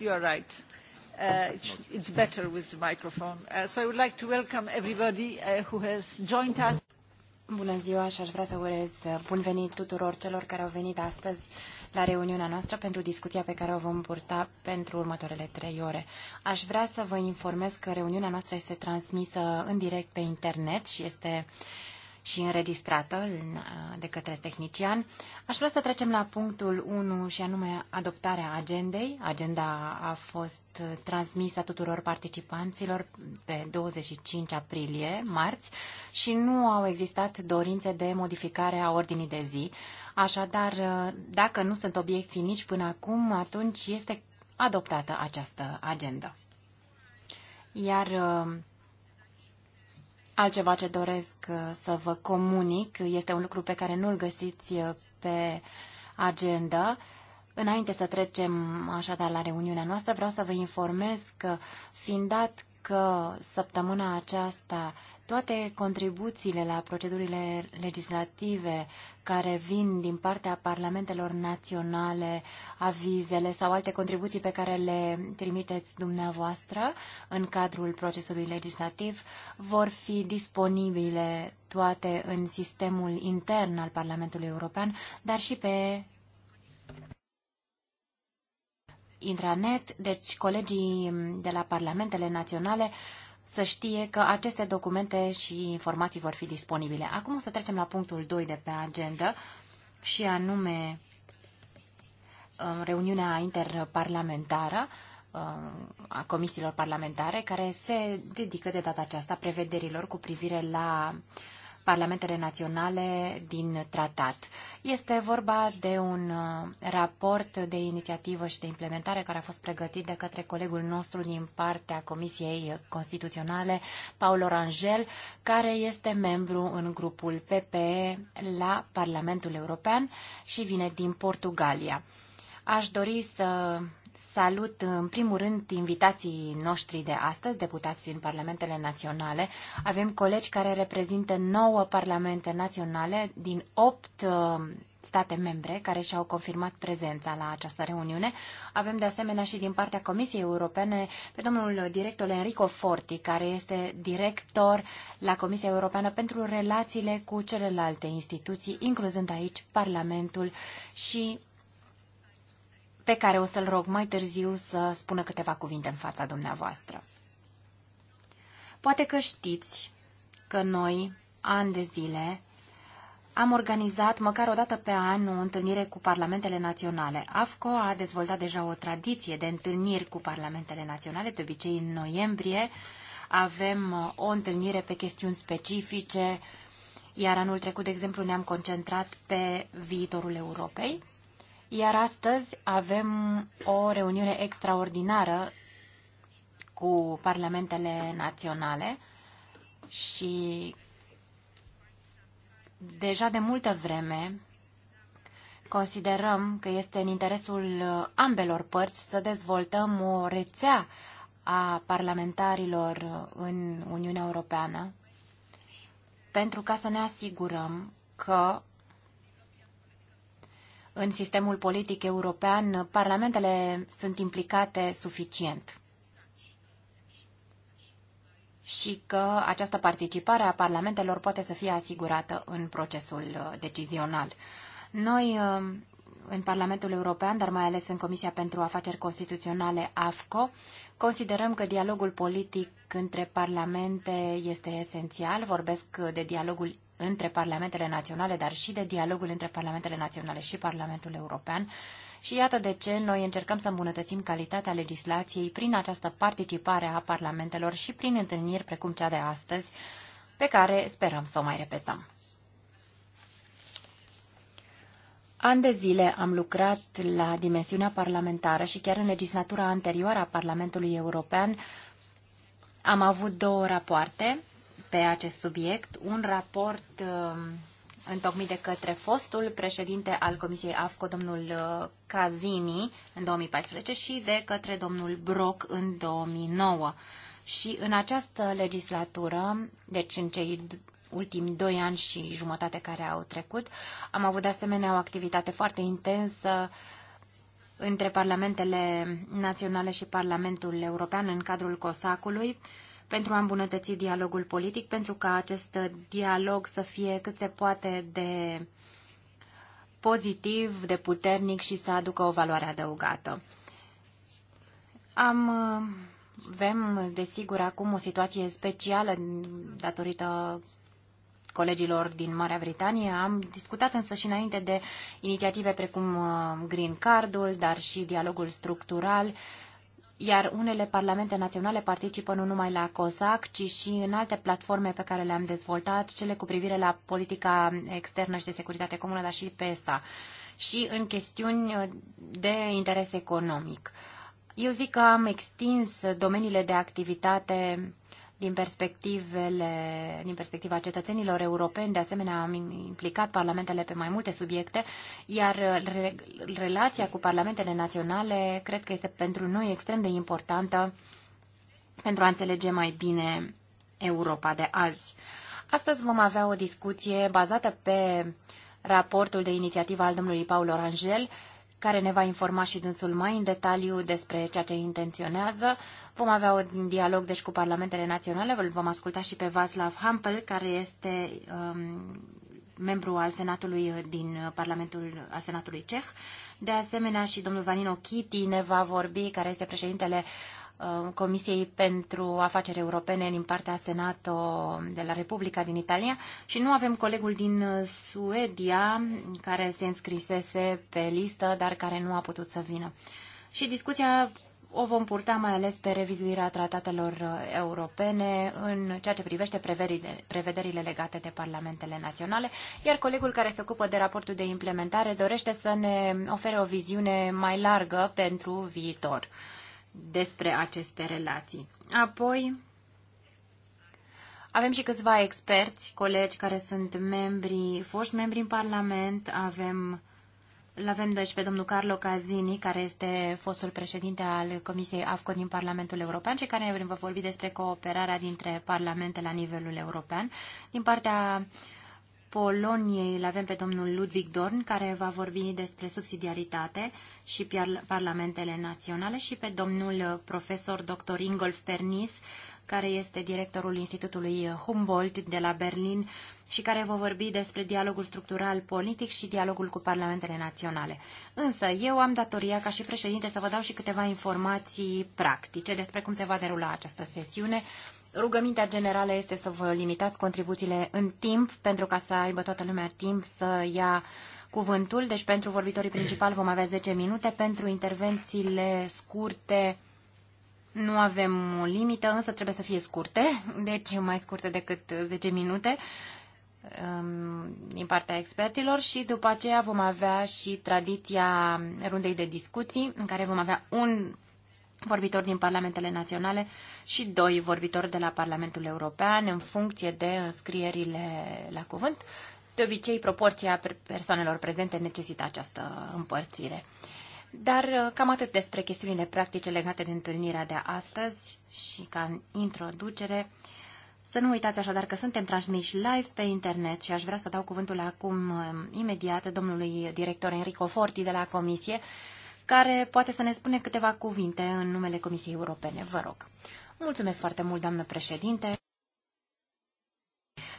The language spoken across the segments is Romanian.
You are right. Uh, it's, better with the microphone. Uh, so I would like to welcome everybody uh, who has joined us. Bună ziua și aș vrea să urez bun venit tuturor celor care au venit astăzi la reuniunea noastră pentru discuția pe care o vom purta pentru următoarele trei ore. Aș vrea să vă informez că reuniunea noastră este transmisă în direct pe internet și este și înregistrată uh, de către tehnician. Aș vrea să trecem la punctul 1 și anume adoptarea agendei. Agenda a fost uh, transmisă tuturor participanților pe 25 aprilie, marți, și nu au existat dorințe de modificare a ordinii de zi. Așadar, uh, dacă nu sunt obiecții nici până acum, atunci este adoptată această agendă. Iar Altceva ce doresc uh, să vă comunic este un lucru pe care nu-l găsiți uh, pe agenda. Înainte să trecem așadar la reuniunea noastră, vreau să vă informez că, fiind dat că săptămâna aceasta toate contribuțiile la procedurile legislative care vin din partea parlamentelor naționale, avizele sau alte contribuții pe care le trimiteți dumneavoastră în cadrul procesului legislativ vor fi disponibile toate în sistemul intern al Parlamentului European, dar și pe intranet, deci colegii de la parlamentele naționale să știe că aceste documente și informații vor fi disponibile. Acum o să trecem la punctul 2 de pe agenda și anume um, reuniunea interparlamentară um, a comisiilor parlamentare care se dedică de data aceasta prevederilor cu privire la uh, parlamentele naționale din tratat. Este vorba de un uh, raport de inițiativă și de implementare care a fost pregătit de către colegul nostru din partea Comisiei Constituționale, Paul Orangel, care este membru în grupul PPE la Parlamentul European și vine din Portugalia. Aș dori să Salut în primul rând invitații noștri de astăzi, deputații în parlamentele naționale. Avem colegi care reprezintă nouă parlamente naționale din opt uh, state membre care și-au confirmat prezența la această reuniune. Avem de asemenea și din partea Comisiei Europene pe domnul director Enrico Forti, care este director la Comisia Europeană pentru relațiile cu celelalte instituții, incluzând aici Parlamentul și pe care o să-l rog mai târziu să spună câteva cuvinte în fața dumneavoastră. Poate că știți că noi, ani de zile, am organizat măcar o dată pe an o întâlnire cu parlamentele naționale. AFCO a dezvoltat deja o tradiție de întâlniri cu parlamentele naționale. De obicei, în noiembrie avem uh, o întâlnire pe chestiuni specifice, iar anul trecut, de exemplu, ne-am concentrat pe viitorul Europei. Iar astăzi avem o reuniune extraordinară cu parlamentele naționale și deja de multă vreme considerăm că este în interesul ambelor părți să dezvoltăm o rețea a parlamentarilor în Uniunea Europeană pentru ca să ne asigurăm că în sistemul politic european, parlamentele sunt implicate suficient și că această participare a parlamentelor poate să fie asigurată în procesul uh, decizional. Noi, uh, în Parlamentul European, dar mai ales în Comisia pentru Afaceri Constituționale, AFCO, considerăm că dialogul politic între parlamente este esențial. Vorbesc de dialogul între parlamentele naționale, dar și de dialogul între parlamentele naționale și Parlamentul European. Și iată de ce noi încercăm să îmbunătățim calitatea legislației prin această participare a parlamentelor și prin întâlniri precum cea de astăzi, pe care sperăm să o mai repetăm. An de zile am lucrat la dimensiunea parlamentară și chiar în legislatura anterioară a Parlamentului European am avut două rapoarte pe acest subiect un raport uh, întocmit de către fostul președinte al Comisiei AFCO, domnul uh, Cazini, în 2014 și de către domnul Broc în 2009. Și în această legislatură, deci în cei ultimii doi ani și jumătate care au trecut, am avut de asemenea o activitate foarte intensă între parlamentele naționale și Parlamentul European în cadrul COSAC-ului pentru a îmbunătăți dialogul politic, pentru ca acest dialog să fie cât se poate de pozitiv, de puternic și să aducă o valoare adăugată. Am, avem, desigur, acum o situație specială datorită colegilor din Marea Britanie. Am discutat însă și înainte de inițiative precum uh, Green Cardul, dar și dialogul structural iar unele parlamente naționale participă nu numai la COSAC, ci și în alte platforme pe care le-am dezvoltat, cele cu privire la politica externă și de securitate comună, dar și PESA, și în chestiuni uh, de interes economic. Eu zic că am extins domeniile de activitate din, perspectivele, din perspectiva cetățenilor europeni. De asemenea, am implicat parlamentele pe mai multe subiecte, iar re, relația cu parlamentele naționale cred că este pentru noi extrem de importantă pentru a înțelege mai bine Europa de azi. Astăzi vom avea o discuție bazată pe raportul de inițiativă al domnului Paul Orangel, care ne va informa și dânsul mai în detaliu despre ceea ce intenționează. Vom avea un dialog deci cu parlamentele naționale, îl vom asculta și pe Václav Hampel, care este um, membru al Senatului din Parlamentul al Senatului Ceh. De asemenea și domnul Vanino Chiti ne va vorbi, care este președintele uh, Comisiei pentru Afaceri Europene din partea Senato de la Republica din Italia și nu avem colegul din Suedia care se înscrisese pe listă, dar care nu a putut să vină. Și discuția o vom purta mai ales pe revizuirea tratatelor uh, europene în ceea ce privește prevederile legate de parlamentele naționale, iar colegul care se ocupă de raportul de implementare dorește să ne ofere o viziune mai largă pentru viitor despre aceste relații. Apoi, avem și câțiva experți, colegi care sunt membri, foști membri în Parlament, avem îl avem deci pe domnul Carlo Cazini, care este fostul președinte al Comisiei AFCO din Parlamentul European și care va vorbi despre cooperarea dintre parlamente la nivelul european. Din partea Poloniei îl avem pe domnul Ludwig Dorn, care va vorbi despre subsidiaritate și parlamentele naționale și pe domnul profesor dr. Ingolf Pernis, care este directorul Institutului Humboldt de la Berlin și care vă vorbi despre dialogul structural politic și dialogul cu parlamentele naționale. Însă, eu am datoria ca și președinte să vă dau și câteva informații practice despre cum se va derula această sesiune. Rugămintea generală este să vă limitați contribuțiile în timp, pentru ca să aibă toată lumea timp să ia cuvântul. Deci pentru vorbitorii principali vom avea 10 minute, pentru intervențiile scurte nu avem o limită, însă trebuie să fie scurte, deci mai scurte decât 10 minute um, din partea expertilor și după aceea vom avea și tradiția rundei de discuții în care vom avea un vorbitor din parlamentele naționale și doi vorbitori de la Parlamentul European în funcție de scrierile la cuvânt. De obicei, proporția persoanelor prezente necesită această împărțire. Dar uh, cam atât despre chestiunile practice legate de întâlnirea de astăzi și ca introducere. Să nu uitați așadar că suntem transmiși live pe internet și aș vrea să dau cuvântul acum uh, imediat domnului director Enrico Forti de la Comisie, care poate să ne spune câteva cuvinte în numele Comisiei Europene. Vă rog. Mulțumesc foarte mult, doamnă președinte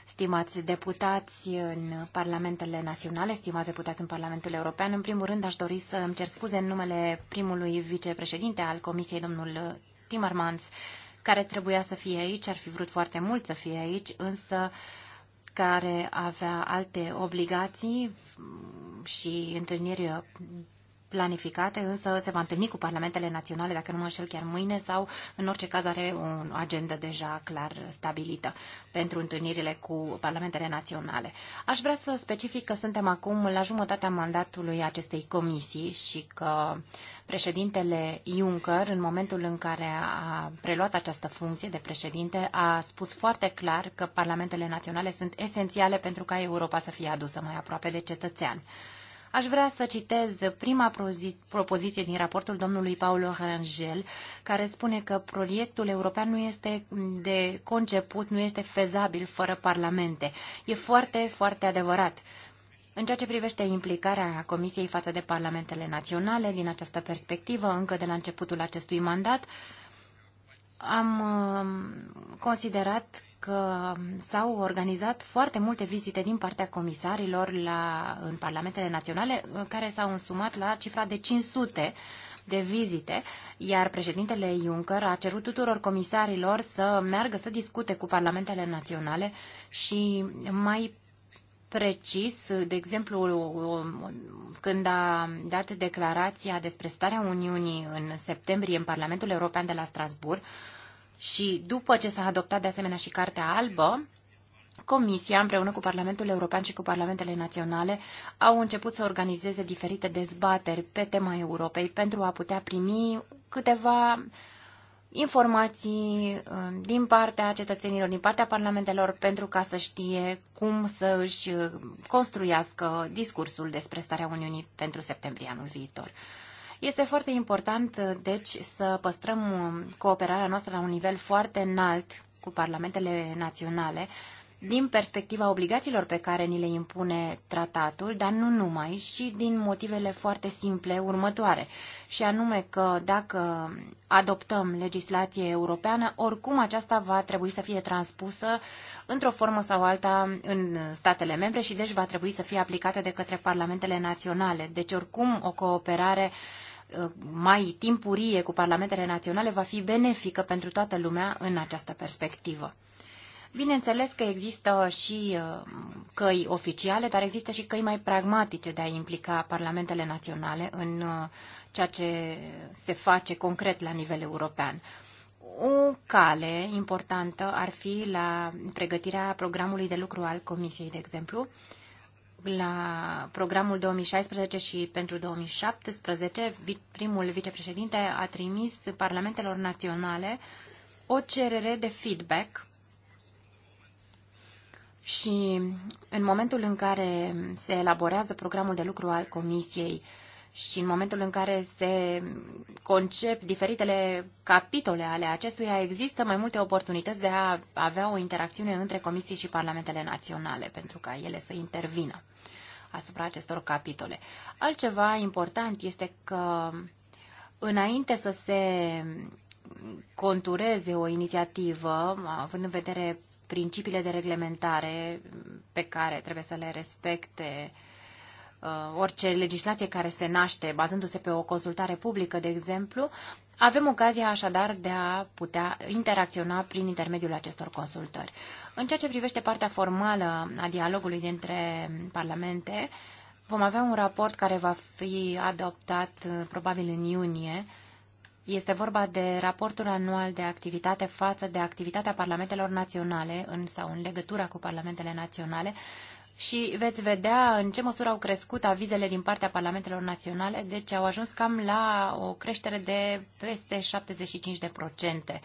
stimați deputați în parlamentele naționale, stimați deputați în Parlamentul European. În primul rând aș dori să îmi cer scuze în numele primului vicepreședinte al Comisiei, domnul Timmermans, care trebuia să fie aici, ar fi vrut foarte mult să fie aici, însă care avea alte obligații și întâlniri planificate, însă se va întâlni cu parlamentele naționale, dacă nu mă înșel chiar mâine, sau în orice caz are o agendă deja clar stabilită pentru întâlnirile cu parlamentele naționale. Aș vrea să specific că suntem acum la jumătatea mandatului acestei comisii și că președintele Juncker, în momentul în care a preluat această funcție de președinte, a spus foarte clar că parlamentele naționale sunt esențiale pentru ca Europa să fie adusă mai aproape de cetățean. Aș vrea să citez prima propoziție din raportul domnului Paulo Rangel, care spune că proiectul european nu este de conceput, nu este fezabil fără parlamente. E foarte, foarte adevărat. În ceea ce privește implicarea Comisiei față de parlamentele naționale, din această perspectivă, încă de la începutul acestui mandat, am uh, considerat că s-au organizat foarte multe vizite din partea comisarilor la, în parlamentele naționale, uh, care s-au însumat la cifra de 500 de vizite, iar președintele Juncker a cerut tuturor comisarilor să meargă să discute cu parlamentele naționale și mai precis, de exemplu, când a dat declarația despre starea Uniunii în septembrie în Parlamentul European de la Strasbourg și după ce s-a adoptat de asemenea și Cartea Albă, Comisia, împreună cu Parlamentul European și cu Parlamentele Naționale, au început să organizeze diferite dezbateri pe tema Europei pentru a putea primi câteva informații uh, din partea cetățenilor, din partea parlamentelor, pentru ca să știe cum să își construiască discursul despre starea Uniunii pentru septembrie anul viitor. Este foarte important, deci, să păstrăm cooperarea noastră la un nivel foarte înalt cu parlamentele naționale din perspectiva obligațiilor pe care ni le impune tratatul, dar nu numai, și din motivele foarte simple următoare, și anume că dacă adoptăm legislație europeană, oricum aceasta va trebui să fie transpusă într-o formă sau alta în statele membre și deci va trebui să fie aplicată de către parlamentele naționale. Deci oricum o cooperare uh, mai timpurie cu parlamentele naționale va fi benefică pentru toată lumea în această perspectivă. Bineînțeles că există și uh, căi oficiale, dar există și căi mai pragmatice de a implica parlamentele naționale în uh, ceea ce se face concret la nivel european. O cale importantă ar fi la pregătirea programului de lucru al Comisiei, de exemplu, la programul 2016 și pentru 2017, primul vicepreședinte a trimis parlamentelor naționale o cerere de feedback și în momentul în care se elaborează programul de lucru al Comisiei și în momentul în care se concep diferitele capitole ale acestuia, există mai multe oportunități de a avea o interacțiune între comisii și parlamentele naționale, pentru ca ele să intervină asupra acestor capitole. Altceva important este că înainte să se contureze o inițiativă, având în vedere principiile de reglementare pe care trebuie să le respecte uh, orice legislație care se naște bazându-se pe o consultare publică, de exemplu, avem ocazia așadar de a putea interacționa prin intermediul acestor consultări. În ceea ce privește partea formală a dialogului dintre parlamente, vom avea un raport care va fi adoptat uh, probabil în iunie este vorba de raportul anual de activitate față de activitatea parlamentelor naționale în, sau în legătura cu parlamentele naționale și veți vedea în ce măsură au crescut avizele din partea parlamentelor naționale, deci au ajuns cam la o creștere de peste 75%.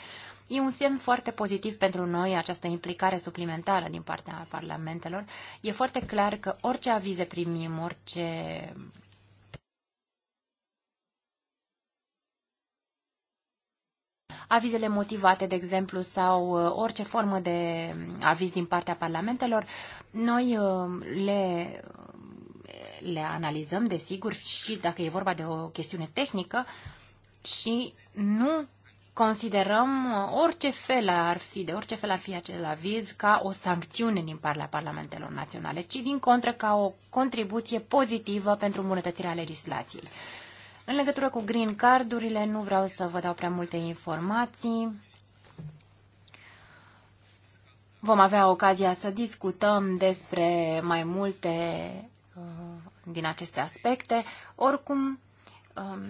E un semn foarte pozitiv pentru noi această implicare suplimentară din partea parlamentelor. E foarte clar că orice avize primim, orice avizele motivate, de exemplu, sau uh, orice formă de mm, aviz din partea parlamentelor, noi uh, le, uh, le analizăm, desigur, și dacă e vorba de o chestiune tehnică, și nu considerăm orice fel ar fi, de orice fel ar fi acel aviz, ca o sancțiune din partea parlamentelor naționale, ci din contră ca o contribuție pozitivă pentru îmbunătățirea legislației. În legătură cu green cardurile, nu vreau să vă dau prea multe informații. Vom avea ocazia să discutăm despre mai multe uh, din aceste aspecte. Oricum, um,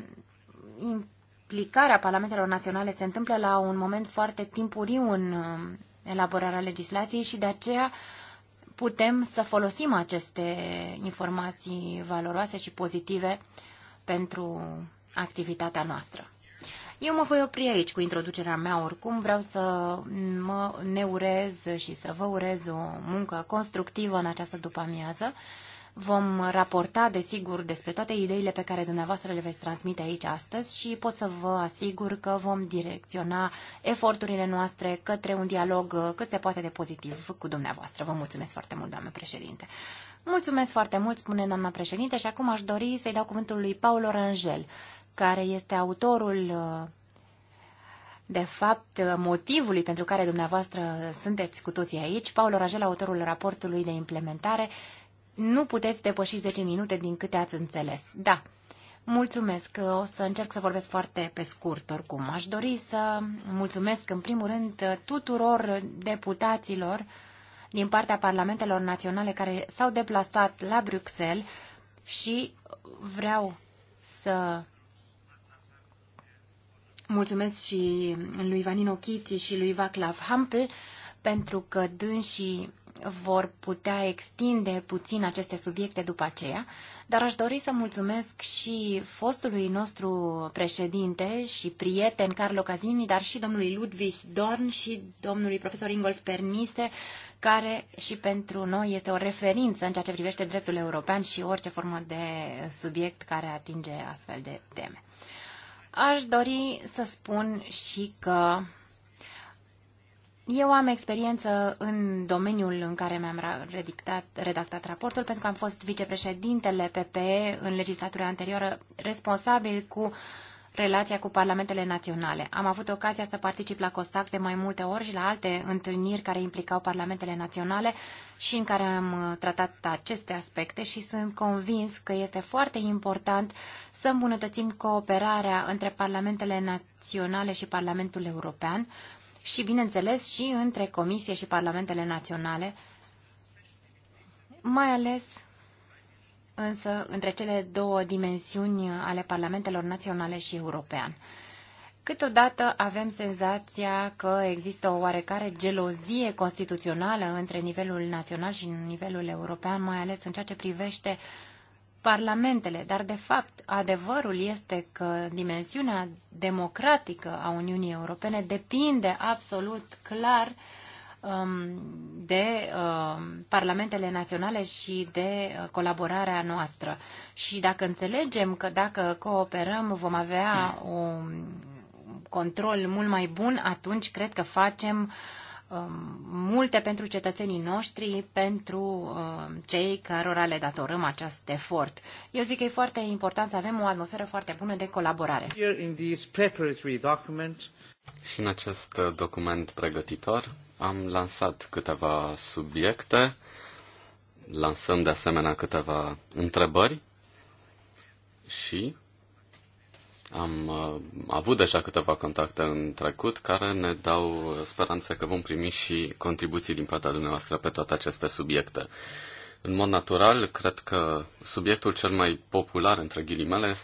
implicarea parlamentelor naționale se întâmplă la un moment foarte timpuriu în um, elaborarea legislației și de aceea putem să folosim aceste informații valoroase și pozitive uh, pentru activitatea noastră. Eu mă voi opri aici cu introducerea mea oricum. Vreau să mă ne urez și să vă urez o muncă constructivă în această după-amiază. Vom raporta, desigur, despre toate ideile pe care dumneavoastră le veți transmite aici astăzi și pot să vă asigur că vom direcționa eforturile noastre către un dialog cât se poate de pozitiv cu dumneavoastră. Vă mulțumesc foarte mult, doamnă președinte. Mulțumesc foarte mult, spune doamna președinte, și acum aș dori să-i dau cuvântul lui Paul Orangel, care este autorul uh, de fapt, motivului pentru care dumneavoastră sunteți cu toții aici, Paul Orangel, autorul raportului de implementare, nu puteți depăși 10 minute din câte ați înțeles. Da, mulțumesc. O să încerc să vorbesc foarte pe scurt oricum. Aș dori să mulțumesc în primul rând tuturor deputaților din partea parlamentelor naționale care s-au deplasat la Bruxelles și vreau să mulțumesc și lui Vanino Chiti și lui Vaclav Hampel pentru că dânsii vor putea extinde puțin aceste subiecte după aceea, dar aș dori să mulțumesc și fostului nostru președinte și prieten Carlo Cazini, dar și domnului Ludwig Dorn și domnului profesor Ingolf Pernise, care și pentru noi este o referință în ceea ce privește dreptul european și orice formă de subiect care atinge astfel de teme. Aș dori să spun și că eu am experiență în domeniul în care mi-am redactat, redactat raportul, pentru că am fost vicepreședintele PPE în legislatura anterioară, responsabil cu relația cu parlamentele naționale. Am avut ocazia să particip la COSAC de mai multe ori și la alte întâlniri care implicau parlamentele naționale și în care am uh, tratat aceste aspecte și sunt convins că este foarte important să îmbunătățim cooperarea între parlamentele naționale și Parlamentul European, și, bineînțeles, și între Comisie și Parlamentele Naționale, mai ales însă între cele două dimensiuni ale Parlamentelor Naționale și European. Câteodată avem senzația că există o oarecare gelozie constituțională între nivelul național și nivelul european, mai ales în ceea ce privește uh, parlamentele, dar de fapt adevărul este că dimensiunea democratică a Uniunii Europene depinde absolut clar um, de um, parlamentele naționale și de uh, colaborarea noastră. Și dacă înțelegem că dacă cooperăm vom avea un control mult mai bun, atunci cred că facem uh, Um, multe pentru cetățenii noștri, pentru um, cei cărora le datorăm acest efort. Eu zic că e foarte important să avem o atmosferă foarte bună de colaborare. Și în acest uh, document pregătitor am lansat câteva subiecte, lansăm de asemenea câteva întrebări și am uh, avut deja câteva contacte în trecut care ne dau speranțe că vom primi și contribuții din partea dumneavoastră pe toate aceste subiecte. În mod natural, cred că subiectul cel mai popular, între ghilimele,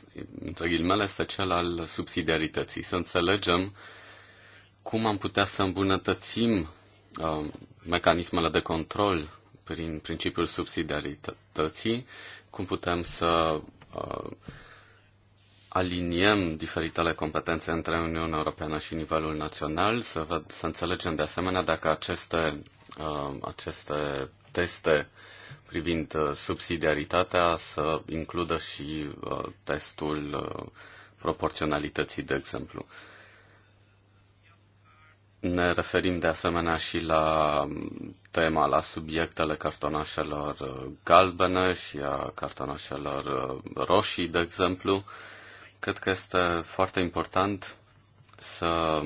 între ghilimele este cel al subsidiarității. Să înțelegem cum am putea să îmbunătățim uh, mecanismele de control prin principiul subsidiarității, cum putem să uh, aliniem diferitele competențe între Uniunea Europeană și nivelul național, să, văd, să înțelegem de asemenea dacă aceste, uh, aceste teste privind uh, subsidiaritatea să includă și uh, testul uh, proporționalității, de exemplu. Ne referim de asemenea și la um, tema, la subiectele cartonașelor uh, galbene și a cartonașelor uh, roșii, de exemplu. Uh, Cred că este foarte important să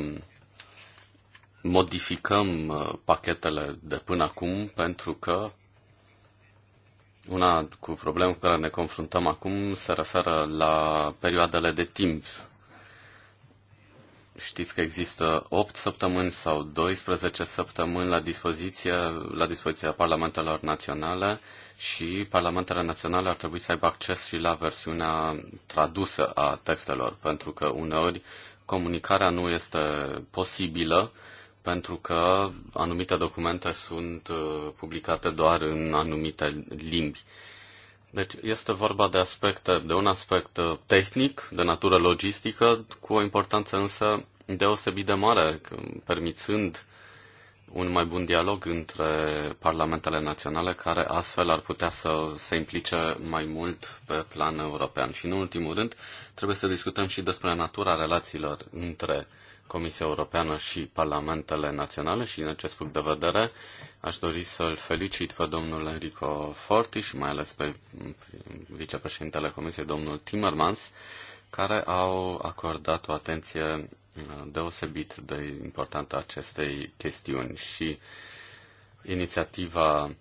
modificăm uh, pachetele de până acum pentru că una cu problemă cu care ne confruntăm acum se referă la perioadele de timp. Știți că există 8 săptămâni sau 12 săptămâni la dispoziție, la dispoziția parlamentelor naționale și parlamentele naționale ar trebui să aibă acces și la versiunea tradusă a textelor, pentru că uneori comunicarea nu este posibilă pentru că anumite documente sunt uh, publicate doar în anumite limbi. Deci este vorba de aspecte, de un aspect uh, tehnic, de natură logistică, cu o importanță însă deosebit de mare, permițând un mai bun dialog între parlamentele naționale, care astfel ar putea să se implice mai mult pe plan european. Și, în ultimul rând, trebuie să discutăm și despre natura relațiilor între Comisia Europeană și parlamentele naționale și, în acest punct de vedere, aș dori să-l felicit pe domnul Enrico Forti și mai ales pe vicepreședintele Comisiei, domnul Timmermans, care au acordat o atenție deosebit de importantă acestei chestiuni și inițiativa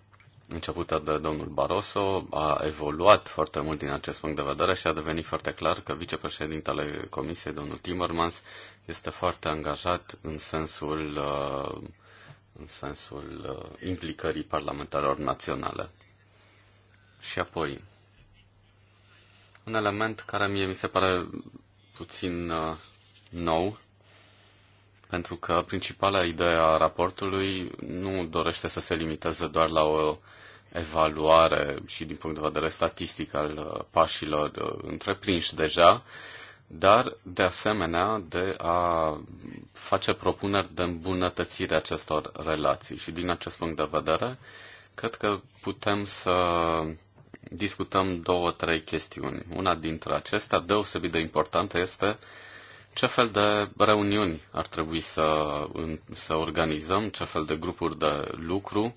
începută de domnul Barroso a evoluat foarte mult din acest punct de vedere și a devenit foarte clar că vicepreședintele Comisiei, domnul Timmermans, este foarte angajat în sensul, uh, în sensul uh, implicării parlamentarilor naționale. Și apoi, un element care mie mi se pare puțin uh, nou pentru că principala idee a raportului nu dorește să se limiteze doar la o evaluare și din punct de vedere statistic al uh, pașilor uh, întreprinși deja, dar de asemenea de a face propuneri de îmbunătățire acestor relații. Și din acest punct de vedere, cred că putem să discutăm două, trei chestiuni. Una dintre acestea, deosebit de importantă, este uh, ce fel de reuniuni ar trebui să, să organizăm? Ce fel de grupuri de lucru?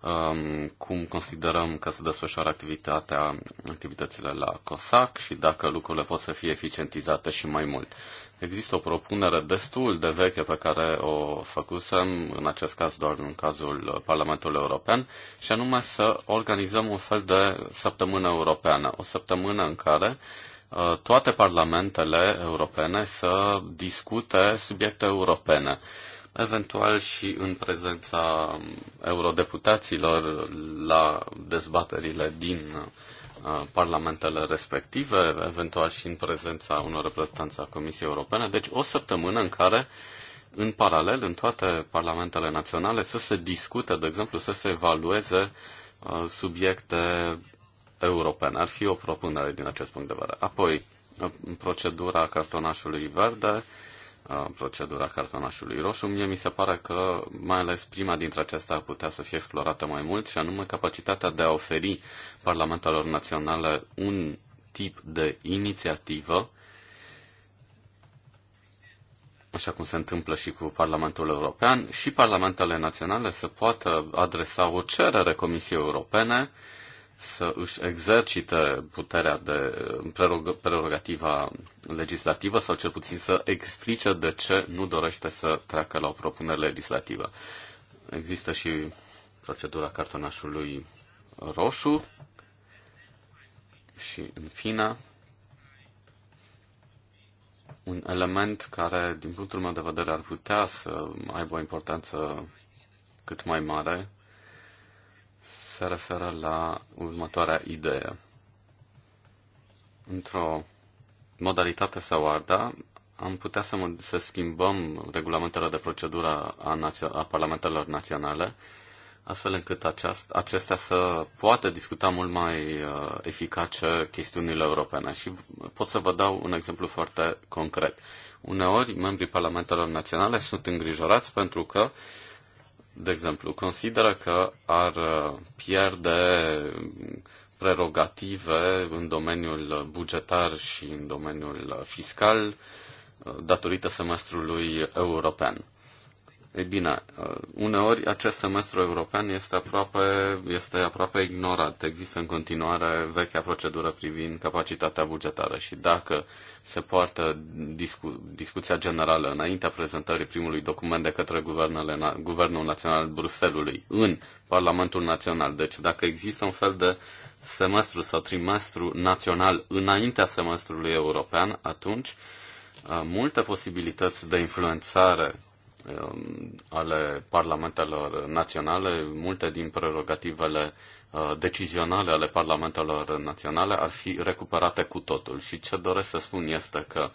Um, cum considerăm că se desfășoară activitatea, activitățile la COSAC și dacă lucrurile pot să fie eficientizate și mai mult. Există o propunere destul de veche pe care o făcusem, în acest caz doar în cazul Parlamentului European, și anume să organizăm un fel de săptămână europeană, o săptămână în care uh, Uh, toate parlamentele europene să discute subiecte europene, eventual și în prezența eurodeputaților la dezbaterile din uh, parlamentele respective, eventual și în prezența unor reprezentanți a Comisiei Europene. Deci o săptămână în care, în paralel, în toate parlamentele naționale, să se discute, de exemplu, să se evalueze uh, subiecte europene. Ar fi o propunere din acest punct de vedere. Apoi, procedura cartonașului verde, procedura cartonașului roșu, mie mi se pare că mai ales prima dintre acestea putea să fie explorată mai mult și anume capacitatea de a oferi parlamentelor naționale un tip de inițiativă așa cum se întâmplă și cu Parlamentul European, și Parlamentele Naționale se poată adresa o cerere Comisiei Europene uh, să își exercite puterea de prerogativa legislativă sau cel puțin să explice de ce nu dorește să treacă la o propunere legislativă. Există și procedura cartonașului roșu și, în fine, un element care, din punctul meu de vedere, ar putea să aibă o importanță cât mai mare se referă la următoarea idee. Într-o modalitate sau arda, am putea să, să schimbăm regulamentele de procedură a, a parlamentelor naționale, astfel încât aceast- acestea să poată discuta mult mai uh, eficace chestiunile europene. Și pot să vă dau un exemplu foarte concret. Uneori, membrii parlamentelor naționale sunt îngrijorați pentru că uh, de exemplu, consideră că ar uh, pierde prerogative în domeniul bugetar și în domeniul fiscal uh, datorită semestrului european. E bine, uh, uneori acest semestru european este aproape, este aproape ignorat. Există în continuare vechea procedură privind capacitatea bugetară și dacă se poartă discu- discuția generală înaintea prezentării primului document de către guvernele, Guvernul Național Bruselului în Parlamentul Național, deci dacă există un fel de semestru sau trimestru național înaintea semestrului european, atunci uh, multe posibilități de influențare Um, ale parlamentelor naționale, multe din prerogativele uh, decizionale ale parlamentelor naționale ar fi recuperate cu totul. Și ce doresc să spun este că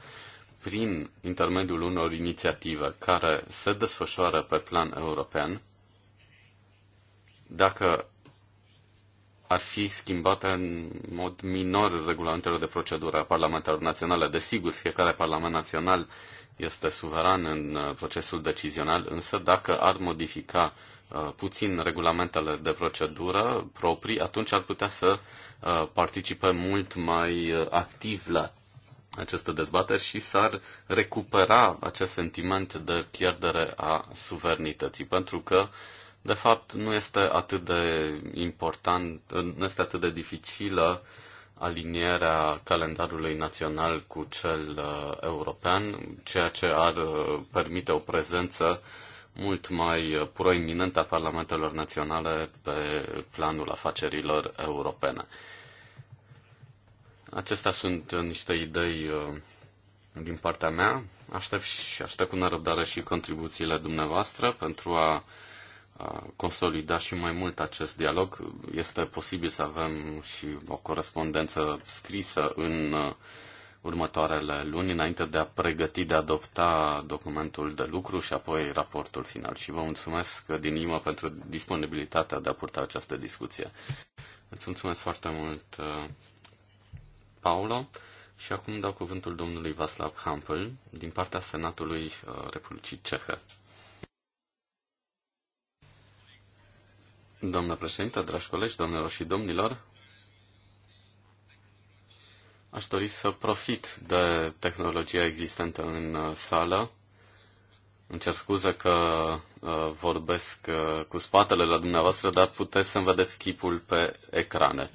prin intermediul unor inițiative care se desfășoară pe plan european, dacă ar fi schimbate în mod minor regulamentele de procedură a parlamentelor naționale. Desigur, fiecare parlament național uh, este suveran în uh, procesul decizional, însă dacă ar modifica uh, puțin regulamentele de procedură proprii, atunci ar putea să uh, participe mult mai activ la aceste dezbateri și s-ar recupera acest sentiment de pierdere a suveranității, pentru că de fapt nu este atât de important, nu este atât de dificilă uh, alinierea calendarului național cu cel uh, european, ceea ce ar uh, permite o prezență mult mai proeminentă a parlamentelor naționale pe planul afacerilor europene. Acestea sunt uh, niște idei din partea mea. Aștept și aștept cu nerăbdare și contribuțiile dumneavoastră pentru a consolida și mai mult acest dialog. Este posibil să avem și o corespondență scrisă în uh, următoarele luni, înainte de a pregăti, de a adopta documentul de lucru și apoi raportul final. Și vă mulțumesc din inimă pentru disponibilitatea de a purta această discuție. Îți mulțumesc foarte mult, uh, Paulo. Și acum dau cuvântul domnului Vaslav Hampel din partea Senatului uh, Republicii Cehe. Doamnă președintă, dragi colegi, domnilor și domnilor, aș dori să profit de tehnologia existentă în uh, sală. Îmi cer scuze că uh, vorbesc uh, cu spatele la dumneavoastră, dar puteți să-mi vedeți chipul pe ecrane.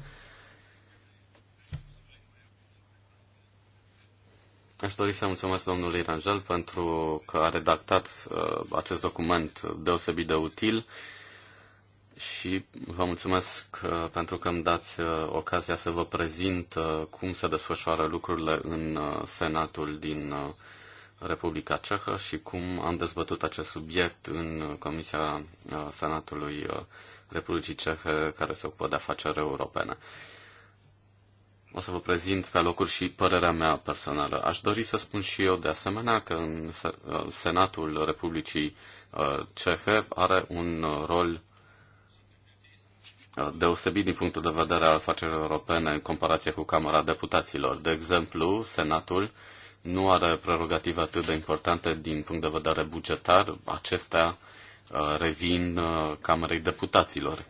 Aș dori să mulțumesc domnului Rangel pentru că a redactat acest document deosebit de util și vă mulțumesc uh, pentru că îmi dați uh, ocazia să vă prezint uh, cum se desfășoară lucrurile în Senatul din Republica Cehă și cum am dezbătut acest subiect în Comisia Senatului Republicii Cehe care se ocupă de afaceri europene. O să vă prezint pe locuri și părerea mea personală. Aș dori să spun și eu de asemenea că în Senatul Republicii Cehe are un rol deosebit din punctul de vedere al afacerilor europene în comparație cu Camera Deputaților. De exemplu, Senatul nu are prerogative atât de importante din punct de vedere bugetar, acestea uh, revin uh, Camerei Deputaților.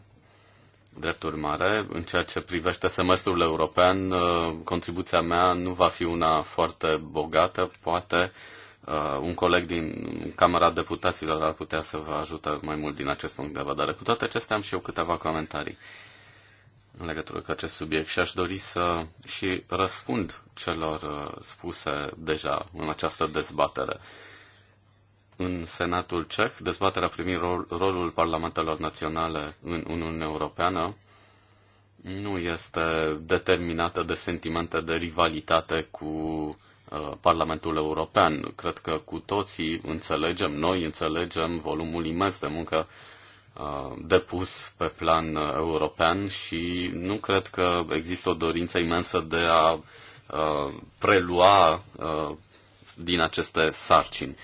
Drept urmare, în ceea ce privește semestrul european, uh, contribuția mea nu va fi una foarte bogată, poate uh, un coleg din Camera Deputaților ar putea să vă ajute mai mult din acest punct de vedere. Cu toate acestea am și eu câteva comentarii în legătură cu acest subiect și aș dori să și răspund celor uh, spuse deja în această dezbatere. În Senatul Ceh, dezbaterea privind rol, rolul parlamentelor naționale în Uniunea Europeană nu este determinată de sentimente de rivalitate cu Uh, Parlamentul European. Cred că cu toții înțelegem, noi înțelegem volumul imens de muncă uh, depus pe plan uh, european și nu cred că există o dorință imensă de a prelua din aceste sarcini.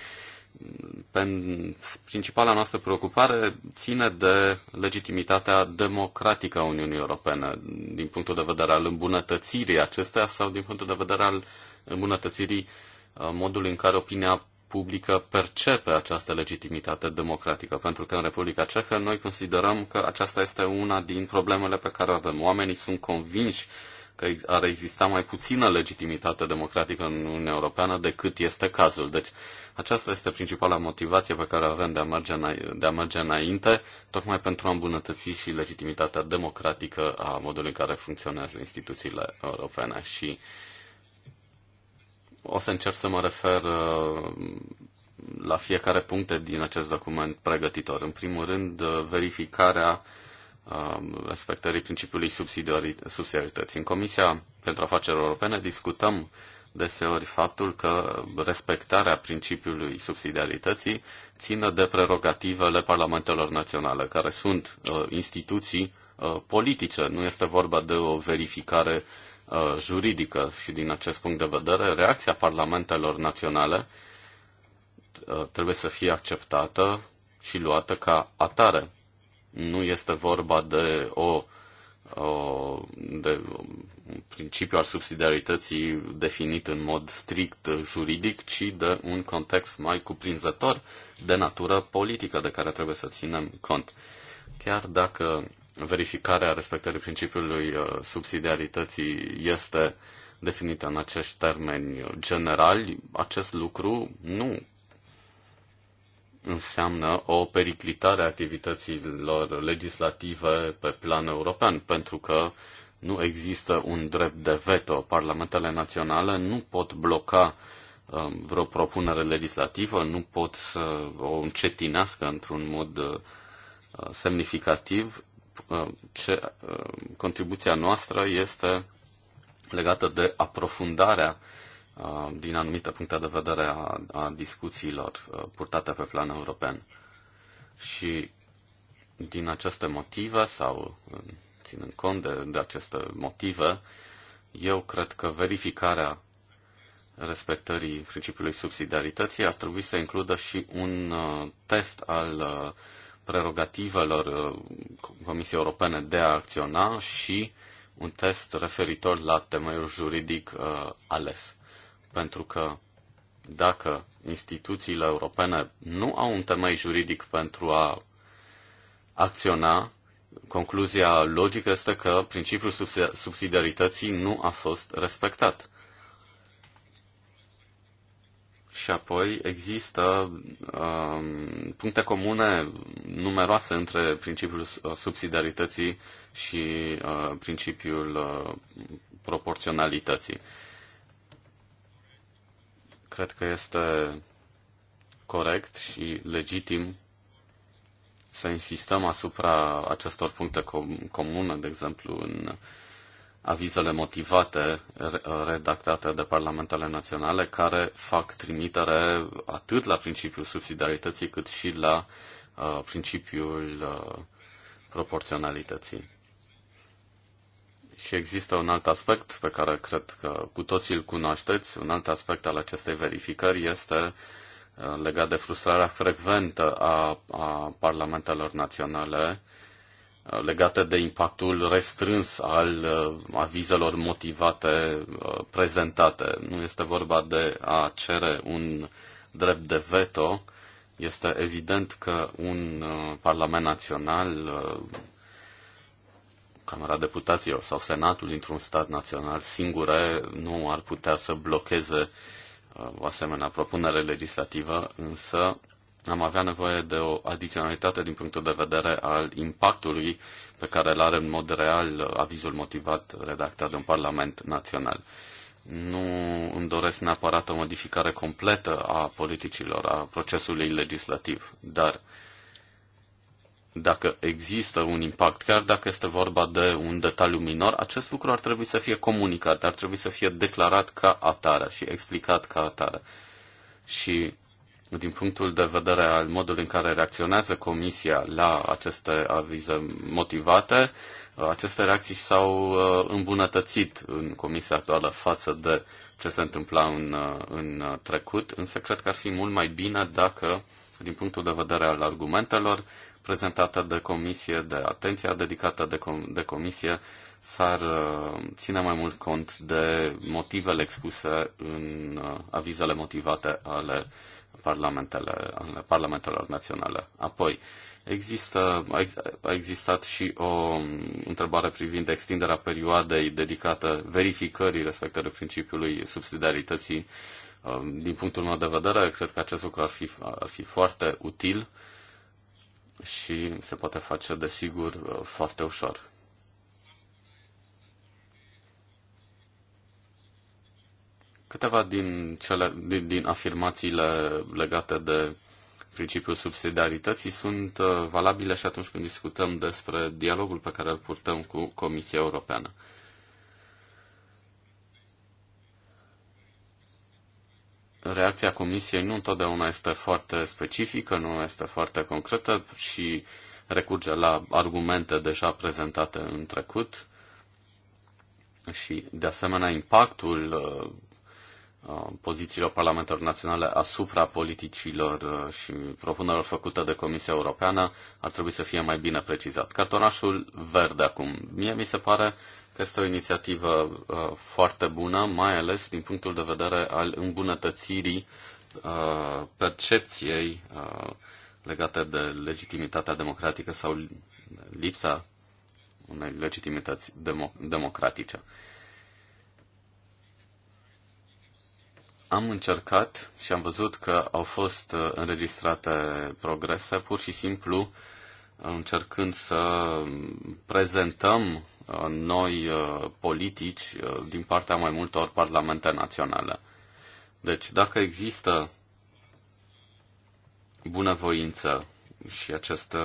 Principala noastră preocupare ține de legitimitatea democratică a Uniunii Europene, din punctul de vedere al îmbunătățirii acesteia sau din punctul de vedere al îmbunătățirii uh, modului în care opinia publică percepe această legitimitate democratică, pentru că în Republica Cehă noi considerăm că aceasta este una din problemele pe care o avem. Oamenii sunt convinși că ar exista mai puțină legitimitate democratică în Uniunea Europeană decât este cazul. Deci aceasta este principala motivație pe care o avem de a merge, de a merge înainte, tocmai pentru a îmbunătăți și legitimitatea democratică a modului în care funcționează instituțiile europene. Și uh, o să încerc să mă refer uh, la fiecare punct din acest document pregătitor. În primul rând, uh, verificarea uh, respectării principiului subsidiarității. În Comisia pentru Afaceri Europene discutăm deseori faptul că respectarea principiului subsidiarității țină de prerogativele parlamentelor naționale, care sunt instituții politice. Nu este vorba de o verificare uh, Uh, juridică și din acest punct de vedere, reacția parlamentelor naționale uh, trebuie să fie acceptată și luată ca atare. Nu este vorba de o de un principiu al subsidiarității definit în mod strict juridic, ci de un context mai cuprinzător de natură politică de care trebuie să ținem cont. Chiar dacă verificarea respectării principiului uh, subsidiarității este definită în acești termeni generali, acest lucru nu înseamnă o periclitare a activităților legislative pe plan european, pentru că nu există un drept de veto. Parlamentele naționale nu pot bloca um, vreo propunere legislativă, nu pot să o încetinească într-un mod uh, semnificativ Uh, ce, uh, contribuția noastră este legată de aprofundarea uh, din anumite puncte de vedere a, a discuțiilor purtate pe plan european. Și din aceste motive, sau ținând cont de, de aceste motive, eu cred că verificarea respectării principiului subsidiarității ar trebui să includă și un test al uh, prerogativelor uh, Comisiei Europene de a acționa și un test referitor la temeiul juridic uh, ales. Pentru că dacă instituțiile europene nu au un temei juridic pentru a acționa, concluzia logică este că principiul subsidiarității nu a fost respectat. Și apoi există um, puncte comune numeroase între principiul uh, subsidiarității și uh, principiul uh, proporționalității. Cred că este corect și legitim să insistăm asupra acestor puncte com- comune, de exemplu, în uh, avizele motivate redactate de parlamentele naționale care fac trimitere atât la principiul subsidiarității cât și la uh, principiul uh, proporționalității. Și există un alt aspect pe care cred că cu toții îl cunoașteți, un alt aspect al acestei verificări este uh, legat de frustrarea frecventă a, a parlamentelor naționale legate de impactul restrâns al uh, avizelor motivate uh, prezentate. Nu este vorba de a cere un drept de veto. Este evident că un uh, Parlament Național, Camera Deputaților sau Senatul dintr-un stat național singure nu ar putea să blocheze o asemenea propunere legislativă, însă am avea nevoie de o adiționalitate din punctul de vedere al impactului pe care îl are în mod real avizul motivat redactat de un Parlament Național. Nu îmi doresc neapărat o modificare completă a politicilor, a procesului legislativ, dar dacă există un impact, chiar dacă este vorba de un detaliu minor, acest lucru ar trebui să fie comunicat, ar trebui să fie declarat ca atare și explicat ca atare. Și din punctul de vedere al modului în care reacționează Comisia la aceste avize motivate, aceste reacții s-au uh, îmbunătățit în Comisia actuală față de ce se întâmpla în, uh, în trecut, însă cred că ar fi mult mai bine dacă, din punctul de vedere al argumentelor prezentate de Comisie, de atenția dedicată de, com- de Comisie, s-ar uh, ține mai mult cont de motivele expuse în avizele motivate ale parlamentele, ale parlamentelor naționale. Apoi, există, a existat și o um, întrebare privind extinderea perioadei dedicată verificării respectării principiului subsidiarității. Um, din punctul meu de vedere, cred că acest lucru ar fi, ar fi foarte util și se poate face, desigur, uh, foarte ușor. Câteva din, cele, din, din afirmațiile legate de principiul subsidiarității sunt uh, valabile și atunci când discutăm despre dialogul pe care îl purtăm cu Comisia Europeană. Reacția Comisiei nu întotdeauna este foarte specifică, nu este foarte concretă și recurge la argumente deja prezentate în trecut și, de asemenea, impactul uh, Uh, pozițiilor parlamentelor naționale asupra politicilor uh, și propunerilor făcute de Comisia Europeană ar trebui să fie mai bine precizat. Cartonașul verde acum. Mie mi se pare că este o inițiativă uh, foarte bună, mai ales din punctul de vedere al îmbunătățirii percepției legate de legitimitatea democratică sau lipsa unei legitimități democratice. Am încercat și am văzut că au fost uh, înregistrate progrese, pur și simplu uh, încercând să prezentăm uh, noi politici din partea mai multor parlamente naționale. Deci dacă există bunăvoință și acest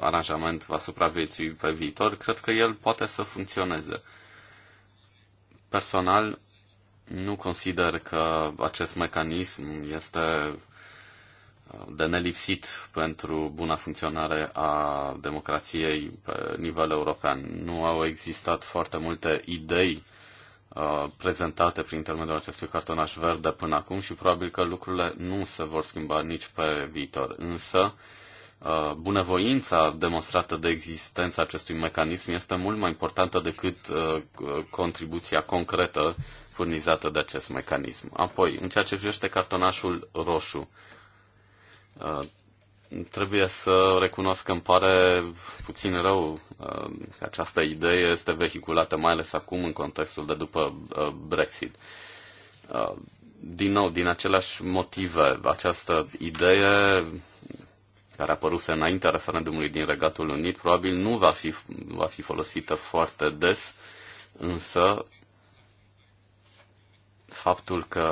aranjament va supraviețui pe viitor, cred că el poate să funcționeze. Personal, nu consider că acest mecanism este uh, de nelipsit pentru buna funcționare a democrației pe nivel european. Nu au existat foarte multe idei uh, prezentate prin intermediul acestui cartonaș verde până acum și probabil că lucrurile nu se vor schimba nici pe viitor. Însă, uh, bunăvoința demonstrată de existența acestui mecanism este mult mai importantă decât contribuția concretă furnizată de acest mecanism. Apoi, în ceea ce privește cartonașul roșu, uh, trebuie să recunosc că îmi pare puțin rău uh, că această idee este vehiculată, mai ales acum, în contextul de după uh, Brexit. Din nou, din aceleași motive, această idee care a apărut înaintea referendumului din Regatul Unit, probabil nu va fi, va fi folosită foarte des, însă faptul că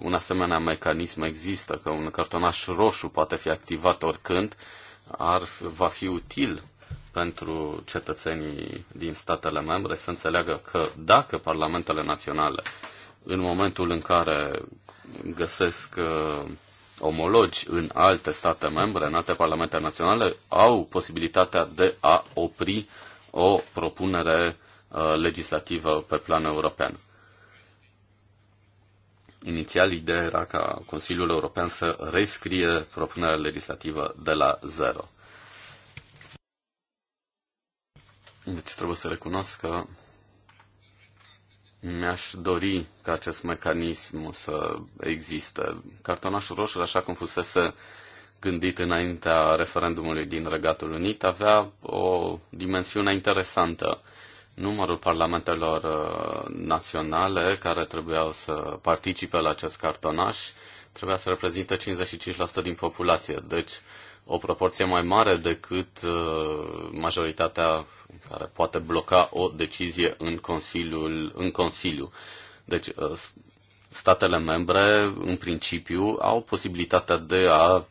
un asemenea mecanism există, că un cartonaș roșu poate fi activat oricând, ar, va fi util pentru cetățenii din statele membre să înțeleagă că dacă parlamentele naționale, în momentul în care găsesc uh, omologi în alte state membre, în alte parlamente naționale, au posibilitatea de a opri o propunere uh, legislativă pe plan european. Inițial, ideea era ca Consiliul European să rescrie propunerea legislativă de la zero. Deci trebuie să recunosc că mi-aș dori ca acest mecanism să existe. Cartonașul roșu, așa cum fusese gândit înaintea referendumului din Regatul Unit, avea o dimensiune interesantă numărul parlamentelor uh, naționale care trebuiau să participe la acest cartonaș trebuia să reprezinte 55% din populație, deci o proporție mai mare decât uh, majoritatea care poate bloca o decizie în, consiliul, în Consiliu. Deci uh, statele membre, în principiu, au posibilitatea de a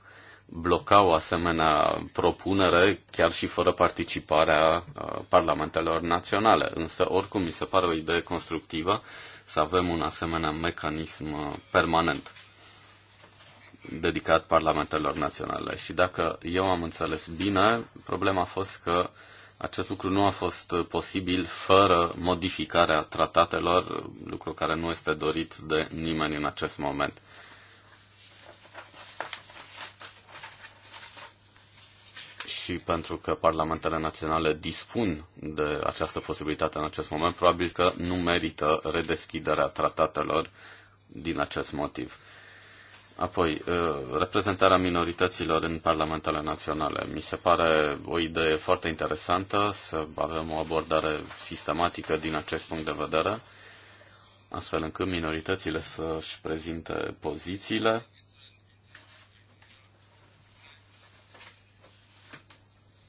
bloca o asemenea propunere chiar și fără participarea uh, parlamentelor naționale. Însă, oricum, mi se pare o idee constructivă să avem un asemenea mecanism uh, permanent dedicat parlamentelor naționale. Și dacă eu am înțeles bine, problema a fost că acest lucru nu a fost uh, posibil fără modificarea tratatelor, lucru care nu este dorit de nimeni în acest moment. și pentru că parlamentele naționale dispun de această posibilitate în acest moment, probabil că nu merită redeschiderea tratatelor din acest motiv. Apoi, reprezentarea minorităților în parlamentele naționale. Mi se pare o idee foarte interesantă să avem o abordare sistematică din acest punct de vedere, astfel încât minoritățile să-și prezinte pozițiile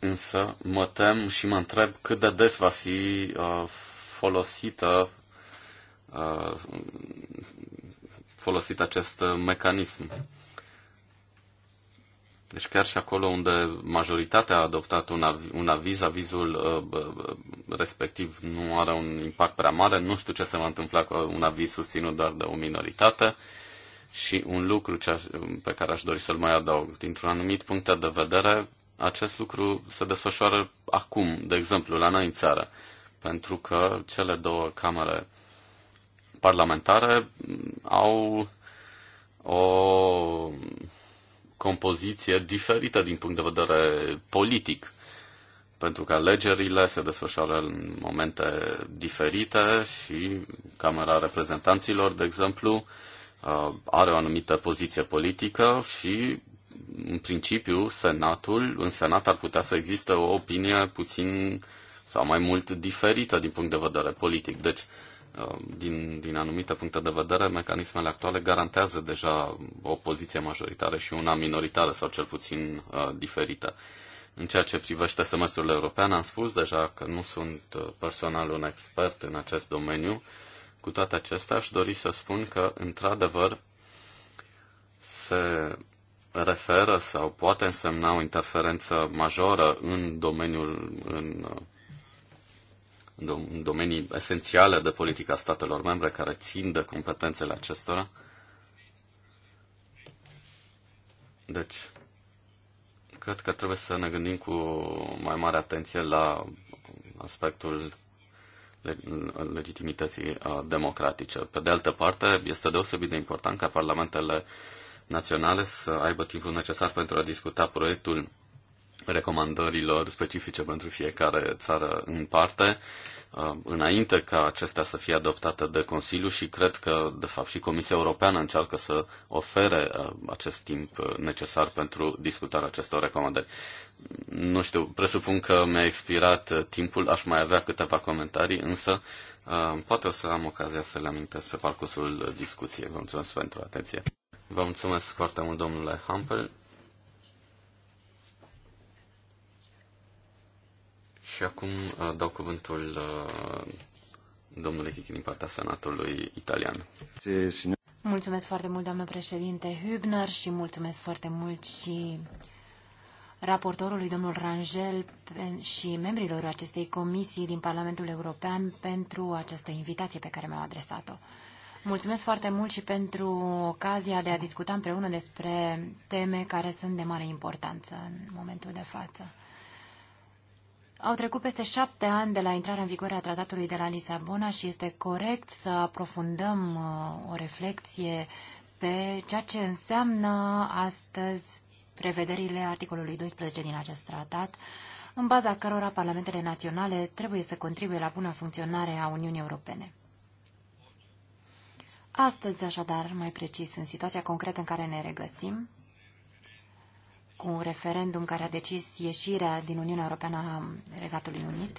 Însă mă tem și mă întreb cât de des va fi uh, folosită uh, folosit acest uh, mecanism. Deci chiar și acolo unde majoritatea a adoptat un, av- un aviz, avizul uh, respectiv nu are un impact prea mare, nu știu ce se va întâmpla cu uh, un aviz susținut doar de o minoritate. Și un lucru ce aș, pe care aș dori să-l mai adaug, dintr-un anumit punct de vedere, acest lucru se desfășoară acum, de exemplu, la noi în țară, pentru că cele două camere parlamentare au o compoziție diferită din punct de vedere politic, pentru că alegerile se desfășoară în momente diferite și Camera Reprezentanților, de exemplu, uh, are o anumită poziție politică și în principiu, Senatul, în Senat ar putea să existe o opinie puțin sau mai mult diferită din punct de vedere politic. Deci, uh, din, din anumite puncte de vedere, mecanismele actuale garantează deja o poziție majoritară și una minoritară sau cel puțin uh, diferită. În ceea ce privește semestrul european, am spus deja că nu sunt uh, personal un expert în acest domeniu. Cu toate acestea, aș dori să spun că, într-adevăr, se referă sau poate însemna o interferență majoră în domeniul în, în domenii esențiale de politica statelor membre care țin de competențele acestora. Deci, cred că trebuie să ne gândim cu mai mare atenție la aspectul legitimității democratice. Pe de altă parte, este deosebit de important ca parlamentele naționale să aibă timpul necesar pentru a discuta proiectul recomandărilor specifice pentru fiecare țară în parte, uh, înainte ca acestea să fie adoptate de Consiliu și cred că, de fapt, și Comisia Europeană încearcă să ofere uh, acest timp uh, necesar pentru discutarea acestor recomandări. Nu știu, presupun că mi-a expirat timpul, aș mai avea câteva comentarii, însă poate o să am ocazia să le amintesc pe parcursul discuției. Vă mulțumesc pentru atenție. Vă mulțumesc foarte mult, domnule Hampel. Și acum uh, dau cuvântul uh, domnului Hichi din partea Senatului italian. Mulțumesc foarte mult, doamnă președinte Hübner, și mulțumesc foarte mult și raportorului domnul Rangel și membrilor acestei comisii din Parlamentul European pentru această invitație pe care mi-au adresat-o. Mulțumesc foarte mult și pentru ocazia de a discuta împreună despre teme care sunt de mare importanță în momentul de față. Au trecut peste șapte ani de la intrarea în vigoare a tratatului de la Lisabona și este corect să aprofundăm uh, o reflexie pe ceea ce înseamnă astăzi prevederile articolului 12 din acest tratat, în baza cărora parlamentele naționale trebuie să contribuie la buna funcționare a Uniunii Europene. Astăzi, așadar, mai precis, în situația concretă în care ne regăsim, cu un referendum care a decis ieșirea din Uniunea Europeană a Regatului Unit,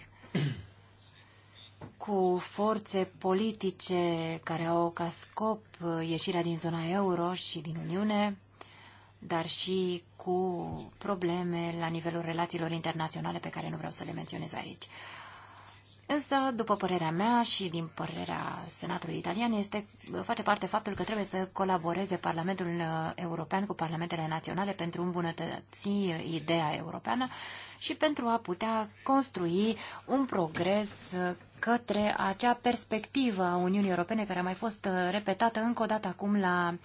cu forțe politice care au ca scop ieșirea din zona euro și din Uniune, dar și cu probleme la nivelul relațiilor internaționale pe care nu vreau să le menționez aici. Însă, după părerea mea și din părerea Senatului Italian, este, face parte faptul că trebuie să colaboreze Parlamentul uh, European cu Parlamentele Naționale pentru îmbunătăți uh, ideea europeană și pentru a putea construi un progres uh, către acea perspectivă a Uniunii Europene care a mai fost repetată încă o dată acum la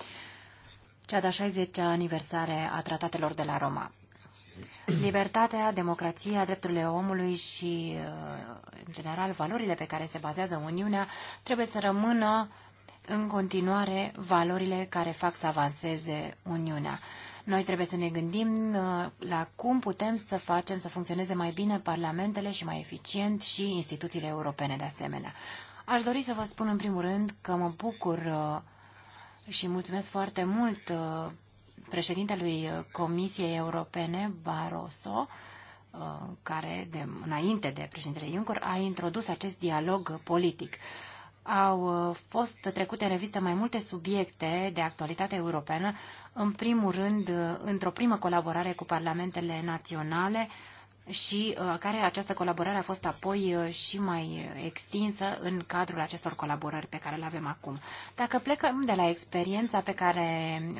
cea de-a 60-a aniversare a tratatelor de la Roma. Libertatea, democrația, drepturile omului și, uh, în general, valorile pe care se bazează Uniunea trebuie să rămână în continuare valorile care fac să avanseze Uniunea. Noi trebuie să ne gândim uh, la cum putem să facem să funcționeze mai bine parlamentele și mai eficient și instituțiile europene de asemenea. Aș dori să vă spun în primul rând că mă bucur uh, și mulțumesc foarte mult președintelui uh, Comisiei Europene, Barroso, uh, care, de, înainte de președintele Juncker, a introdus acest dialog politic. Au uh, fost trecute în revistă mai multe subiecte de actualitate europeană, în primul rând, într-o primă colaborare cu parlamentele naționale, și uh, care această colaborare a fost apoi uh, și mai extinsă în cadrul acestor colaborări pe care le avem acum. Dacă plecăm de la experiența pe care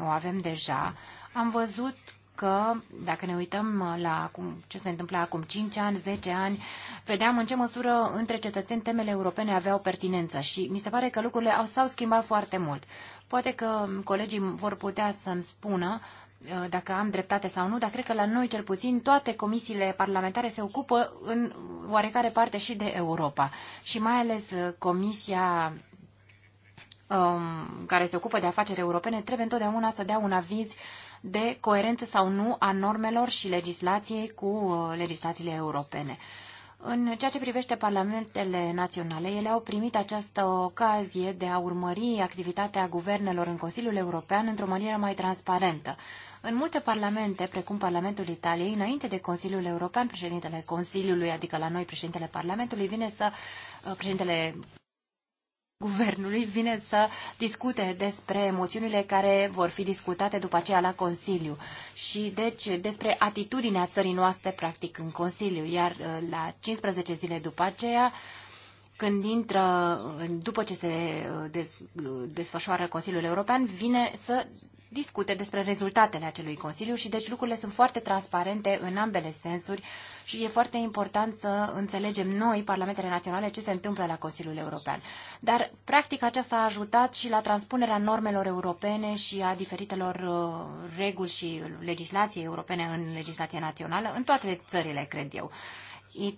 o avem deja, am văzut că, dacă ne uităm uh, la acum, ce se întâmpla acum 5 ani, 10 ani, vedeam în ce măsură între cetățeni temele europene aveau pertinență și mi se pare că lucrurile au, s-au schimbat foarte mult. Poate că colegii vor putea să-mi spună Uh, dacă am dreptate sau nu, dar cred că la noi, cel puțin, toate comisiile parlamentare se ocupă în oarecare parte și de Europa. Și mai ales uh, comisia um, care se ocupă de afaceri europene trebuie întotdeauna să dea un aviz de coerență sau nu a normelor și legislației cu uh, legislațiile europene. În ceea ce privește parlamentele naționale, ele au primit această ocazie de a urmări activitatea guvernelor în Consiliul European într-o manieră mai transparentă. În multe parlamente, precum Parlamentul Italiei, înainte de Consiliul European, președintele Consiliului, adică la noi președintele Parlamentului, vine să uh, președintele guvernului vine să discute despre moțiunile care vor fi discutate după aceea la Consiliu și deci despre atitudinea țării noastre practic în Consiliu, iar uh, la 15 zile după aceea când intră, după ce se uh, des, desfășoară Consiliul European, vine să discute despre rezultatele acelui Consiliu și deci lucrurile sunt foarte transparente în ambele sensuri și e foarte important să înțelegem noi, Parlamentele Naționale, ce se întâmplă la Consiliul European. Dar, practic, aceasta a ajutat și la transpunerea normelor europene și a diferitelor uh, reguli și legislației europene în legislația națională, în toate țările, cred eu.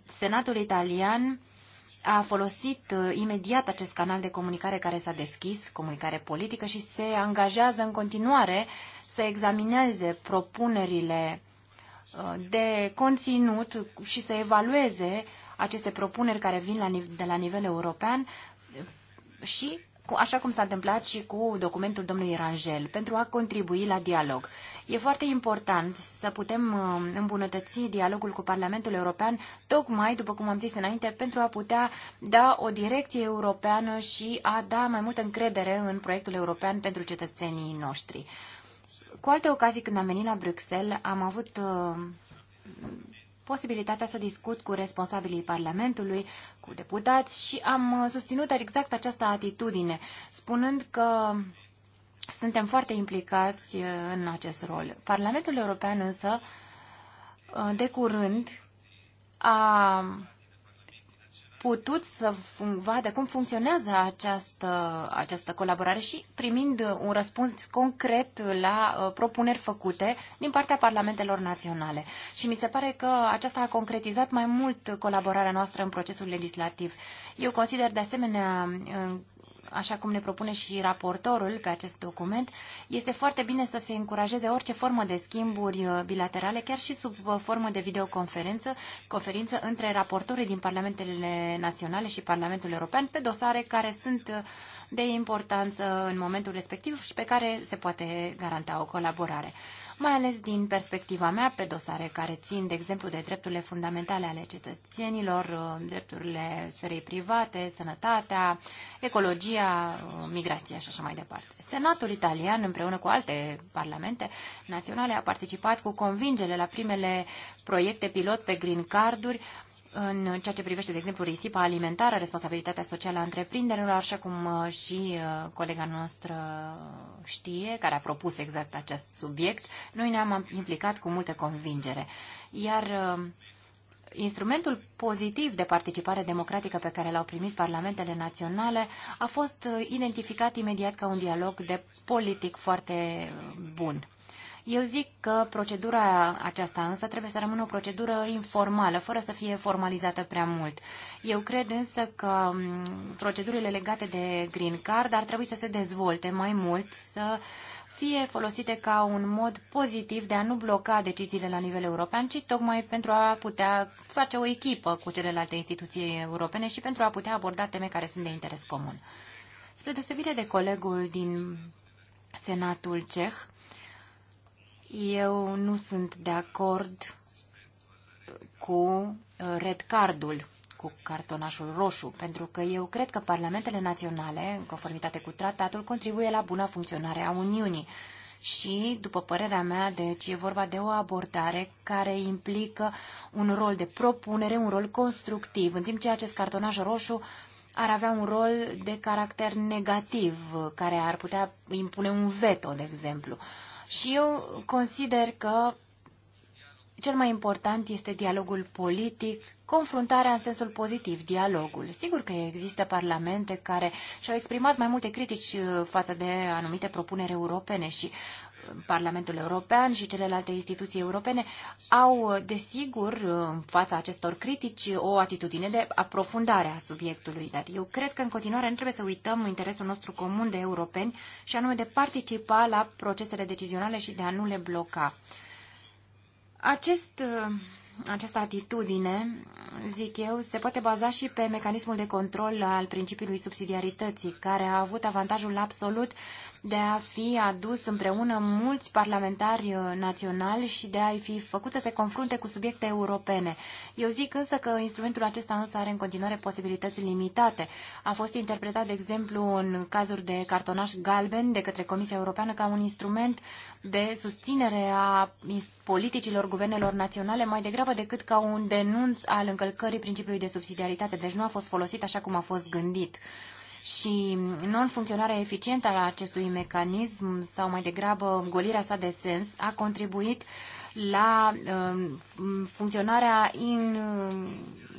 Senatul italian a folosit uh, imediat acest canal de comunicare care s-a deschis, comunicare politică, și se angajează în continuare să examineze propunerile uh, de conținut și să evalueze aceste propuneri care vin la, de la nivel european uh, și așa cum s-a întâmplat și cu documentul domnului Rangel, pentru a contribui la dialog. E foarte important să putem uh, îmbunătăți dialogul cu Parlamentul European, tocmai, după cum am zis înainte, pentru a putea da o direcție europeană și a da mai multă încredere în proiectul european pentru cetățenii noștri. Cu alte ocazii, când am venit la Bruxelles, am avut uh, posibilitatea să discut cu responsabilii Parlamentului, cu deputați și am uh, susținut exact această atitudine, spunând că suntem foarte implicați uh, în acest rol. Parlamentul European însă, uh, de curând, a putut să vadă cum funcționează această, această colaborare și primind un răspuns concret la uh, propuneri făcute din partea parlamentelor naționale. Și mi se pare că aceasta a concretizat mai mult colaborarea noastră în procesul legislativ. Eu consider de asemenea uh, așa cum ne propune și raportorul pe acest document, este foarte bine să se încurajeze orice formă de schimburi uh, bilaterale, chiar și sub uh, formă de videoconferință, conferință între raportorii din Parlamentele Naționale și Parlamentul European pe dosare care sunt uh, de importanță în momentul respectiv și pe care se poate garanta o colaborare mai ales din perspectiva mea, pe dosare care țin, de exemplu, de drepturile fundamentale ale cetățenilor, uh, drepturile sferei private, sănătatea, ecologia, uh, migrația și așa mai departe. Senatul italian, împreună cu alte parlamente naționale, a participat cu convingere la primele proiecte pilot pe green carduri, în ceea ce privește, de exemplu, risipa alimentară, responsabilitatea socială a întreprinderilor, așa cum uh, și uh, colega noastră știe, care a propus exact acest subiect, noi ne-am implicat cu multă convingere. Iar uh, instrumentul pozitiv de participare democratică pe care l-au primit parlamentele naționale a fost identificat imediat ca un dialog de politic foarte bun. Eu zic că procedura aceasta însă trebuie să rămână o procedură informală, fără să fie formalizată prea mult. Eu cred însă că procedurile legate de green card ar trebui să se dezvolte mai mult, să fie folosite ca un mod pozitiv de a nu bloca deciziile la nivel european, ci tocmai pentru a putea face o echipă cu celelalte instituții europene și pentru a putea aborda teme care sunt de interes comun. Spre deosebire de colegul din Senatul Ceh, eu nu sunt de acord cu uh, red cardul, cu cartonașul roșu, pentru că eu cred că parlamentele naționale, în conformitate cu tratatul, contribuie la buna funcționare a Uniunii. Și, după părerea mea, deci e vorba de o abordare care implică un rol de propunere, un rol constructiv, în timp ce acest cartonaș roșu ar avea un rol de caracter negativ, care ar putea impune un veto, de exemplu. Uh, și eu consider că cel mai important este dialogul politic, confruntarea în sensul pozitiv, dialogul. Sigur că există parlamente care și-au exprimat mai multe critici uh, față de anumite propuneri europene și Parlamentul European și celelalte instituții europene au, desigur, în fața acestor critici, o atitudine de aprofundare a subiectului. Dar eu cred că, în continuare, nu trebuie să uităm interesul nostru comun de europeni și anume de participa la procesele decizionale și de a nu le bloca. Acest, această atitudine, zic eu, se poate baza și pe mecanismul de control al principiului subsidiarității, care a avut avantajul absolut de a fi adus împreună mulți parlamentari uh, naționali și de a-i fi făcut să se confrunte cu subiecte europene. Eu zic însă că instrumentul acesta însă are în continuare posibilități limitate. A fost interpretat, de exemplu, în cazuri de cartonaș galben de către Comisia Europeană ca un instrument de susținere a politicilor guvernelor naționale mai degrabă decât ca un denunț al încălcării principiului de subsidiaritate, deci nu a fost folosit așa cum a fost gândit și non-funcționarea eficientă a acestui mecanism sau mai degrabă golirea sa de sens a contribuit la uh, funcționarea in,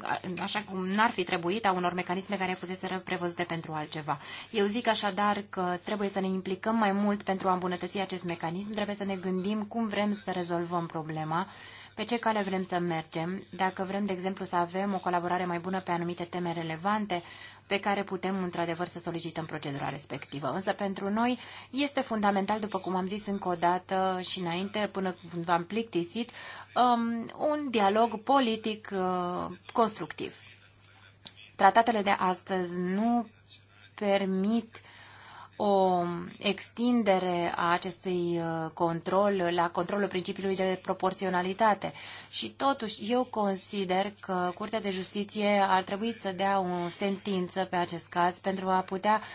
uh, așa cum n-ar fi trebuit a unor mecanisme care fusese prevăzute pentru altceva. Eu zic așadar că trebuie să ne implicăm mai mult pentru a îmbunătăți acest mecanism, trebuie să ne gândim cum vrem să rezolvăm problema, pe ce cale vrem să mergem, dacă vrem, de exemplu, să avem o colaborare mai bună pe anumite teme relevante, pe care putem într-adevăr să solicităm procedura respectivă. Însă pentru noi este fundamental, după cum am zis încă o dată și înainte, până când v-am plictisit, um, un dialog politic uh, constructiv. Tratatele de astăzi nu permit uh, o extindere a acestui uh, control la controlul principiului de proporționalitate. Și totuși, eu consider că Curtea de Justiție ar trebui să dea o sentință pe acest caz pentru a putea uh,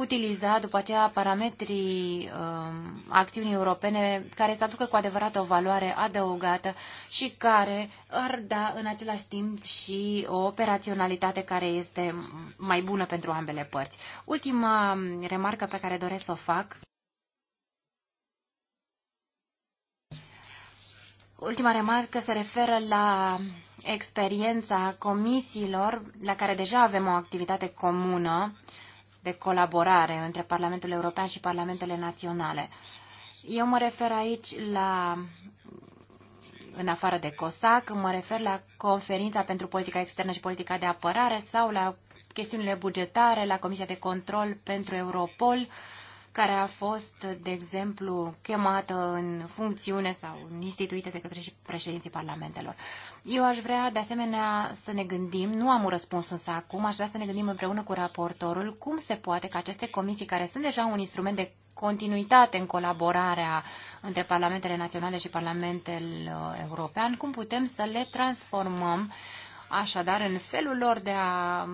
utiliza după aceea parametrii uh, acțiunii europene care să aducă cu adevărat o valoare adăugată și care ar da în același timp și o operaționalitate care este mai bună pentru ambele părți. Ultima um, remarcă pe care doresc să o fac Ultima remarcă se referă la experiența comisiilor la care deja avem o activitate comună uh, de colaborare între Parlamentul European și Parlamentele Naționale. Eu mă refer aici la, în afară de COSAC, mă refer la Conferința pentru Politica Externă și Politica de Apărare sau la chestiunile bugetare, la Comisia de Control pentru Europol, uh, care a fost, de exemplu, chemată în funcțiune sau instituită de către și președinții parlamentelor. Eu aș vrea, de asemenea, să ne gândim, nu am un răspuns însă acum, aș vrea să ne gândim împreună cu raportorul cum se poate ca aceste comisii, care sunt deja un instrument de continuitate în colaborarea între parlamentele naționale și parlamentul uh, european, cum putem să le transformăm uh, Așadar, în felul lor de a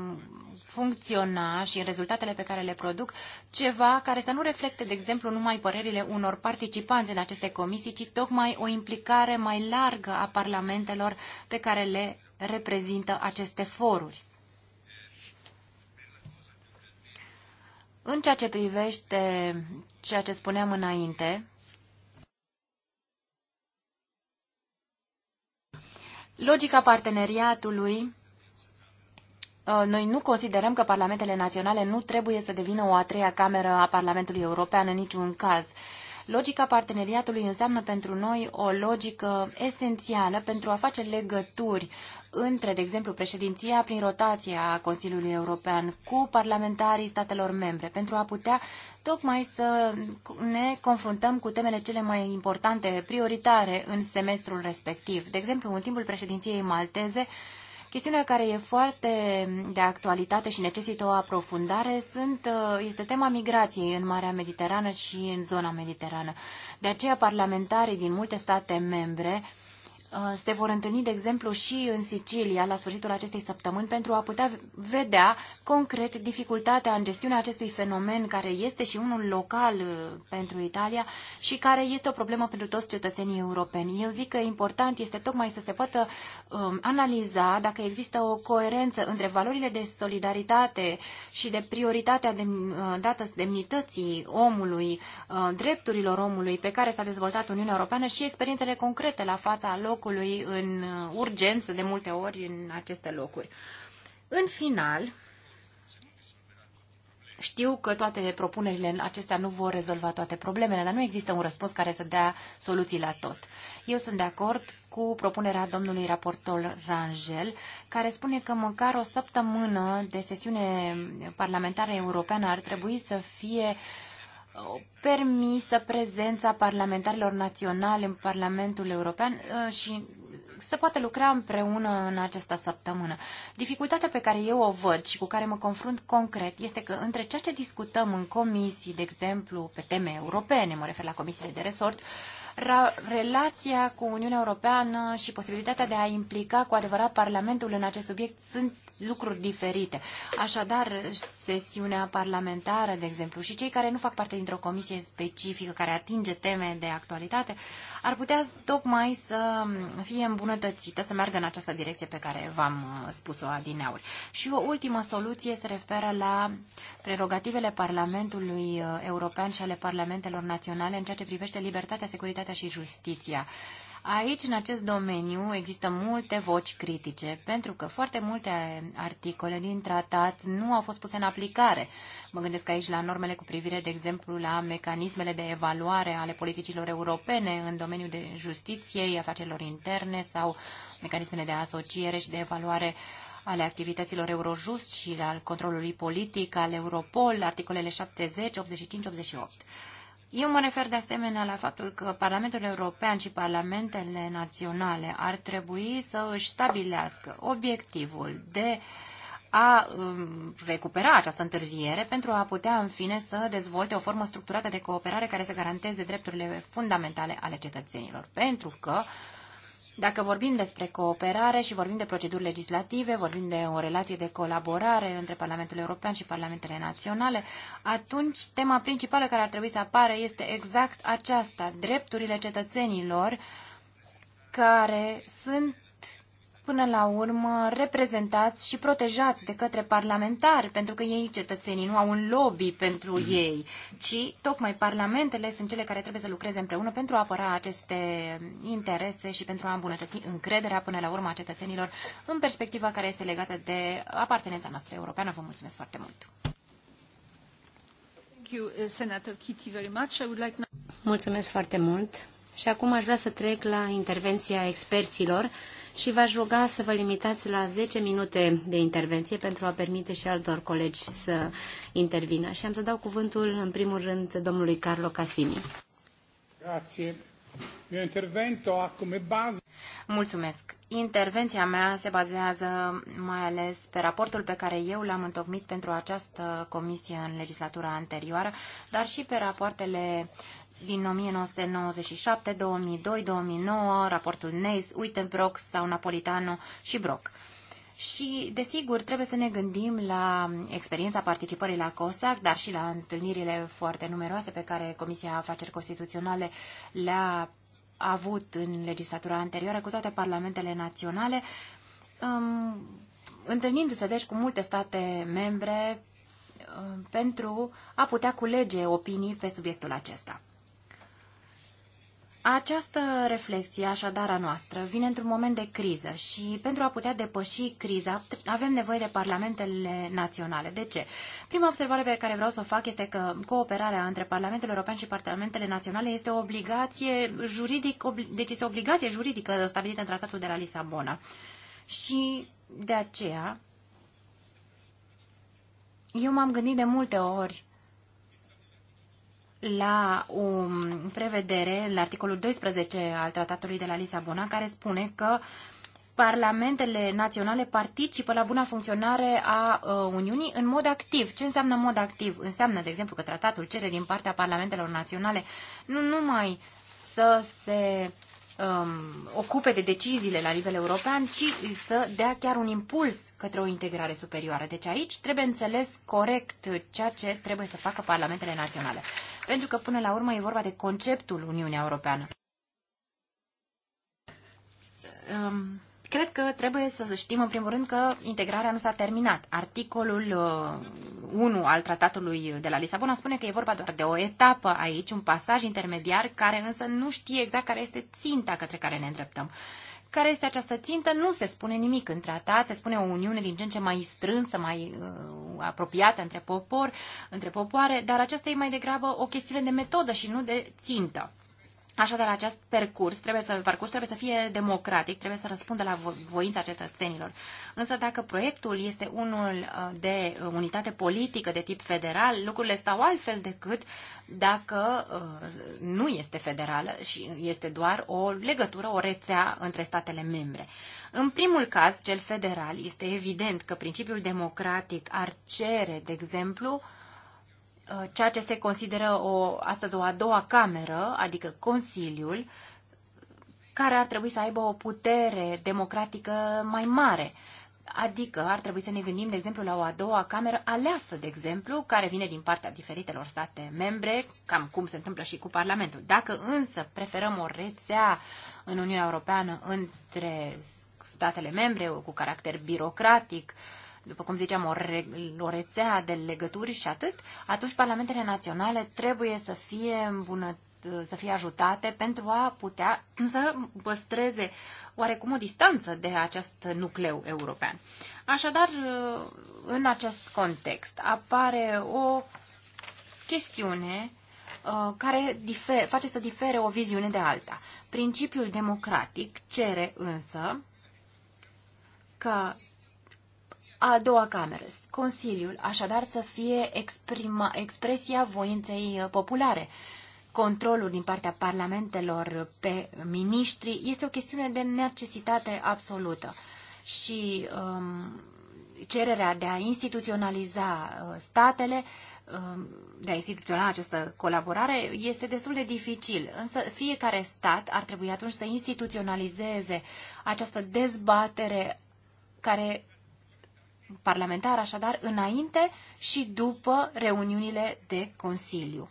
funcționa și în rezultatele pe care le produc, ceva care să nu reflecte, de exemplu, numai părerile unor participanți în aceste comisii, ci tocmai o implicare mai largă a parlamentelor pe care le reprezintă aceste foruri. În ceea ce privește ceea ce spuneam înainte, Logica parteneriatului, uh, noi nu considerăm că parlamentele naționale nu trebuie să devină o a treia cameră a Parlamentului European în niciun caz. Logica parteneriatului înseamnă pentru noi o logică esențială pentru a face legături între, de exemplu, președinția prin rotație a Consiliului European cu parlamentarii statelor membre pentru a putea tocmai să ne confruntăm cu temele cele mai importante, prioritare în semestrul respectiv. De exemplu, în timpul președinției malteze, Chestiunea care e foarte de actualitate și necesită o aprofundare sunt, uh, este tema migrației în Marea Mediterană și în zona mediterană. De aceea, parlamentarii din multe state membre uh, Uh, se vor întâlni, de exemplu, și în Sicilia la sfârșitul acestei săptămâni pentru a putea vedea concret dificultatea în gestiunea acestui fenomen care este și unul local uh, pentru Italia și care este o problemă pentru toți cetățenii europeni. Eu zic că important este tocmai să se poată um, analiza dacă există o coerență între valorile de solidaritate și de prioritatea de, uh, dată demnității omului, drepturilor omului pe care s-a dezvoltat Uniunea Europeană și experiențele concrete la fața locului locului în uh, urgență, de multe ori, în aceste locuri. În final, știu că toate propunerile acestea nu vor rezolva toate problemele, dar nu există un răspuns care să dea soluții la tot. Eu sunt de acord cu propunerea domnului raportor Rangel, care spune că măcar o săptămână de sesiune parlamentară europeană ar trebui să fie uh, Uh, permisă prezența parlamentarilor naționali în Parlamentul European uh, și se poate lucra împreună în această săptămână. Dificultatea pe care eu o văd și cu care mă confrunt concret este că între ceea ce discutăm în comisii, de exemplu, pe teme europene, mă refer la comisiile de resort, relația cu Uniunea Europeană și posibilitatea de a implica cu adevărat Parlamentul în acest subiect sunt lucruri diferite. Așadar, sesiunea parlamentară, de exemplu, și cei care nu fac parte dintr-o comisie specifică care atinge teme de actualitate, ar putea tocmai să fie îmbunătățită, să meargă în această direcție pe care v-am uh, spus-o adineauri. Și o ultimă soluție se referă la prerogativele Parlamentului uh, European și ale Parlamentelor Naționale în ceea ce privește libertatea, securitatea și justiția. Aici, în acest domeniu, există multe voci critice, pentru că foarte multe articole din tratat nu au fost puse în aplicare. Mă gândesc aici la normele cu privire, de exemplu, la mecanismele de evaluare ale politicilor europene în domeniul de justiție, afacerilor interne sau mecanismele de asociere și de evaluare ale activităților Eurojust și al controlului politic al Europol, articolele 70, 85, 88. Eu mă refer de asemenea la faptul că Parlamentul European și Parlamentele naționale ar trebui să își stabilească obiectivul de a um, recupera această întârziere pentru a putea, în fine, să dezvolte o formă structurată de cooperare care să garanteze drepturile fundamentale ale cetățenilor. Pentru că dacă vorbim despre cooperare și vorbim de proceduri legislative, vorbim de o relație de colaborare între Parlamentul European și Parlamentele Naționale, atunci tema principală care ar trebui să apară este exact aceasta, drepturile cetățenilor care sunt până la urmă reprezentați și protejați de către parlamentari, pentru că ei, cetățenii, nu au un lobby pentru mhm. ei, ci tocmai parlamentele sunt cele care trebuie să lucreze împreună pentru a apăra aceste interese și pentru a îmbunătăți încrederea până la urmă a cetățenilor în perspectiva care este legată de apartenența noastră europeană. Vă mulțumesc foarte mult! Uh, mulțumesc foarte mult! Și acum aș vrea să trec la intervenția experților și v-aș ruga să vă limitați la 10 minute de intervenție pentru a permite și altor colegi să intervină. Și am să dau cuvântul, în primul rând, domnului Carlo Casini. Grazie. Mio intervento ha come Mulțumesc. Intervenția mea se bazează mai ales pe raportul pe care eu l-am întocmit pentru această comisie în legislatura anterioară, dar și pe rapoartele din 1997, 2002, 2009, raportul Neis, Uitenbrock sau Napolitano și Brock. Și, desigur, trebuie să ne gândim la experiența participării la COSAC, dar și la întâlnirile foarte numeroase pe care Comisia Afaceri Constituționale le-a avut în legislatura anterioară cu toate parlamentele naționale, um, întâlnindu-se, deci, cu multe state membre um, pentru a putea culege opinii pe subiectul acesta. Această reflexie, așadar, a noastră, vine într-un moment de criză și pentru a putea depăși criza avem nevoie de parlamentele naționale. De ce? Prima observare pe care vreau să o fac este că cooperarea între Parlamentul European și Parlamentele Naționale este o obligație juridic, obli, deci este o obligație juridică stabilită în Tratatul de la Lisabona. Și de aceea eu m-am gândit de multe ori la o prevedere la articolul 12 al Tratatului de la Lisabona care spune că parlamentele naționale participă la buna funcționare a ă, Uniunii în mod activ. Ce înseamnă mod activ? Înseamnă, de exemplu, că tratatul cere din partea parlamentelor naționale nu numai să se um, ocupe de deciziile la nivel european, ci să dea chiar un impuls către o integrare superioară. Deci aici trebuie înțeles corect ceea ce trebuie să facă parlamentele naționale. Pentru că până la urmă e vorba de conceptul Uniunea Europeană. Um, Cred că trebuie să știm, în primul rând, că integrarea nu s-a terminat. Articolul 1 uh, al tratatului de la Lisabona spune că e vorba doar de o etapă aici, un pasaj intermediar, care însă nu știe exact care este ținta către care ne îndreptăm. Care este această țintă? Nu se spune nimic în tratat, se spune o uniune din ce în ce mai strânsă, mai uh, apropiată între popor, între popoare, dar aceasta e mai degrabă o chestiune de metodă și nu de țintă. Așadar, acest percurs trebuie, să, parcurs trebuie să fie democratic, trebuie să răspundă la voința cetățenilor. Însă dacă proiectul este unul uh, de unitate politică de tip federal, lucrurile stau altfel decât dacă uh, nu este federală și este doar o legătură, o rețea între statele membre. În primul caz, cel federal, este evident că principiul democratic ar cere, de exemplu, Uh, ceea ce se consideră o, astăzi o a doua cameră, adică Consiliul, care ar trebui să aibă o putere democratică mai mare. Adică ar trebui să ne gândim, de exemplu, la o a doua cameră aleasă, de exemplu, care vine din partea diferitelor state membre, cam cum se întâmplă și cu Parlamentul. Dacă însă preferăm o rețea în Uniunea Europeană între statele membre cu caracter birocratic, uh, după cum ziceam, o, re- o rețea de legături și atât, atunci parlamentele naționale trebuie să fie îmbunătățite să fie ajutate pentru a putea să păstreze oarecum o distanță de acest nucleu european. Așadar, în acest context apare o chestiune uh, care difer, face să difere o viziune de alta. Principiul democratic cere însă ca a doua cameră. Consiliul, așadar, să fie exprima, expresia voinței populare. Controlul din partea parlamentelor pe miniștri este o chestiune de necesitate absolută. Și um, cererea de a instituționaliza uh, statele, um, de a instituționa această colaborare, este destul de dificil. Însă fiecare stat ar trebui atunci să instituționalizeze această dezbatere care parlamentar, așadar, înainte și după reuniunile de Consiliu.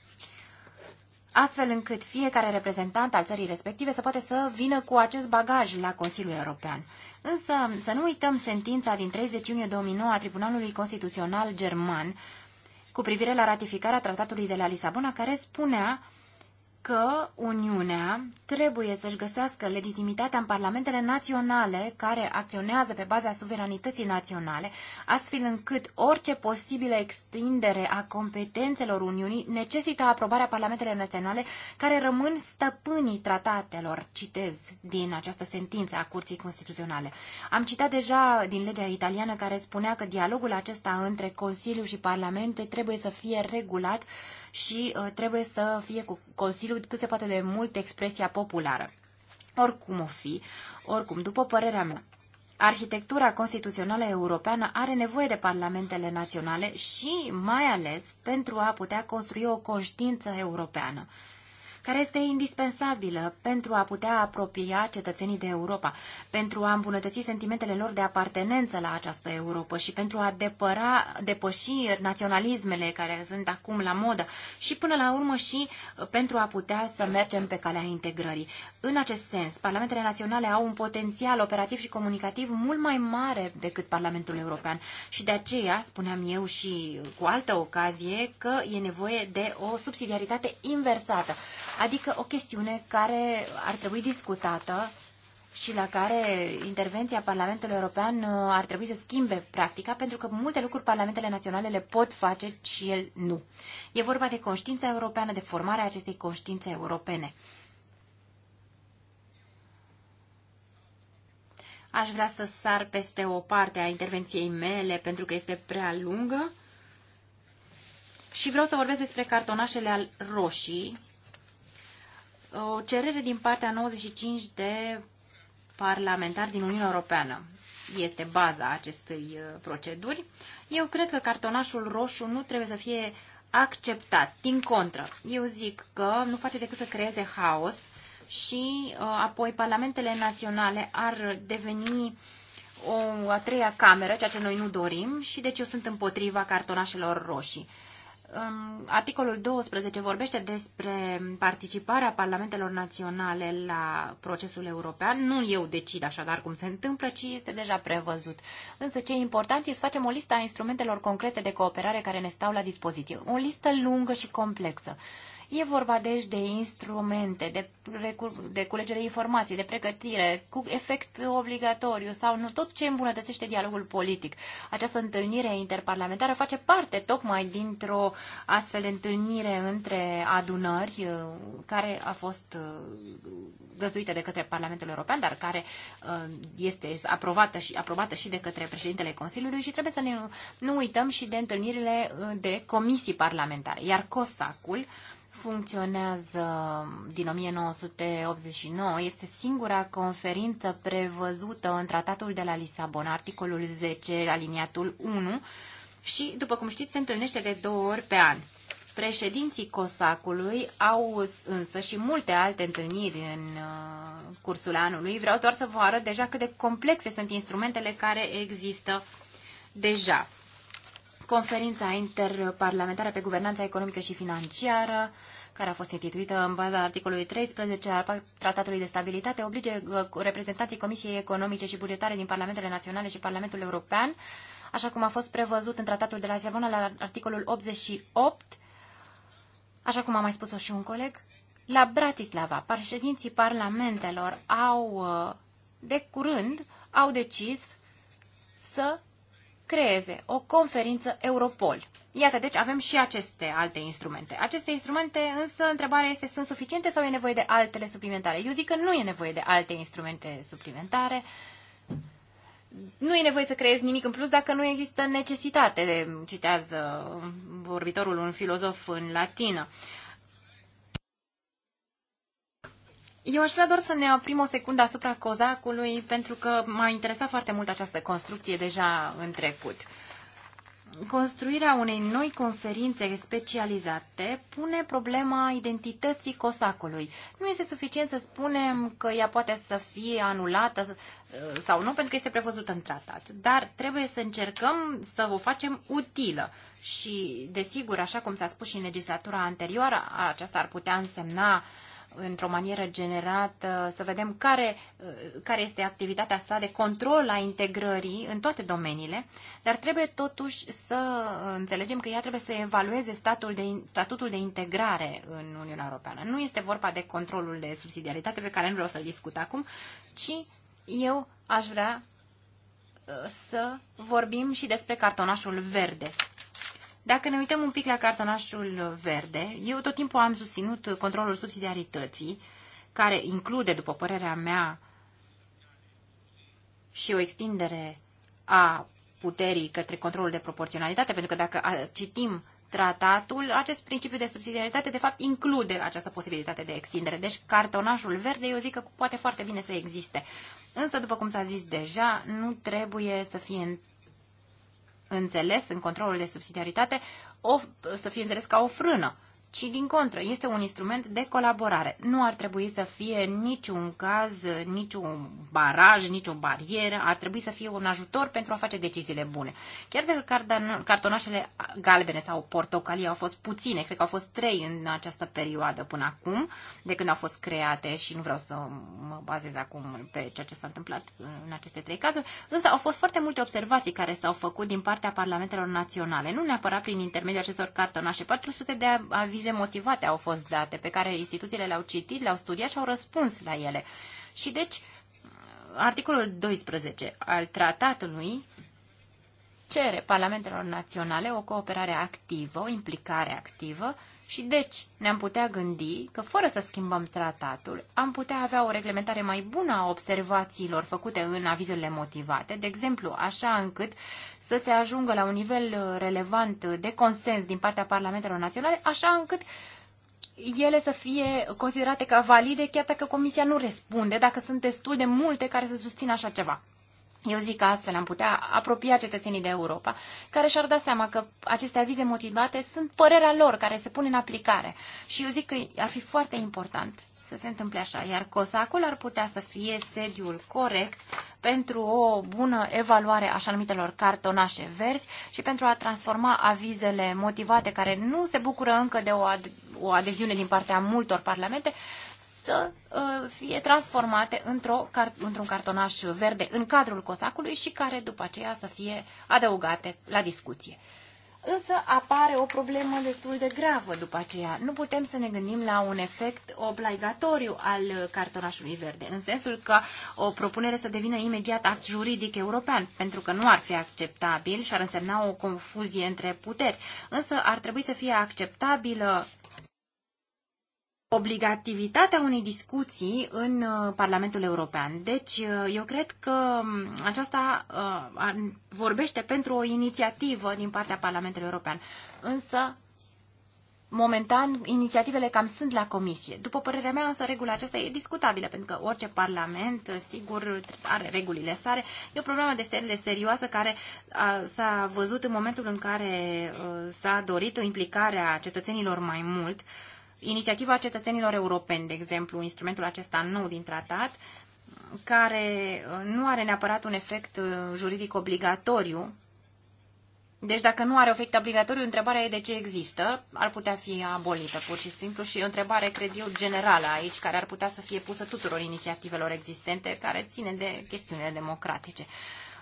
Astfel încât fiecare reprezentant al țării respective să poate să vină cu acest bagaj la Consiliul European. Însă să nu uităm sentința din 30 iunie 2009 a Tribunalului Constituțional German cu privire la ratificarea Tratatului de la Lisabona, care spunea că Uniunea trebuie să-și găsească legitimitatea în parlamentele naționale care acționează pe baza suveranității naționale, astfel încât orice posibilă extindere a competențelor Uniunii necesită aprobarea parlamentelor naționale care rămân stăpânii tratatelor, citez din această sentință a Curții Constituționale. Am citat deja din legea italiană care spunea că dialogul acesta între Consiliu și Parlamente trebuie să fie regulat uh, și uh, trebuie să fie cu Consiliul cât se poate de mult expresia populară. Oricum o fi, oricum, după părerea mea, Arhitectura constituțională europeană are nevoie de parlamentele naționale și mai ales pentru a putea construi o conștiință europeană care este indispensabilă pentru a putea apropia cetățenii de Europa, pentru a îmbunătăți sentimentele lor de apartenență la această Europa și pentru a depăra, depăși naționalismele care sunt acum la modă și până la urmă și pentru a putea să mergem pe calea integrării. În acest sens, parlamentele naționale au un potențial operativ și comunicativ mult mai mare decât Parlamentul European și de aceea, spuneam eu și cu altă ocazie, că e nevoie de o subsidiaritate inversată. Adică o chestiune care ar trebui discutată și la care intervenția Parlamentului European uh, ar trebui să schimbe practica, pentru că multe lucruri Parlamentele Naționale le pot face și el nu. E vorba de conștiința europeană, de formarea acestei conștiințe europene. Aș vrea să sar peste o parte a intervenției mele, pentru că este prea lungă. Și vreau să vorbesc despre cartonașele al roșii, o cerere din partea 95 de parlamentari din Uniunea Europeană. Este baza acestei uh, proceduri. Eu cred că cartonașul roșu nu trebuie să fie acceptat. Din contră, eu zic că nu face decât să creeze haos și uh, apoi parlamentele naționale ar deveni o a treia cameră, ceea ce noi nu dorim și deci eu sunt împotriva cartonașelor roșii. Articolul 12 vorbește despre participarea parlamentelor naționale la procesul european. Nu eu decid așadar cum se întâmplă, ci este deja prevăzut. Însă ce e important este să facem o listă a instrumentelor concrete de cooperare care ne stau la dispoziție. O listă lungă și complexă. E vorba deci de instrumente, de, de culegere informații, de pregătire, cu efect obligatoriu sau nu, tot ce îmbunătățește dialogul politic. Această întâlnire interparlamentară face parte tocmai dintr-o astfel de întâlnire între adunări uh, care a fost uh, găzduită de către Parlamentul European, dar care uh, este aprobată și, aprobată și de către președintele Consiliului și trebuie să ne, nu uităm și de întâlnirile de comisii parlamentare. Iar COSAC-ul funcționează din 1989 este singura conferință prevăzută în tratatul de la Lisabona, articolul 10, aliniatul 1, și, după cum știți, se întâlnește de două ori pe an. Președinții COSAC-ului au însă și multe alte întâlniri în uh, cursul anului. Vreau doar să vă arăt deja cât de complexe sunt instrumentele care există deja conferința interparlamentară pe guvernanța economică și financiară, care a fost instituită în baza articolului 13 al Tratatului de Stabilitate, oblige uh, reprezentanții Comisiei Economice și Bugetare din Parlamentele Naționale și Parlamentul European, așa cum a fost prevăzut în Tratatul de la Sevona la articolul 88, așa cum a mai spus-o și un coleg, la Bratislava, președinții parlamentelor au, uh, de curând, au decis să creeze o conferință Europol. Iată, deci avem și aceste alte instrumente. Aceste instrumente, însă, întrebarea este, sunt suficiente sau e nevoie de altele suplimentare? Eu zic că nu e nevoie de alte instrumente suplimentare. Nu e nevoie să creezi nimic în plus dacă nu există necesitate, citează vorbitorul un filozof în latină. Uh, Eu aș vrea doar să ne oprim o secundă asupra cozacului, pentru că m-a interesat foarte mult această construcție deja în trecut. Construirea unei noi conferințe specializate pune problema identității cosacului. Nu este suficient să spunem că ea poate să fie anulată uh, sau nu, pentru că este prevăzută în tratat. Dar trebuie să încercăm să o facem utilă. Și, desigur, așa cum s-a spus și în legislatura anterioară, aceasta ar putea însemna uh, într-o manieră generată, să vedem care, uh, care este activitatea sa de control a integrării în toate domeniile, dar trebuie totuși să înțelegem că ea trebuie să evalueze statul de, statutul de integrare în Uniunea Europeană. Nu este vorba de controlul de subsidiaritate pe care nu vreau să-l discut acum, ci eu aș vrea uh, să vorbim și despre cartonașul verde. Dacă ne uităm un pic la cartonașul verde, eu tot timpul am susținut controlul subsidiarității, care include, după părerea mea, și o extindere a puterii către controlul de proporționalitate, pentru că dacă citim tratatul, acest principiu de subsidiaritate, de fapt, include această posibilitate de extindere. Deci, cartonașul verde, eu zic că poate foarte bine să existe. Însă, după cum s-a zis deja, nu trebuie să fie înțeles în controlul de subsidiaritate o, să fie înțeles ca o frână ci din contră, este un instrument de colaborare. Nu ar trebui să fie niciun caz, niciun baraj, nicio barieră, ar trebui să fie un ajutor pentru a face deciziile bune. Chiar dacă cartonașele galbene sau portocalii au fost puține, cred că au fost trei în această perioadă până acum, de când au fost create și nu vreau să mă bazez acum pe ceea ce s-a întâmplat în aceste trei cazuri, însă au fost foarte multe observații care s-au făcut din partea parlamentelor naționale, nu neapărat prin intermediul acestor cartonașe, 400 de avizi analize motivate au fost date, pe care instituțiile le-au citit, le-au studiat și au răspuns la ele. Și deci, articolul 12 al tratatului cere parlamentelor naționale o cooperare activă, o implicare activă și deci ne-am putea gândi că fără să schimbăm tratatul am putea avea o reglementare mai bună a observațiilor făcute în avizele motivate, de exemplu așa încât să se ajungă la un nivel relevant de consens din partea parlamentelor naționale, așa încât ele să fie considerate ca valide chiar dacă Comisia nu răspunde, dacă sunt destul de multe care să susțină așa ceva. Eu zic că astfel am putea apropia cetățenii de Europa, care și-ar da seama că aceste avize motivate sunt părerea lor care se pune în aplicare. Și eu zic că ar fi foarte important să se întâmple așa, iar COSAC-ul ar putea să fie sediul corect pentru o bună evaluare a numitelor cartonașe verzi și pentru a transforma avizele motivate care nu se bucură încă de o, ad- o adeziune din partea multor parlamente să uh, fie transformate într-o, într-un cartonaș verde în cadrul cosacului și care după aceea să fie adăugate la discuție. Însă apare o problemă destul de gravă după aceea. Nu putem să ne gândim la un efect obligatoriu al cartonașului verde, în sensul că o propunere să devină imediat act juridic european, pentru că nu ar fi acceptabil și ar însemna o confuzie între puteri. Însă ar trebui să fie acceptabilă obligativitatea unei discuții în uh, Parlamentul European. Deci, uh, eu cred că um, aceasta uh, vorbește pentru o inițiativă din partea Parlamentului European. Însă, momentan, inițiativele cam sunt la comisie. După părerea mea, însă, regula aceasta e discutabilă, pentru că orice parlament, sigur, are regulile sale. E o problemă destul de serioasă care s-a văzut în momentul în care s-a dorit o implicare a cetățenilor mai mult uh, inițiativa cetățenilor europeni, de exemplu, instrumentul acesta nou din tratat, care uh, nu are neapărat un efect uh, juridic obligatoriu. Deci dacă nu are efect obligatoriu, întrebarea e de ce există, ar putea fi abolită pur și simplu și e o întrebare, cred eu, generală aici, care ar putea să fie pusă tuturor inițiativelor existente care ține de chestiunile democratice.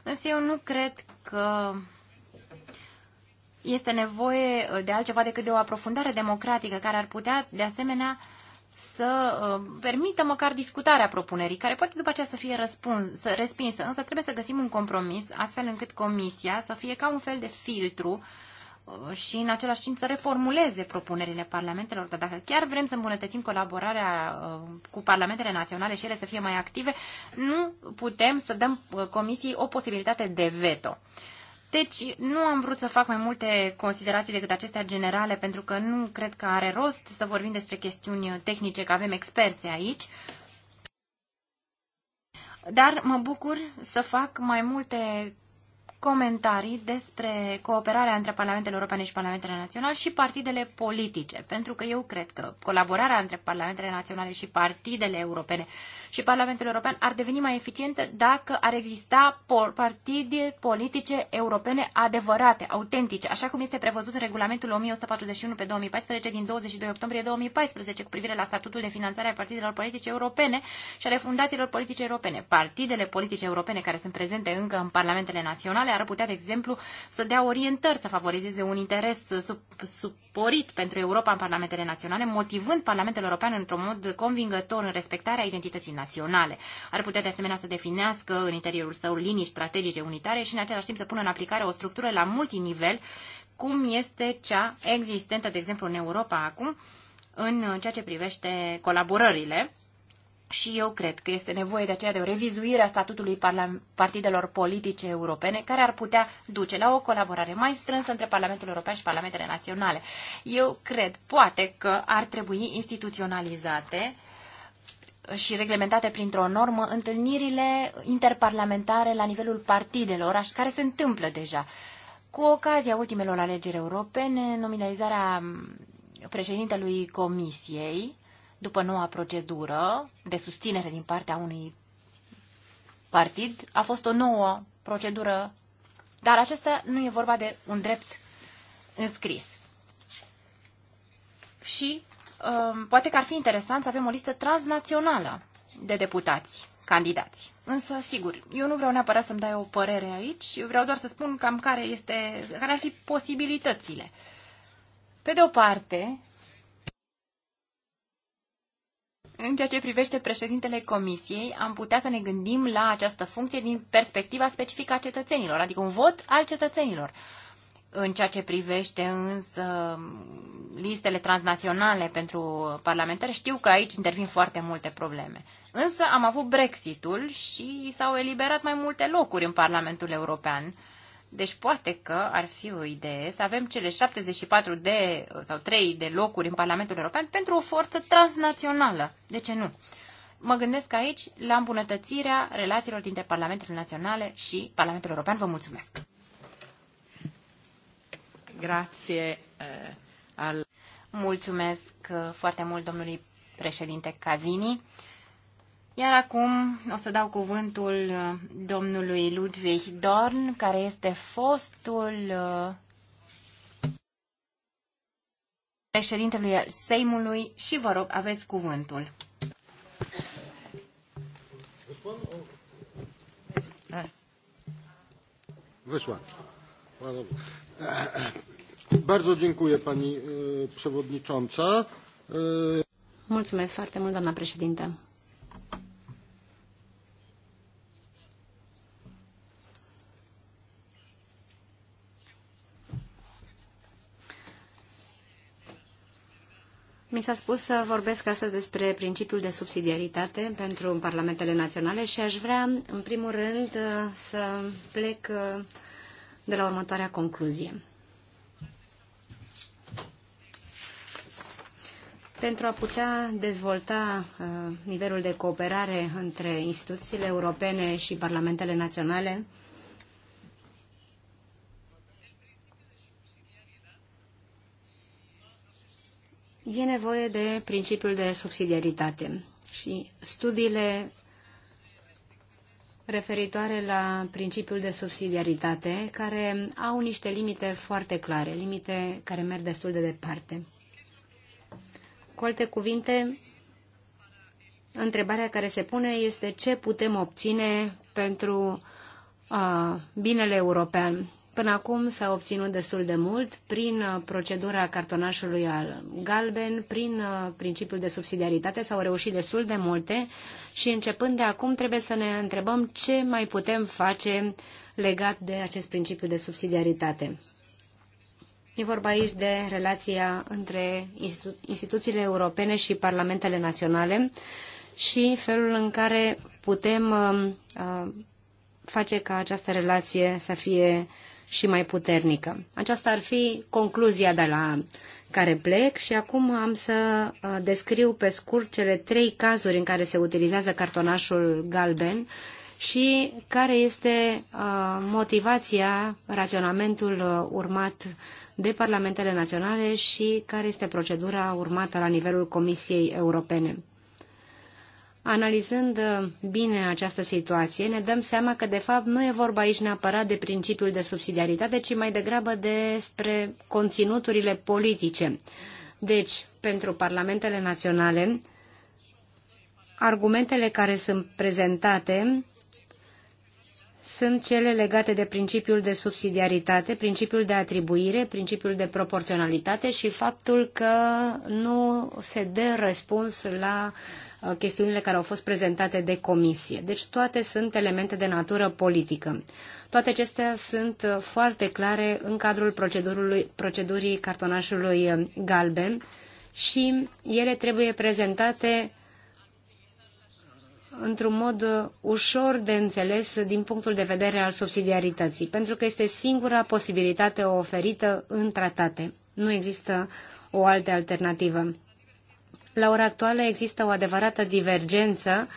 Însă eu nu cred că este nevoie uh, de altceva decât de o aprofundare democratică care ar putea, de asemenea, să uh, permită măcar discutarea propunerii, care poate după aceea să fie răspuns, să respinsă, însă trebuie să găsim un compromis astfel încât comisia să fie ca un fel de filtru uh, și în același timp să reformuleze propunerile parlamentelor, dar dacă chiar vrem să îmbunătățim colaborarea cu parlamentele naționale și ele să fie mai active, nu putem să dăm comisiei o posibilitate de veto. Deci nu am vrut să fac mai multe considerații decât acestea generale, pentru că nu cred că are rost să vorbim despre chestiuni tehnice, că avem experți aici. Dar mă bucur să fac mai multe comentarii despre cooperarea între Parlamentele Europene și Parlamentele Naționale și partidele politice, pentru că eu cred că colaborarea între Parlamentele Naționale și partidele europene și Parlamentul European ar deveni mai eficientă dacă ar exista partide politice europene adevărate, autentice, așa cum este prevăzut în regulamentul 1141 pe 2014 din 22 octombrie 2014 cu privire la statutul de finanțare a partidelor politice europene și ale fundațiilor politice europene. Partidele politice europene care sunt prezente încă în Parlamentele Naționale naționale ar putea, de exemplu, să dea orientări, să favorizeze un interes suporit pentru Europa în parlamentele naționale, motivând Parlamentul European într-un mod convingător în respectarea identității naționale. Ar putea, de asemenea, să definească în interiorul său linii strategice unitare și, în același timp, să pună în aplicare o structură la multinivel cum este cea existentă, de exemplu, în Europa acum, în ceea ce privește colaborările și eu cred că este nevoie de aceea de o revizuire a statutului partidelor politice europene, care ar putea duce la o colaborare mai strânsă între Parlamentul European și Parlamentele Naționale. Eu cred, poate că ar trebui instituționalizate și reglementate printr-o normă întâlnirile interparlamentare la nivelul partidelor, care se întâmplă deja. Cu ocazia ultimelor alegeri europene, nominalizarea mm, președintelui Comisiei, după noua procedură de susținere din partea unui partid, a fost o nouă procedură, dar acesta nu e vorba de un drept înscris. Și um, poate că ar fi interesant să avem o listă transnațională de deputați candidați. Însă, sigur, eu nu vreau neapărat să-mi dai o părere aici, vreau doar să spun cam care, este, care ar fi posibilitățile. Pe de o parte, în ceea ce privește președintele comisiei, am putea să ne gândim la această funcție din perspectiva specifică a cetățenilor, adică un vot al cetățenilor. În ceea ce privește însă listele transnaționale pentru parlamentari, știu că aici intervin foarte multe probleme. Însă am avut Brexitul și s-au eliberat mai multe locuri în Parlamentul European deci poate că ar fi o idee să avem cele 74 de sau 3 de locuri în Parlamentul European pentru o forță transnațională. De ce nu? Mă gândesc aici la îmbunătățirea relațiilor dintre Parlamentele Naționale și Parlamentul European. Vă mulțumesc! Grație uh, eh, al... Mulțumesc eh, foarte mult domnului președinte Cazini. Iar acum o să dau cuvântul uh, domnului Ludwig Dorn, care este fostul uh, președintelui Seimului și vă rog, aveți cuvântul. Wyszła. Bardzo dziękuję pani przewodnicząca. Mulțumesc foarte mult, doamna președinte. Mi s-a spus să vorbesc astăzi despre principiul de subsidiaritate pentru parlamentele naționale și aș vrea, în primul rând, uh, să plec uh, de la următoarea concluzie. Pentru a putea dezvolta uh, nivelul de cooperare între instituțiile europene și parlamentele naționale, e nevoie de principiul de subsidiaritate și studiile referitoare la principiul de subsidiaritate, care au niște limite foarte clare, limite care merg destul de departe. Cu alte cuvinte, întrebarea care se pune este ce putem obține pentru uh, binele european Până acum s-a obținut destul de mult prin uh, procedura cartonașului al galben, prin uh, principiul de subsidiaritate s-au reușit destul de multe și începând de acum trebuie să ne întrebăm ce mai putem face legat de acest principiu de subsidiaritate. E vorba aici de relația între institu instituțiile europene și parlamentele naționale și felul în care putem uh, uh face ca această relație să fie uh, și mai puternică. Aceasta ar fi concluzia de la care plec și acum am să uh, descriu pe scurt cele trei cazuri în care se utilizează cartonașul galben și care este uh, motivația, raționamentul uh, urmat de parlamentele naționale și care este procedura urmată la nivelul Comisiei Europene. Analizând uh, bine această situație, ne dăm seama că, de fapt, nu e vorba aici neapărat de principiul de subsidiaritate, ci mai degrabă despre conținuturile politice. Deci, pentru parlamentele naționale, argumentele care sunt prezentate sunt cele legate de principiul de subsidiaritate, principiul de atribuire, principiul de proporționalitate și faptul că nu se dă răspuns la uh, Uh, chestiunile care au fost prezentate de comisie. Deci toate sunt elemente de natură politică. Toate acestea sunt uh, foarte clare în cadrul procedurii cartonașului uh, galben și ele trebuie prezentate într-un mod ușor de înțeles din punctul de vedere al subsidiarității, pentru că este singura posibilitate oferită în tratate. Nu există o altă alternativă. La ora actuală există o adevărată divergență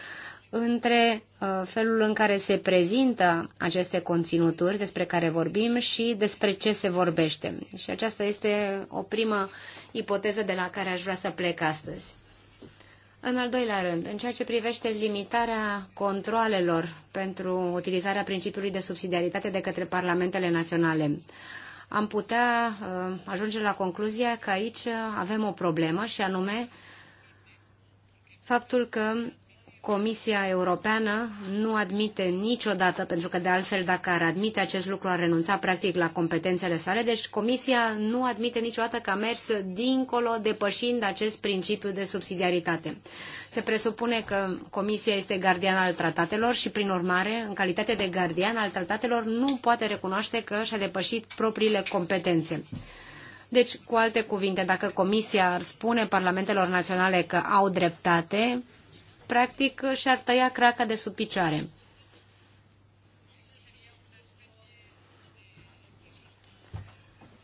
între uh, felul în care se prezintă aceste conținuturi despre care vorbim și despre ce se vorbește. Și aceasta este o primă ipoteză de la care aș vrea să plec astăzi. În al doilea rând, în ceea ce privește limitarea controalelor pentru utilizarea principiului de subsidiaritate de către parlamentele naționale, am putea uh, ajunge la concluzia că aici avem o problemă și anume faptul că Comisia Europeană nu admite niciodată, pentru că de altfel dacă ar admite acest lucru ar renunța practic la competențele sale, deci Comisia nu admite niciodată că a mers dincolo, depășind acest principiu de subsidiaritate. Se presupune că Comisia este gardian al tratatelor și, prin urmare, în calitate de gardian al tratatelor, nu poate recunoaște că și-a depășit propriile competențe. Deci, cu alte cuvinte, dacă Comisia ar spune parlamentelor naționale că au dreptate, practic și-ar tăia craca de sub picioare.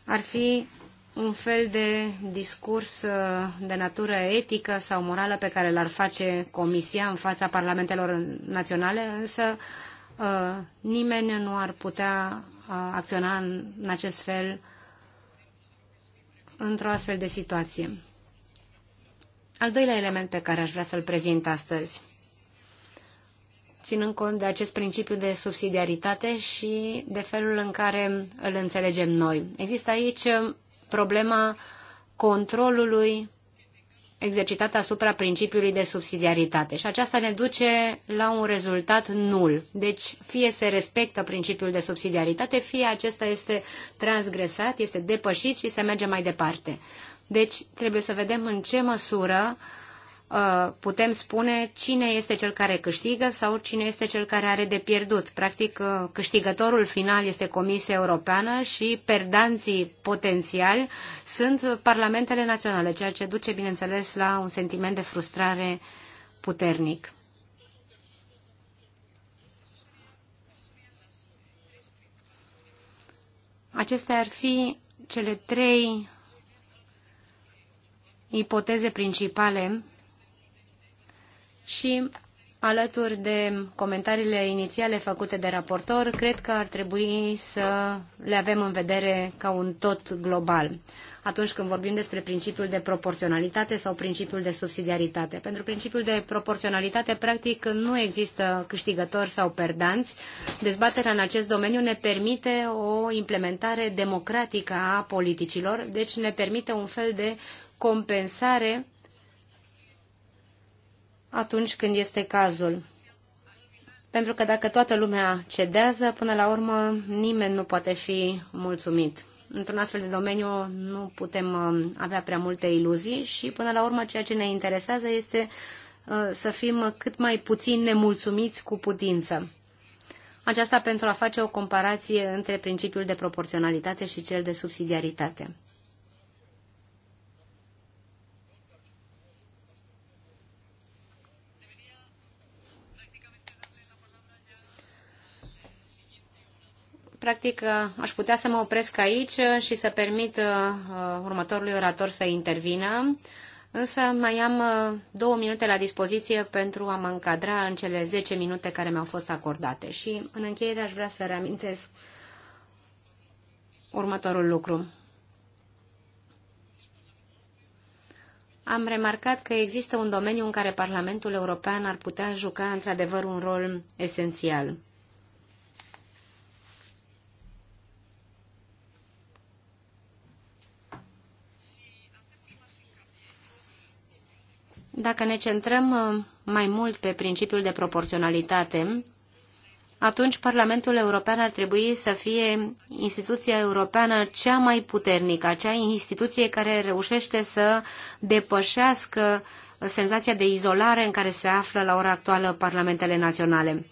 Ar fi un fel de discurs uh, de natură etică sau morală pe care l-ar face Comisia în fața parlamentelor naționale, însă uh, nimeni nu ar putea uh, acționa în acest fel într-o astfel de situație. Al doilea element pe care aș vrea să-l prezint astăzi, ținând cont de acest principiu de subsidiaritate și de felul în care îl înțelegem noi. Există aici problema controlului exercitat asupra principiului de subsidiaritate și aceasta ne duce la un rezultat nul. Deci fie se respectă principiul de subsidiaritate, fie acesta este transgresat, este depășit și se merge mai departe. Deci trebuie să vedem în ce măsură uh, Uh, putem spune cine este cel care câștigă sau cine este cel care are de pierdut. Practic, uh, câștigătorul final este Comisia Europeană și perdanții potențiali sunt parlamentele naționale, ceea ce duce, bineînțeles, la un sentiment de frustrare puternic. Acestea ar fi cele trei ipoteze principale și alături de comentariile inițiale făcute de raportor, cred că ar trebui să le avem în vedere ca un tot global atunci când vorbim despre principiul de proporționalitate sau principiul de subsidiaritate. Pentru principiul de proporționalitate, practic, nu există câștigători sau perdanți. Dezbaterea în acest domeniu ne permite o implementare democratică a politicilor, deci ne permite un fel de compensare atunci când este cazul. Pentru că dacă toată lumea cedează, până la urmă nimeni nu poate fi mulțumit. Într-un astfel de domeniu nu putem um, avea prea multe iluzii și până la urmă ceea ce ne interesează este uh, să fim cât mai puțin nemulțumiți cu putință. Aceasta pentru a face o comparație între principiul de proporționalitate și cel de subsidiaritate. Practic, uh, aș putea să mă opresc aici și să permit uh, uh, următorului orator să intervină, însă mai am două minute la dispoziție pentru a mă încadra în cele 10 minute care mi-au fost acordate. Și în încheiere aș vrea să reamintesc următorul lucru. Am remarcat că există un domeniu în care Parlamentul European ar putea juca într-adevăr un rol esențial – Dacă ne centrăm uh, mai mult pe principiul de proporționalitate, atunci Parlamentul European ar trebui să fie instituția europeană cea mai puternică, acea instituție care reușește să depășească senzația de izolare în care se află la ora actuală parlamentele naționale.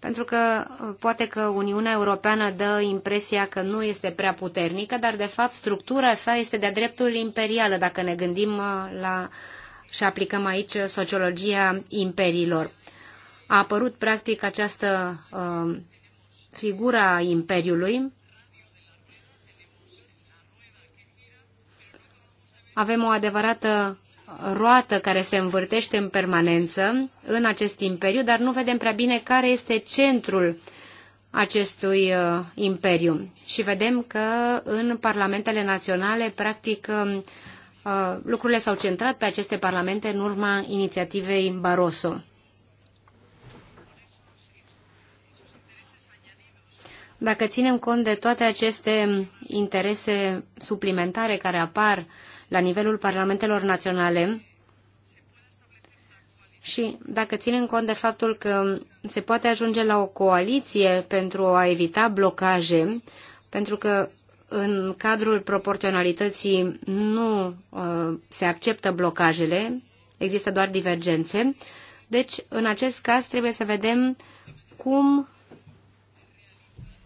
Pentru că uh, poate că Uniunea Europeană dă impresia că nu este prea puternică, dar de fapt structura sa este de-a dreptul imperială, dacă ne gândim uh, la uh, și aplicăm aici sociologia imperiilor. A apărut practic această uh, figură a imperiului. Avem o adevărată roată care se învârtește în permanență în acest imperiu, dar nu vedem prea bine care este centrul acestui uh, imperiu. Și vedem că în parlamentele naționale, practic, uh, Uh, lucrurile s-au centrat pe aceste parlamente în urma inițiativei Barroso. Dacă ținem cont de toate aceste interese suplimentare care apar la nivelul parlamentelor naționale și dacă ținem cont de faptul că se poate ajunge la o coaliție pentru a evita blocaje, pentru că în cadrul proporționalității nu uh, se acceptă blocajele, există doar divergențe. Deci, în acest caz, trebuie să vedem cum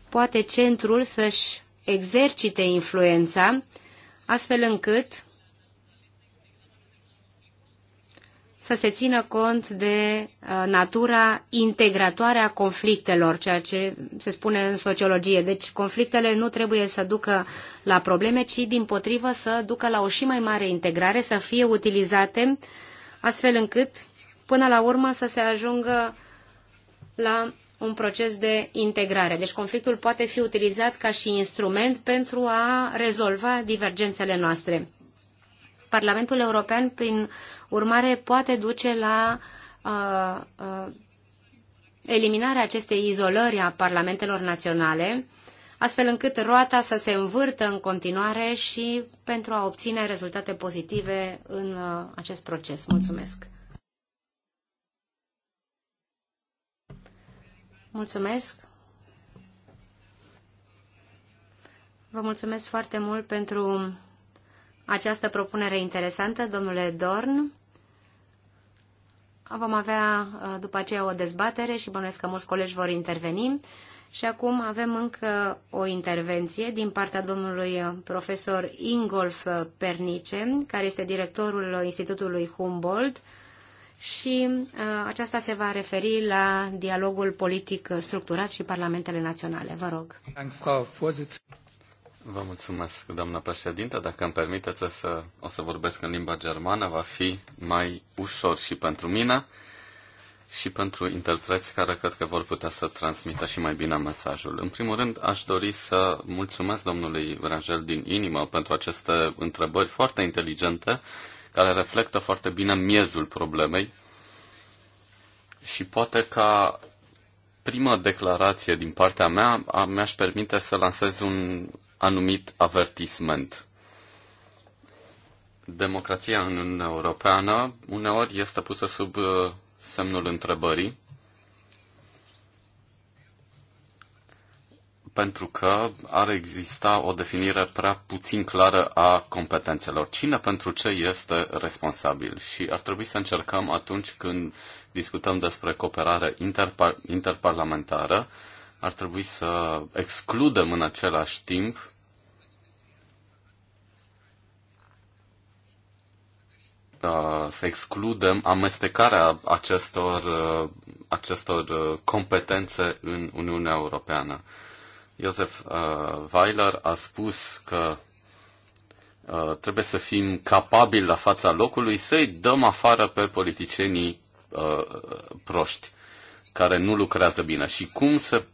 poate centrul să-și exercite influența, astfel încât să se țină cont de uh, natura integratoare a conflictelor, ceea ce se spune în sociologie. Deci conflictele nu trebuie să ducă la probleme, ci din potrivă să ducă la o și mai mare integrare, să fie utilizate astfel încât până la urmă să se ajungă la un proces de integrare. Deci conflictul poate fi utilizat ca și instrument pentru a rezolva divergențele noastre. Parlamentul European, prin urmare, poate duce la uh, uh, eliminarea acestei izolări a parlamentelor naționale, astfel încât roata să se învârtă în continuare și pentru a obține rezultate pozitive în uh, acest proces. Mulțumesc! Mulțumesc! Vă mulțumesc foarte mult pentru această propunere interesantă, domnule Dorn. Vom avea uh, după aceea o dezbatere și bănuiesc că mulți colegi vor interveni. Și acum avem încă o intervenție din partea domnului uh, profesor Ingolf uh, Pernice, care este directorul Institutului Humboldt și aceasta se va referi la dialogul politic structurat și parlamentele naționale. Vă rog. Vă mulțumesc, doamnă președintă. Dacă îmi permiteți să o să vorbesc în limba germană, va fi mai ușor și pentru mine și pentru interpreți care cred că vor putea să transmită și mai bine mesajul. În primul rând, aș dori să mulțumesc domnului Vrangel din inimă pentru aceste întrebări foarte inteligente, care reflectă foarte bine miezul problemei și poate ca prima declarație din partea mea mi-aș permite să lansez un anumit avertisment. Democrația în Uniunea Europeană uneori este pusă sub uh, semnul întrebării pentru că ar exista o definire prea puțin clară a competențelor. Cine pentru ce este responsabil? Și ar trebui să încercăm atunci când discutăm despre cooperare interpar- interparlamentară, ar trebui să excludem în același timp Uh, să excludem amestecarea acestor, uh, acestor uh, competențe în Uniunea Europeană. Josef Weiler a spus că trebuie să fim capabili la fața locului să-i dăm afară pe politicienii proști care nu lucrează bine. Și cum, se,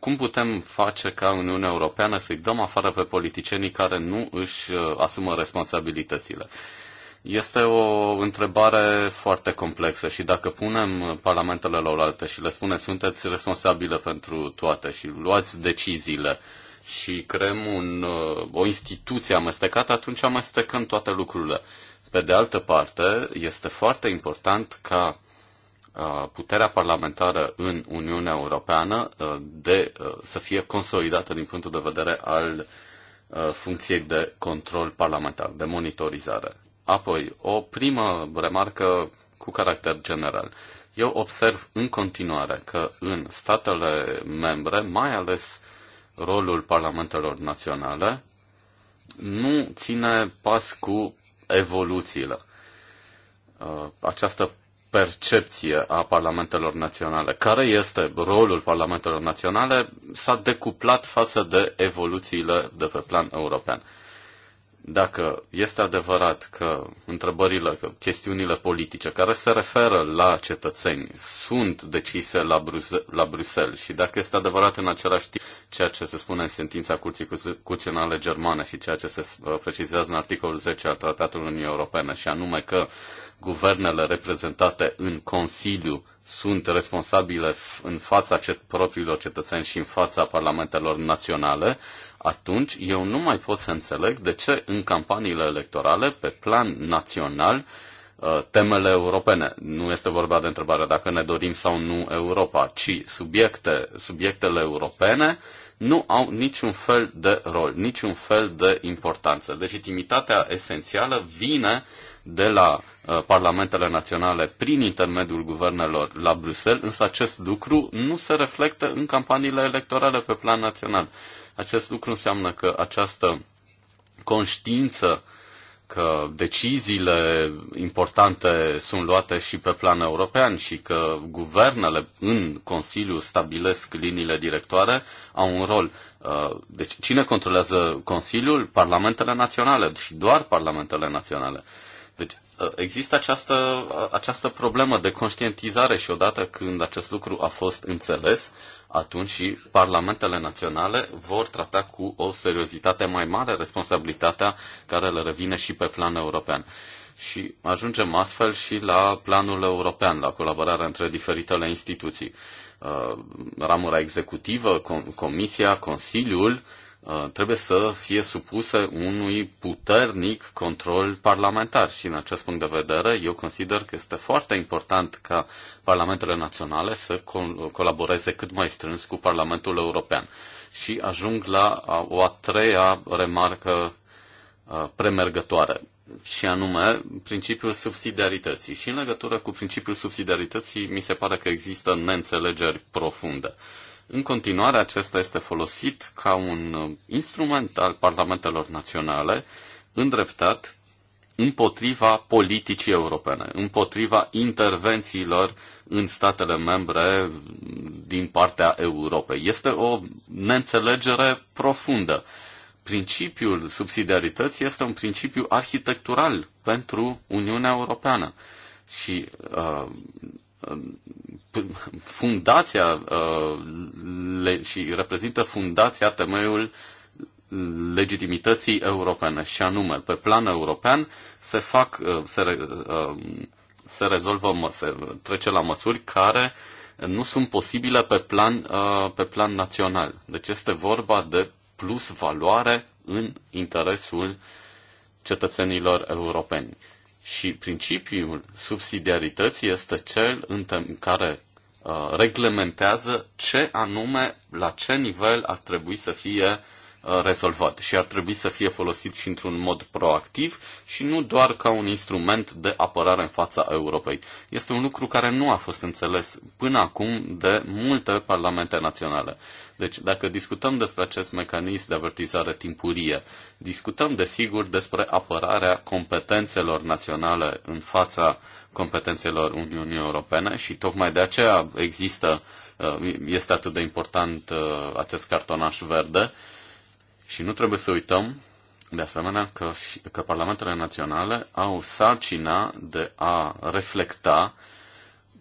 cum putem face ca Uniunea Europeană să-i dăm afară pe politicienii care nu își asumă responsabilitățile? Este o întrebare foarte complexă și dacă punem parlamentele la oaltă și le spunem sunteți responsabile pentru toate și luați deciziile și creăm un, uh, o instituție amestecată, atunci amestecăm toate lucrurile. Pe de altă parte, este foarte important ca uh, puterea parlamentară în Uniunea Europeană uh, de, să fie consolidată din punctul de vedere al funcției de control parlamentar, de monitorizare. Apoi, o primă remarcă cu caracter general. Eu observ în continuare că în statele membre, mai ales rolul parlamentelor naționale, nu ține pas cu evoluțiile. Uh, această percepție a parlamentelor naționale. Care este rolul parlamentelor naționale? S-a decuplat față de evoluțiile de pe plan european dacă este adevărat că întrebările, că chestiunile politice care se referă la cetățeni sunt decise la, Bruze- la Bruxelles și dacă este adevărat în același timp ceea ce se spune în sentința Curții Constituționale Germane și ceea ce se uh, precizează în articolul 10 al Tratatului Uniunii Europene și anume că guvernele reprezentate în Consiliu sunt responsabile în fața cet- propriilor cetățeni și în fața parlamentelor naționale, atunci eu nu mai pot să înțeleg de ce în campaniile electorale, pe plan național, uh, temele europene. Nu este vorba de întrebarea dacă ne dorim sau nu Europa, ci subiecte, subiectele europene nu au niciun fel de rol, niciun fel de importanță. Legitimitatea esențială vine de la uh, parlamentele naționale prin intermediul guvernelor la Bruxelles, însă acest lucru nu se reflectă în campaniile electorale pe plan național. Acest lucru înseamnă că această conștiință că deciziile importante sunt luate și pe plan european și că guvernele în Consiliu stabilesc liniile directoare, au un rol. Uh, deci cine controlează Consiliul? Parlamentele naționale și doar parlamentele naționale. Deci uh, există această, uh, această problemă de conștientizare și odată când acest lucru a fost înțeles, atunci și parlamentele naționale vor trata cu o seriozitate mai mare responsabilitatea care le revine și pe plan european. Și ajungem astfel și la planul european, la colaborarea între diferitele instituții. Uh, ramura executivă, Comisia, Consiliul, Uh, trebuie să fie supuse unui puternic control parlamentar și în acest punct de vedere eu consider că este foarte important ca parlamentele naționale să colaboreze cât mai strâns cu Parlamentul European. Și ajung la o a treia remarcă uh, premergătoare și anume principiul subsidiarității. Și în legătură cu principiul subsidiarității mi se pare că există neînțelegeri profunde. Uh, în continuare, acesta este folosit ca un uh, instrument al parlamentelor naționale îndreptat împotriva politicii europene, împotriva intervențiilor în statele membre mm, din partea Europei. Este o neînțelegere profundă. Principiul subsidiarității este un principiu arhitectural pentru Uniunea Europeană și uh, fundația uh, le, și reprezintă fundația temeiul legitimității europene și anume pe plan european se fac uh, se, uh, se rezolvă se trece la măsuri care nu sunt posibile pe plan, pe plan național. Deci este vorba de plus valoare în interesul cetățenilor europeni. Și principiul subsidiarității este cel în care uh, reglementează ce anume, la ce nivel ar trebui să fie Uh, rezolvat și ar trebui să fie folosit și într-un mod proactiv și nu doar ca un instrument de apărare în fața Europei. Este un lucru care nu a fost înțeles până acum de multe parlamente naționale. Deci, dacă discutăm despre acest mecanism de avertizare timpurie, discutăm, desigur, despre apărarea competențelor naționale în fața competențelor Uniunii Europene și tocmai de aceea există, uh, este atât de important uh, acest cartonaș verde, și nu trebuie să uităm, de asemenea, că, că parlamentele naționale au sarcina de a reflecta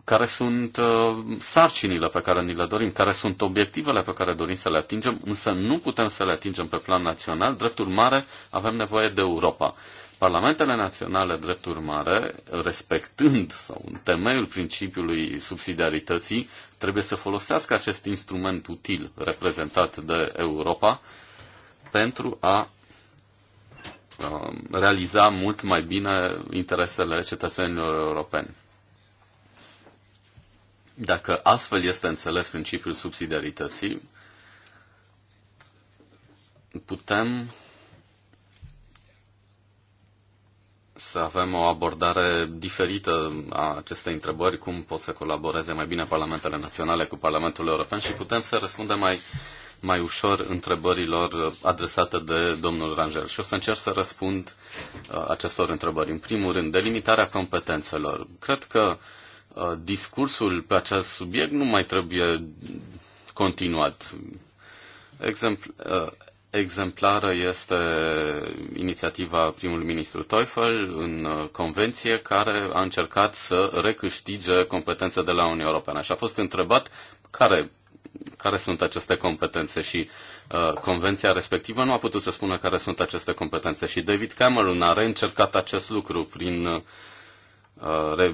care sunt uh, sarcinile pe care ni le dorim, care sunt obiectivele pe care dorim să le atingem, însă nu putem să le atingem pe plan național. Drept urmare, avem nevoie de Europa. Parlamentele naționale, drept urmare, respectând sau în temeiul principiului subsidiarității, trebuie să folosească acest instrument util reprezentat de Europa pentru a um, realiza mult mai bine interesele cetățenilor europeni. Dacă astfel este înțeles principiul subsidiarității, putem să avem o abordare diferită a acestei întrebări, cum pot să colaboreze mai bine parlamentele naționale cu Parlamentul European și putem să răspundem mai mai ușor întrebărilor adresate de domnul Rangel și o să încerc să răspund uh, acestor întrebări. În primul rând, delimitarea competențelor. Cred că uh, discursul pe acest subiect nu mai trebuie continuat. Exempl- uh, exemplară este inițiativa primului ministru Teufel în convenție care a încercat să recâștige competențe de la Uniunea Europeană și a fost întrebat care care sunt aceste competențe și uh, convenția respectivă nu a putut să spună care sunt aceste competențe și David Cameron a reîncercat acest lucru prin uh, re,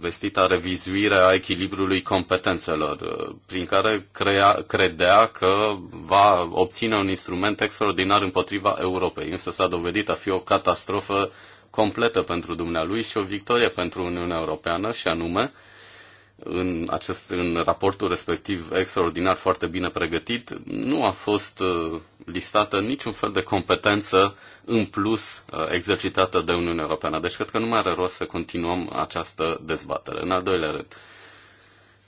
vestita revizuire a echilibrului competențelor, uh, prin care crea, credea că va obține un instrument extraordinar împotriva Europei, însă s-a dovedit a fi o catastrofă completă pentru dumnealui și o victorie pentru Uniunea Europeană, și anume uh, în, acest, în raportul respectiv extraordinar foarte bine pregătit, nu a fost uh, listată niciun fel de competență în plus uh, exercitată de Uniunea Europeană. Deci cred că nu mai are rost să continuăm această dezbatere. În al doilea rând,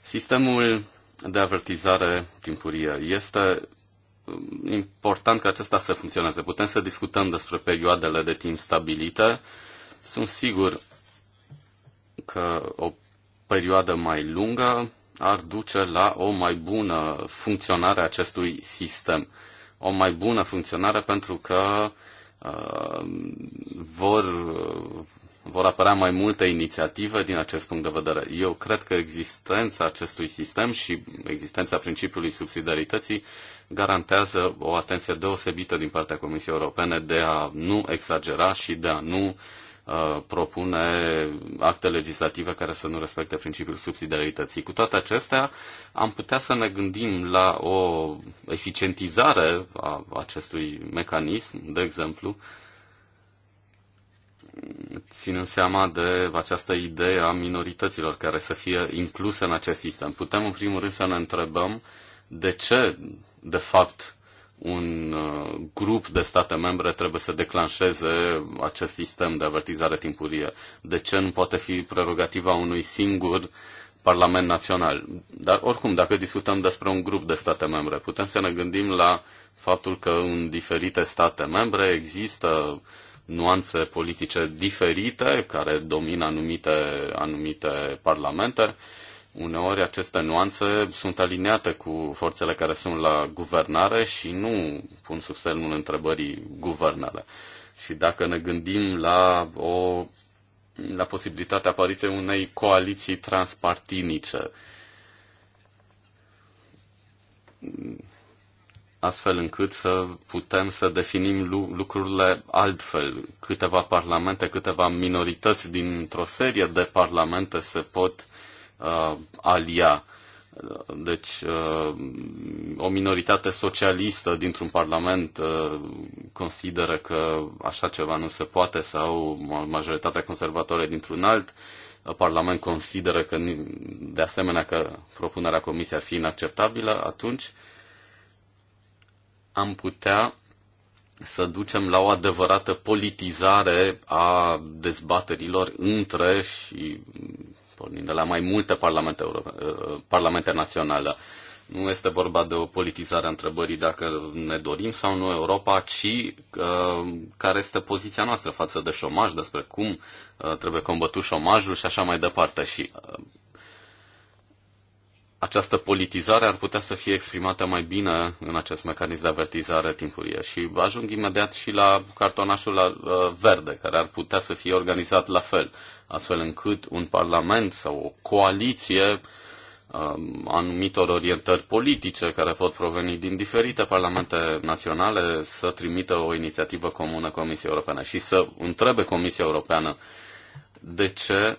sistemul de avertizare timpurie este um, important ca acesta să funcționeze. Putem să discutăm despre perioadele de timp stabilite. Sunt sigur că o perioadă mai lungă ar duce la o mai bună funcționare a acestui sistem. O mai bună funcționare pentru că uh, vor, vor apărea mai multe inițiative din acest punct de vedere. Eu cred că existența acestui sistem și existența principiului subsidiarității garantează o atenție deosebită din partea Comisiei Europene de a nu exagera și de a nu uh, Uh, propune acte legislative care să nu respecte principiul subsidiarității. Cu toate acestea, am putea să ne gândim la o eficientizare a acestui mecanism, de exemplu, ținând seama de această idee a minorităților care să fie incluse în acest sistem. Putem, în primul rând, să ne întrebăm de ce, de fapt, un uh, grup de state membre trebuie să declanșeze acest sistem de avertizare timpurie. De ce nu poate fi prerogativa unui singur Parlament Național? Dar oricum, dacă discutăm despre un grup de state membre, putem să ne gândim la faptul că în diferite state membre există nuanțe politice diferite care domină anumite, anumite parlamente Uneori aceste nuanțe sunt aliniate cu forțele care sunt la guvernare și nu pun sub semnul întrebării guvernele. Și dacă ne gândim la o la posibilitatea apariției unei coaliții transpartinice, astfel încât să putem să definim lucrurile altfel. Câteva parlamente, câteva minorități dintr-o serie de parlamente se pot uh, alia. Uh, deci, uh, o minoritate socialistă dintr-un parlament uh, consideră că așa ceva nu se poate sau majoritatea conservatoare dintr-un alt uh, parlament consideră că de asemenea că propunerea comisiei ar fi inacceptabilă, atunci am putea să ducem la o adevărată politizare a dezbaterilor între și pornind de la mai multe parlamente, eh, parlamente naționale. Nu este vorba de o politizare a întrebării dacă ne dorim sau nu Europa, ci uh, care este poziția noastră față de șomaj, despre cum uh, trebuie combătut șomajul și așa mai departe. Și uh, această politizare ar putea să fie exprimată mai bine în acest mecanism de avertizare timpurie. Și ajung imediat și la cartonașul verde, care ar putea să fie organizat la fel astfel încât un parlament sau o coaliție um, anumitor orientări politice care pot proveni din diferite parlamente naționale să trimită o inițiativă comună Comisiei Europene și să întrebe Comisia Europeană de ce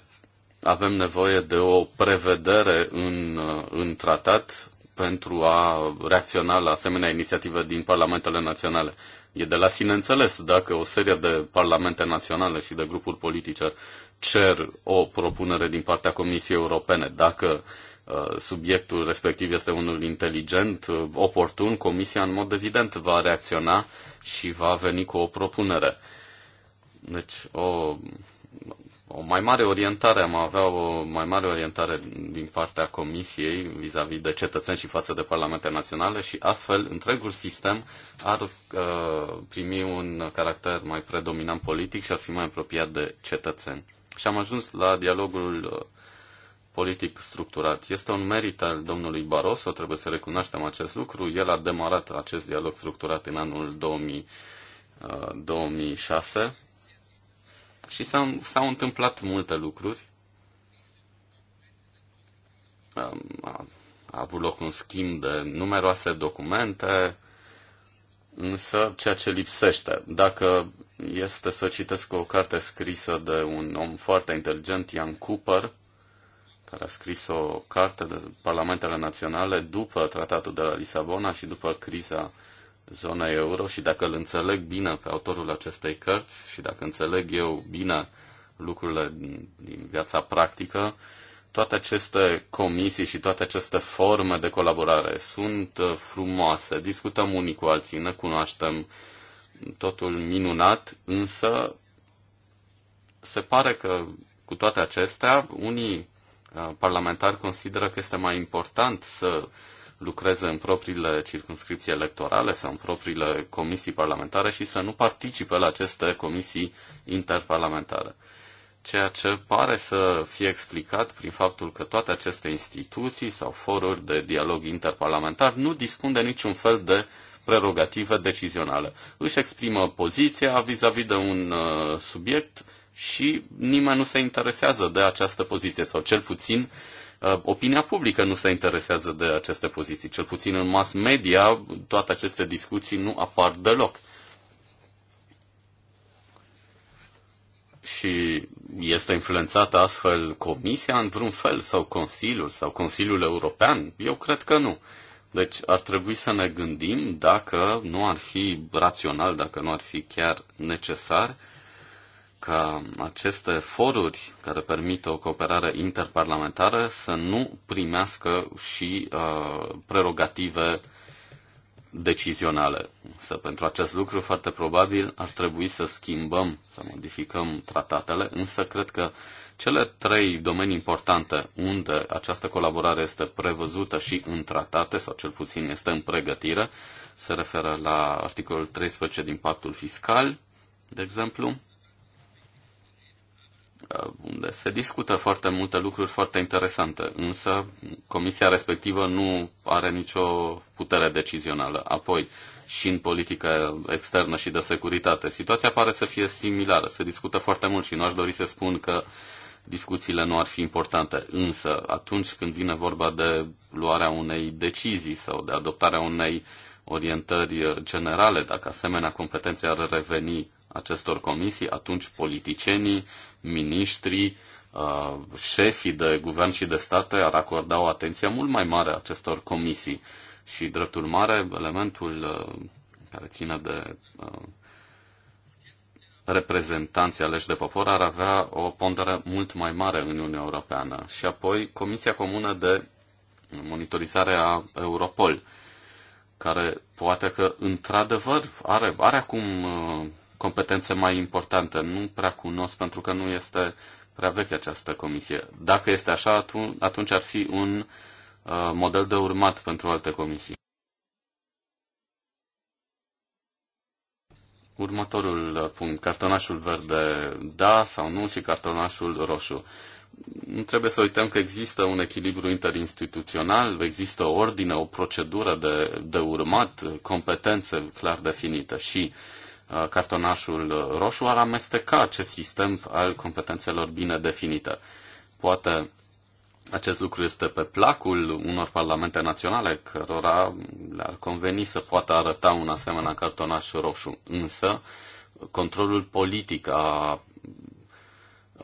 avem nevoie de o prevedere în, uh, în tratat pentru a reacționa la asemenea inițiative din parlamentele naționale. E de la sine înțeles dacă o serie de parlamente naționale și de grupuri politice cer o propunere din partea Comisiei Europene. Dacă uh, subiectul respectiv este unul inteligent, uh, oportun, Comisia în mod evident va reacționa și va veni cu o propunere. Deci o, o mai mare orientare, am avea o mai mare orientare din partea Comisiei vis-a-vis de cetățeni și față de parlamente naționale și astfel întregul sistem ar uh, primi un caracter mai predominant politic și ar fi mai apropiat de cetățeni. Și am ajuns la dialogul uh, politic structurat. Este un merit al domnului Barroso, trebuie să recunoaștem acest lucru. El a demarat acest dialog structurat în anul 2000, 2006 uh, și s-au, s-au întâmplat multe lucruri. Um, a, a avut loc un schimb de numeroase documente, însă ceea ce lipsește. Dacă este să citesc o carte scrisă de un om foarte inteligent, Ian Cooper, care a scris o carte de Parlamentele Naționale după Tratatul de la Lisabona și după criza zonei euro și dacă îl înțeleg bine pe autorul acestei cărți și dacă înțeleg eu bine lucrurile din viața practică, uh, toate aceste comisii și toate aceste forme de colaborare sunt uh, frumoase, discutăm unii cu alții, ne cunoaștem, totul minunat, însă se pare că cu toate acestea, unii uh, parlamentari consideră că este mai important să lucreze în propriile circunscripții electorale sau în propriile comisii parlamentare și să nu participe la aceste comisii interparlamentare ceea ce pare să fie explicat prin faptul că toate aceste instituții sau foruri de dialog interparlamentar nu dispun de niciun fel de prerogative decizionale. Își exprimă poziția vis-a-vis -vis de un uh, subiect și nimeni nu se interesează de această poziție sau cel puțin uh, opinia publică nu se interesează de aceste poziții. Cel puțin în mass media toate aceste discuții nu apar deloc. și este influențată astfel Comisia în vreun fel sau Consiliul sau Consiliul European? Eu cred că nu. Deci ar trebui să ne gândim dacă nu ar fi rațional, dacă nu ar fi chiar necesar ca aceste foruri care permit o cooperare interparlamentară să nu primească și uh, prerogative decizionale. Însă pentru acest lucru, foarte probabil, ar trebui să schimbăm, să modificăm tratatele, însă cred că cele trei domenii importante unde această colaborare este prevăzută și în tratate, sau cel puțin este în pregătire, se referă la articolul 13 din pactul fiscal, de exemplu, Uh, unde se discută foarte multe lucruri foarte interesante, însă comisia respectivă nu are nicio putere decizională. Apoi, și în politică externă și de securitate, situația pare să fie similară. Se discută foarte mult și nu aș dori să spun că discuțiile nu ar fi importante, însă atunci când vine vorba de luarea unei decizii sau de adoptarea unei orientări generale, dacă asemenea competențe ar reveni acestor comisii, atunci politicienii miniștrii, uh, șefii de guvern și de state ar acorda o atenție mult mai mare acestor comisii. Și, drept urmare, elementul uh, care ține de uh, reprezentanții aleși de popor ar avea o pondere mult mai mare în Uniunea Europeană. Și apoi Comisia Comună de Monitorizare a Europol, care poate că într-adevăr are, are acum competențe mai importante. Nu prea cunosc pentru că nu este prea veche această comisie. Dacă este așa, atunci ar fi un uh, model de urmat pentru alte comisii. Următorul uh, punct, cartonașul verde da sau nu și cartonașul roșu. Nu trebuie să uităm că există un echilibru interinstituțional, există o ordine, o procedură de, de urmat, competențe clar definite și uh, Uh, cartonașul roșu ar amesteca acest sistem al competențelor bine definite. Poate acest lucru este pe placul unor parlamente naționale cărora le-ar conveni să poată arăta un asemenea cartonaș roșu, însă controlul politic a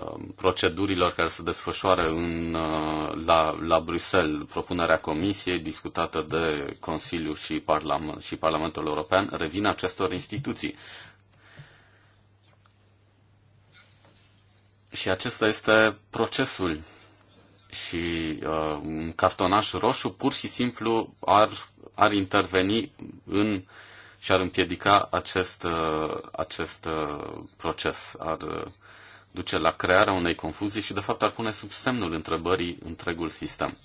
Um, procedurilor care se desfășoară în, uh, la, la Bruxelles, propunerea Comisiei discutată de Consiliu și, Parlament, și Parlamentul European revin acestor instituții. Și acesta este procesul. Și uh, un cartonaș roșu pur și simplu ar, ar interveni în și ar împiedica acest, uh, acest uh, proces. Ar, uh, duce la crearea unei confuzii și, de fapt, ar pune sub semnul întrebării întregul sistem.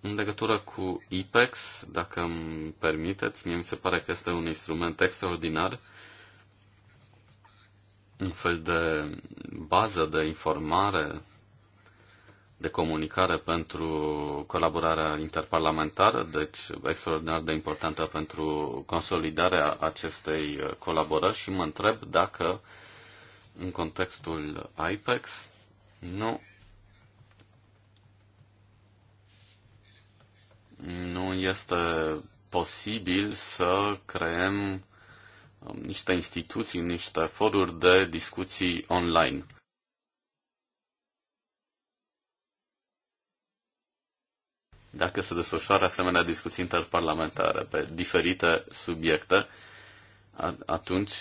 În legătură cu IPEX, dacă îmi permiteți, mie mi se pare că este un instrument extraordinar, un fel de bază de informare de comunicare pentru colaborarea interparlamentară, deci extraordinar de importantă pentru consolidarea acestei colaborări și mă întreb dacă în contextul IPEX nu nu este posibil să creăm um, niște instituții, niște foruri de discuții online dacă se desfășoară asemenea discuții interparlamentare pe diferite subiecte, atunci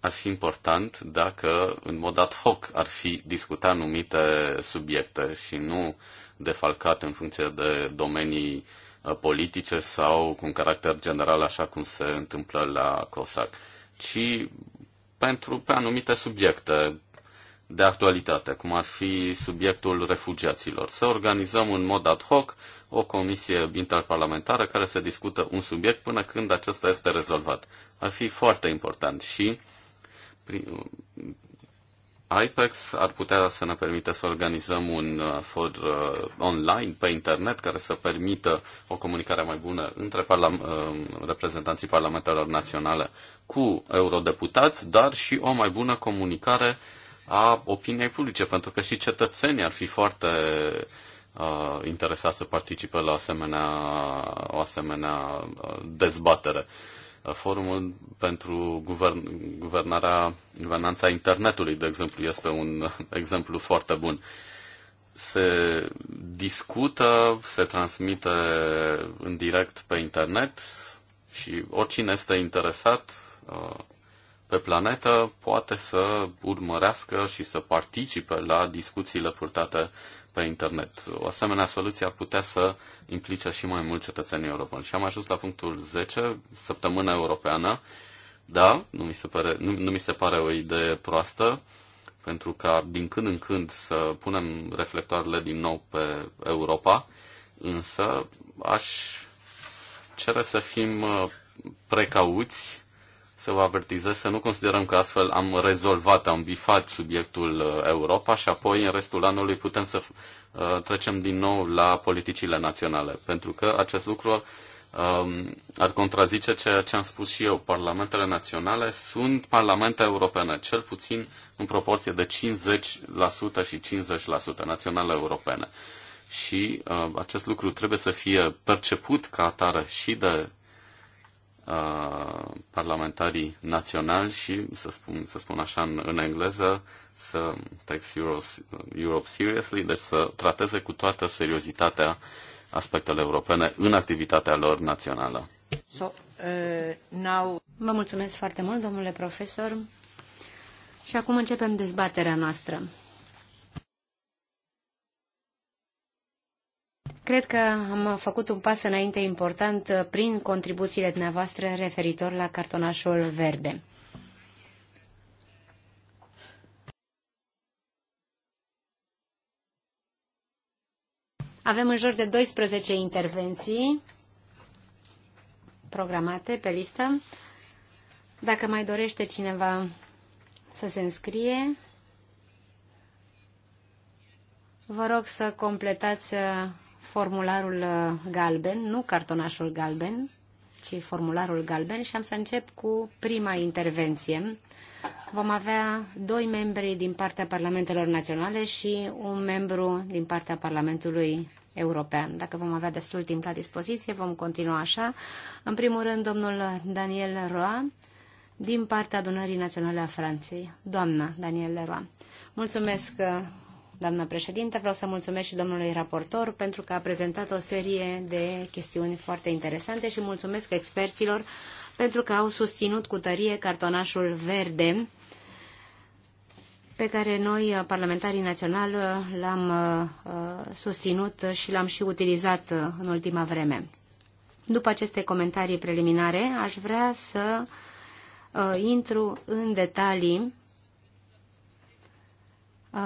ar fi important dacă în mod ad hoc ar fi discutat anumite subiecte și nu defalcate în funcție de domenii uh, politice sau cu un caracter general așa cum se întâmplă la COSAC, ci pentru pe anumite subiecte, de actualitate, cum ar fi subiectul refugiaților. Să organizăm în mod ad hoc o comisie interparlamentară care să discută un subiect până când acesta este rezolvat. Ar fi foarte important și IPEX ar putea să ne permită să organizăm un uh, for uh, online pe internet care să permită o comunicare mai bună între parla- uh, reprezentanții parlamentelor naționale cu eurodeputați, dar și o mai bună comunicare a opiniei publice, pentru că și cetățenii ar fi foarte uh, interesați să participe la asemenea, o asemenea uh, dezbatere. Uh, forumul pentru guvern, guvernarea, guvernanța internetului, de exemplu, este un exemplu foarte bun. Se discută, se transmite în direct pe internet și oricine este interesat uh, pe planetă poate să urmărească și să participe la discuțiile purtate pe internet. O asemenea soluție ar putea să implice și mai mult cetățenii europeni. Și am ajuns la punctul 10, săptămâna europeană. Da, nu mi se pare, nu, nu mi se pare o idee proastă, pentru ca din când în când să punem reflectoarele din nou pe Europa, însă aș cere să fim uh, precauți să vă avertizez să nu considerăm că astfel am rezolvat, am bifat subiectul uh, Europa și apoi în restul anului putem să uh, trecem din nou la politicile naționale. Pentru că acest lucru um, ar contrazice ceea ce am spus și eu. Parlamentele naționale sunt parlamente europene, cel puțin în proporție de 50% și 50% naționale europene. Și uh, acest lucru trebuie să fie perceput ca atare și de parlamentarii naționali și, să spun, să spun așa în, în engleză, să take Europe, Europe seriously, deci să trateze cu toată seriozitatea aspectele europene în activitatea lor națională. So, uh, now... Vă mulțumesc foarte mult, domnule profesor. Și acum începem dezbaterea noastră. Cred că am făcut un pas înainte important uh, prin contribuțiile dumneavoastră referitor la cartonașul verde. Avem în jur de 12 intervenții programate pe listă. Dacă mai dorește cineva să se înscrie, vă rog să completați uh, formularul uh, galben, nu cartonașul galben, ci formularul galben și am să încep cu prima intervenție. Vom avea doi membri din partea Parlamentelor Naționale și un membru din partea Parlamentului European. Dacă vom avea destul timp la dispoziție, vom continua așa. În primul rând, domnul Daniel Roa, din partea Adunării Naționale a Franței. Doamna Daniel Leroy. Mulțumesc, uh, doamnă președinte. Vreau să mulțumesc și domnului raportor pentru că a prezentat o serie de chestiuni foarte interesante și mulțumesc experților pentru că au susținut cu tărie cartonașul verde pe care noi, parlamentarii naționali, l-am uh, susținut și l-am și utilizat uh, în ultima vreme. După aceste comentarii preliminare, aș vrea să uh, intru în detalii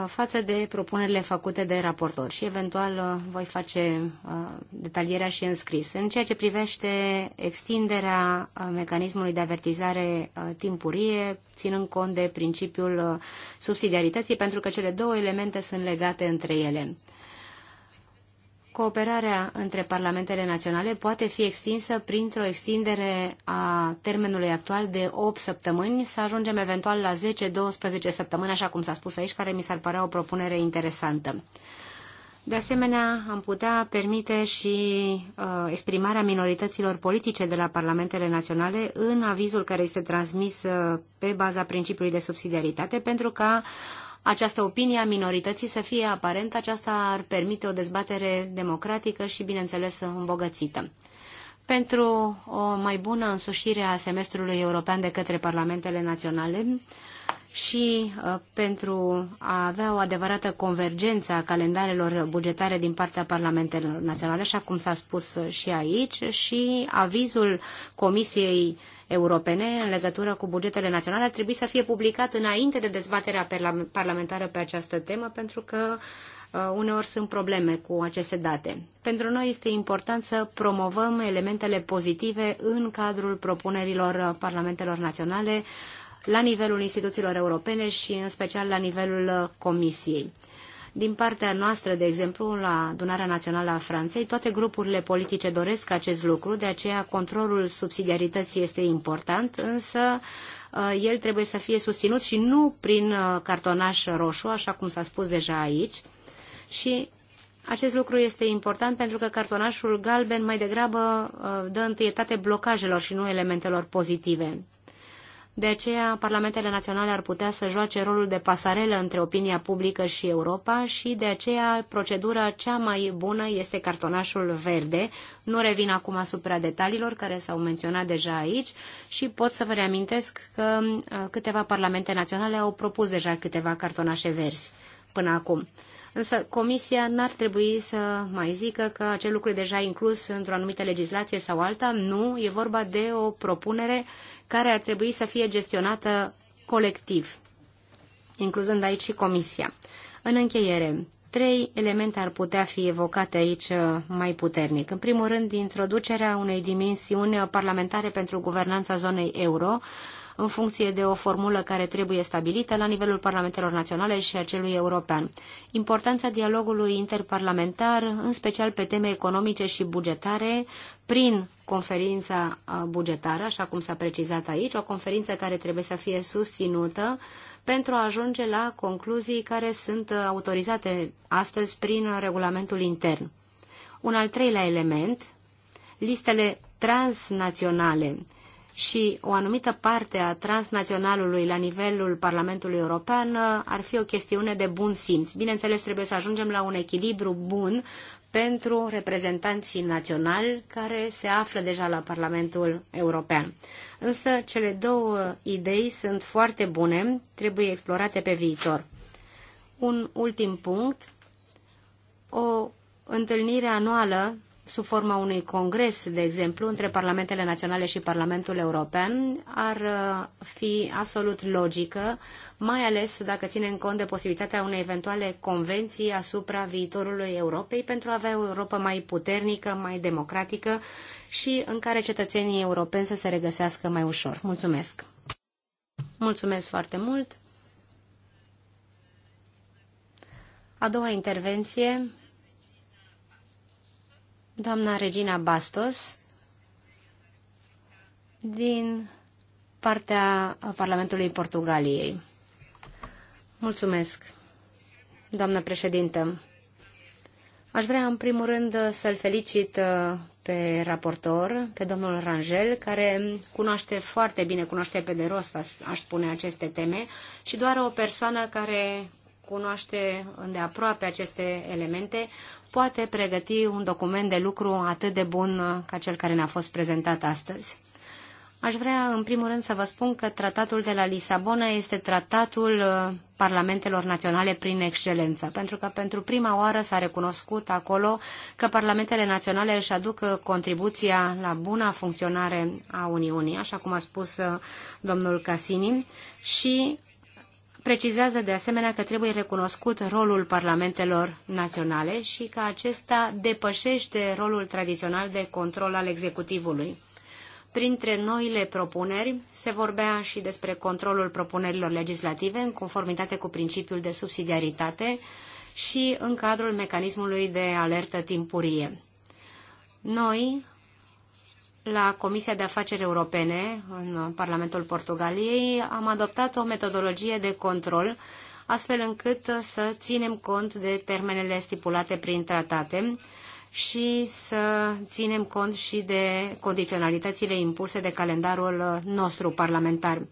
Uh, față de propunerile făcute de raportor și eventual uh, voi face uh, detalierea și în scris. În ceea ce privește extinderea mecanismului de avertizare timpurie, ținând cont de principiul subsidiarității, pentru că cele două elemente sunt legate între ele. Cooperarea între parlamentele naționale poate fi extinsă printr-o extindere a termenului actual de 8 săptămâni, să ajungem eventual la 10-12 săptămâni, așa cum s-a spus aici, care mi s-ar părea o propunere interesantă. De asemenea, am putea permite și uh, exprimarea minorităților politice de la parlamentele naționale în avizul care este transmis uh, pe baza principiului de subsidiaritate pentru ca această opinie a minorității să fie aparentă, aceasta ar permite o dezbatere democratică și, bineînțeles, îmbogățită. Pentru o mai bună însușire a semestrului european de către parlamentele naționale și uh, pentru a avea o adevărată convergență a calendarelor bugetare din partea parlamentelor naționale, așa cum s-a spus și aici, și avizul Comisiei uh, europene în legătură cu bugetele naționale ar trebui să fie publicat înainte de dezbaterea parlamentară pe această temă, pentru că uh, uneori sunt probleme cu aceste date. Pentru noi este important să promovăm elementele pozitive în cadrul propunerilor parlamentelor naționale la nivelul instituțiilor europene și în special la nivelul uh, Comisiei. Din partea noastră, de exemplu, la Dunarea națională a Franței, toate grupurile politice doresc acest lucru, de aceea controlul subsidiarității este important, însă uh, el trebuie să fie susținut și nu prin uh, cartonaș roșu, așa cum s-a spus deja aici. Și acest lucru este important pentru că cartonașul galben mai degrabă uh, dă întâietate blocajelor și nu elementelor pozitive. De aceea, parlamentele naționale ar putea să joace rolul de pasarelă între opinia publică și Europa și de aceea procedura cea mai bună este cartonașul verde. Nu revin acum asupra detaliilor care s-au menționat deja aici și pot să vă reamintesc că uh, câteva parlamente naționale au propus deja câteva cartonașe verzi până acum. Însă Comisia n-ar trebui să mai zică că acel lucru e deja inclus într-o anumită legislație sau alta. Nu, e vorba de o propunere care ar trebui să fie gestionată colectiv, incluzând aici și Comisia. În încheiere, trei elemente ar putea fi evocate aici uh, mai puternic. În primul rând, introducerea unei dimensiuni uh, parlamentare pentru guvernanța zonei euro, în funcție de o formulă care trebuie stabilită la nivelul parlamentelor naționale și a celui european. Importanța dialogului interparlamentar, în special pe teme economice și bugetare, prin conferința uh, bugetară, așa cum s-a precizat aici, o conferință care trebuie să fie susținută pentru a ajunge la concluzii care sunt uh, autorizate astăzi prin regulamentul intern. Un al treilea element, listele transnaționale și o anumită parte a transnaționalului la nivelul Parlamentului European uh, ar fi o chestiune de bun simț. Bineînțeles, trebuie să ajungem la un echilibru bun pentru reprezentanții naționali care se află deja la Parlamentul European. Însă cele două idei sunt foarte bune, trebuie explorate pe viitor. Un ultim punct, o întâlnire anuală sub forma unui congres, de exemplu, între Parlamentele Naționale și Parlamentul European, ar uh, fi absolut logică mai ales dacă ținem cont de posibilitatea unei eventuale convenții asupra viitorului Europei pentru a avea o Europa mai puternică, mai democratică și în care cetățenii europeni să se regăsească mai ușor. Mulțumesc! Mulțumesc foarte mult! A doua intervenție, doamna Regina Bastos, din partea Parlamentului Portugaliei. Mulțumesc, doamnă președintă. Aș vrea, în primul rând, să-l felicit uh, pe raportor, pe domnul Rangel, care cunoaște foarte bine, cunoaște pe de rost, aș spune, aceste teme și doar o persoană care cunoaște îndeaproape aceste elemente poate pregăti un document de lucru atât de bun uh, ca cel care ne-a fost prezentat astăzi. Aș vrea, în primul rând, să vă spun că tratatul de la Lisabona este tratatul uh, parlamentelor naționale prin excelență, pentru că pentru prima oară s-a recunoscut acolo că parlamentele naționale își aduc uh, contribuția la buna funcționare a Uniunii, așa cum a spus uh, domnul Casini, și precizează de asemenea că trebuie recunoscut rolul parlamentelor naționale și că acesta depășește rolul tradițional de control al executivului. Printre noile propuneri se vorbea și despre controlul propunerilor legislative în conformitate cu principiul de subsidiaritate și în cadrul mecanismului de alertă timpurie. Noi, la Comisia de Afaceri Europene, în Parlamentul Portugaliei, am adoptat o metodologie de control astfel încât să ținem cont de termenele stipulate prin tratate, și să ținem cont și de condiționalitățile impuse de calendarul nostru parlamentar.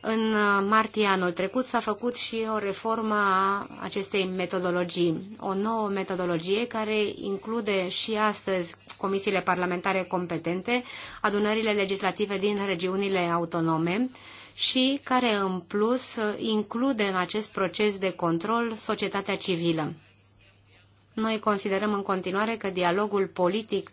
În martie anul trecut s-a făcut și o reformă a acestei metodologii, o nouă metodologie care include și astăzi comisiile parlamentare competente, adunările legislative din regiunile autonome și care în plus include în acest proces de control societatea civilă. Noi considerăm în continuare că dialogul politic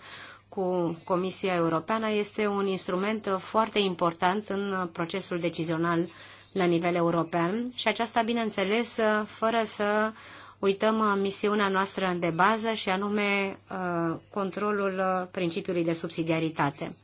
cu Comisia Europeană este un instrument foarte important în procesul decizional la nivel european și aceasta, bineînțeles, fără să uităm misiunea noastră de bază și anume uh, controlul principiului de subsidiaritate.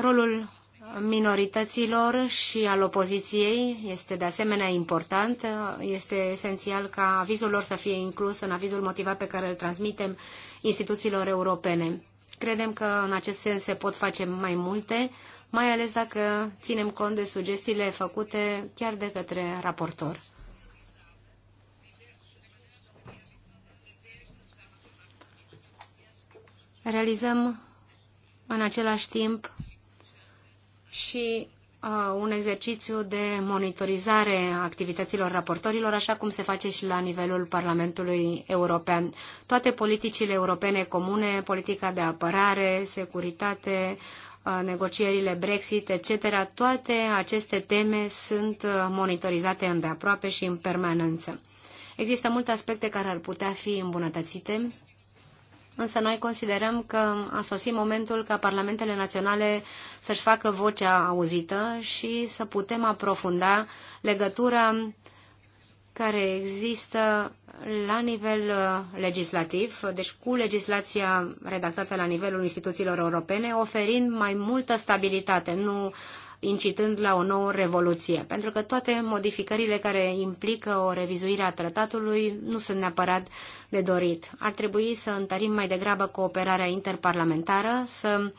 Rolul minorităților și al opoziției este de asemenea important. Este esențial ca avizul lor să fie inclus în avizul motivat pe care îl transmitem instituțiilor europene. Credem că în acest sens se pot face mai multe, mai ales dacă ținem cont de sugestiile făcute chiar de către raportor. Realizăm în același timp și uh, un exercițiu de monitorizare a activităților raportorilor, așa cum se face și la nivelul Parlamentului European. Toate politicile europene comune, politica de apărare, securitate, uh, negocierile Brexit, etc., toate aceste teme sunt monitorizate îndeaproape și în permanență. Există multe aspecte care ar putea fi îmbunătățite însă noi considerăm că a sosit momentul ca parlamentele naționale să-și facă vocea auzită și să putem aprofunda legătura care există la nivel uh, legislativ, deci cu legislația redactată la nivelul instituțiilor europene, oferind mai multă stabilitate, nu incitând la o nouă revoluție, pentru că toate modificările care implică o revizuire a tratatului nu sunt neapărat de dorit. Ar trebui să întărim mai degrabă cooperarea interparlamentară, să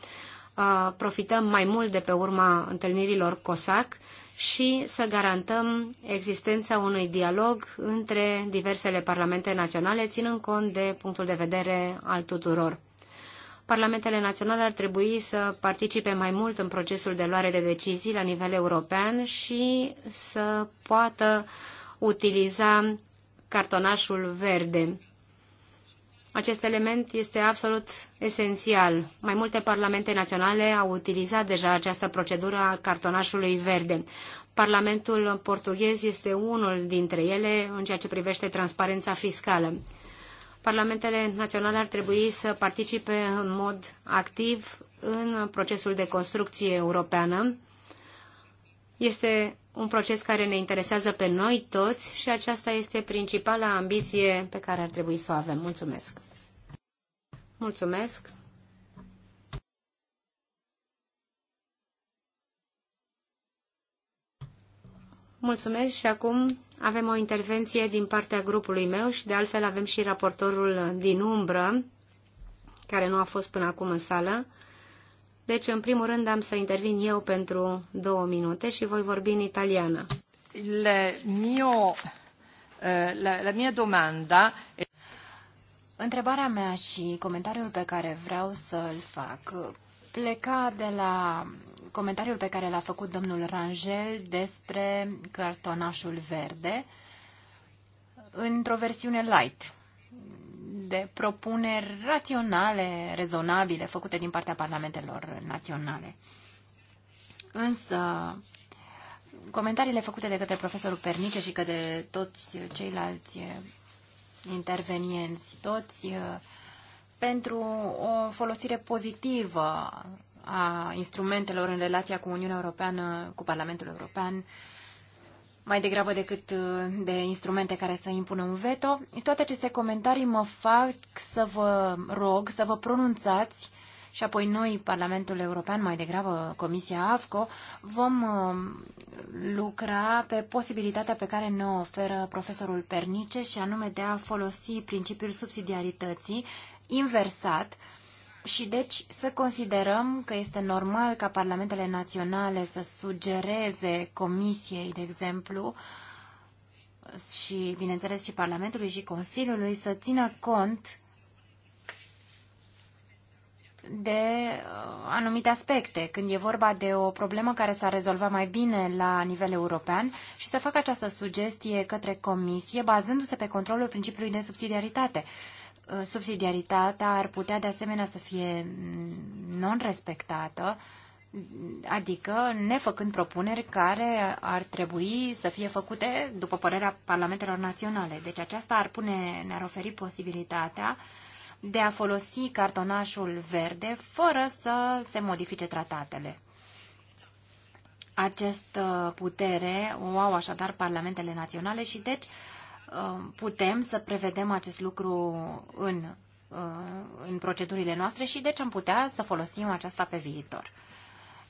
uh, profităm mai mult de pe urma întâlnirilor COSAC și să garantăm existența unui dialog între diversele parlamente naționale, ținând cont de punctul de vedere al tuturor. Parlamentele naționale ar trebui să participe mai mult în procesul de luare de decizii la nivel european și să poată utiliza cartonașul verde. Acest element este absolut esențial. Mai multe parlamente naționale au utilizat deja această procedură a cartonașului verde. Parlamentul portughez este unul dintre ele în ceea ce privește transparența fiscală. Parlamentele naționale ar trebui să participe în mod activ în procesul de construcție europeană. Este un proces care ne interesează pe noi toți și aceasta este principala ambiție pe care ar trebui să o avem. Mulțumesc! Mulțumesc! Mulțumesc și acum avem o intervenție din partea grupului meu și de altfel avem și raportorul din umbră, care nu a fost până acum în sală. Deci, în primul rând, am să intervin eu pentru două minute și voi vorbi în italiană. Le mio, eh, la, la mia domanda... Întrebarea mea și comentariul pe care vreau să-l fac pleca de la comentariul pe care l-a făcut domnul Rangel despre cartonașul verde într-o versiune light de propuneri raționale, rezonabile, făcute din partea parlamentelor naționale. Însă, comentariile făcute de către profesorul Pernice și către toți ceilalți intervenienți, toți uh, pentru o folosire pozitivă a instrumentelor în relația cu Uniunea Europeană, cu Parlamentul European, mai degrabă decât uh, de instrumente care să impună un veto. Toate aceste comentarii mă fac să vă rog să vă pronunțați și apoi noi, Parlamentul European, mai degrabă Comisia AFCO, vom uh, lucra pe posibilitatea pe care ne oferă profesorul Pernice și anume de a folosi principiul subsidiarității inversat și deci să considerăm că este normal ca parlamentele naționale să sugereze comisiei, de exemplu, și, bineînțeles, și Parlamentului și Consiliului să țină cont de uh, anumite aspecte, când e vorba de o problemă care s-a rezolvat mai bine la nivel european și să facă această sugestie către Comisie, bazându-se pe controlul principiului de subsidiaritate. Uh, subsidiaritatea ar putea de asemenea să fie mm, non-respectată, mm, adică nefăcând propuneri care ar trebui să fie făcute după părerea parlamentelor naționale. Deci aceasta ar pune, ne-ar oferi posibilitatea de a folosi cartonașul verde fără să se modifice tratatele. Această uh, putere o au așadar parlamentele naționale și deci Um, putem să prevedem acest lucru în, uh, în procedurile noastre și deci am putea să folosim aceasta pe viitor.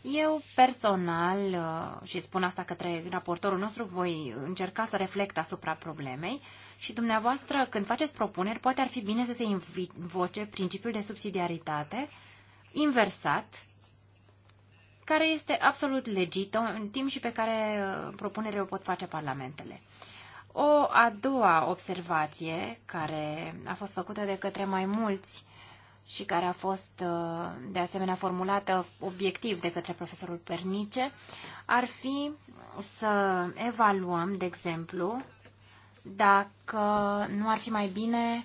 Eu personal, uh, și spun asta către raportorul nostru, voi încerca să reflect asupra problemei și dumneavoastră, când faceți propuneri, poate ar fi bine să se invoce principiul de subsidiaritate inversat, care este absolut legitim și pe care uh, propunerea o pot face parlamentele. O a doua observație care a fost făcută de către mai mulți și care a fost uh, de asemenea formulată obiectiv de către profesorul Pernice ar fi să evaluăm, de exemplu, dacă nu ar fi mai bine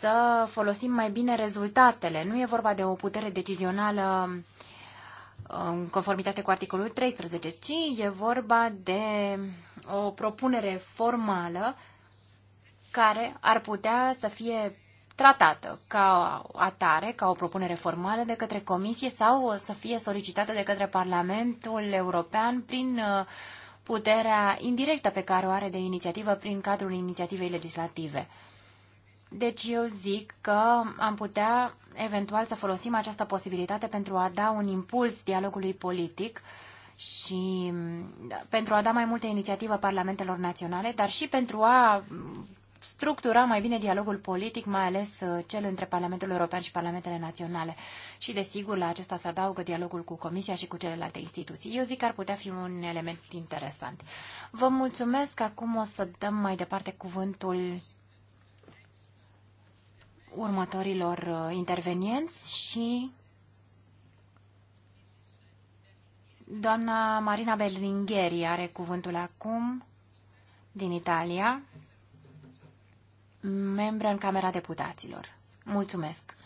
să folosim mai bine rezultatele. Nu e vorba de o putere decizională în conformitate cu articolul 13, ci e vorba de o propunere formală care ar putea să fie tratată ca atare, ca o propunere formală de către Comisie sau să fie solicitată de către Parlamentul European prin uh, puterea indirectă pe care o are de inițiativă prin cadrul inițiativei legislative. Deci eu zic că am putea eventual să folosim această posibilitate pentru a da un impuls dialogului politic și mm, pentru a da mai multă inițiativă parlamentelor naționale, dar și pentru a mm, structura mai bine dialogul politic, mai ales uh, cel între Parlamentul European și Parlamentele Naționale. Și, desigur, la acesta se adaugă dialogul cu Comisia și cu celelalte instituții. Eu zic că ar putea fi un element interesant. Vă mulțumesc. Acum o să dăm mai departe cuvântul următorilor uh, intervenienți și doamna Marina Berlingheri are cuvântul acum din Italia, membră în Camera Deputaților. Mulțumesc!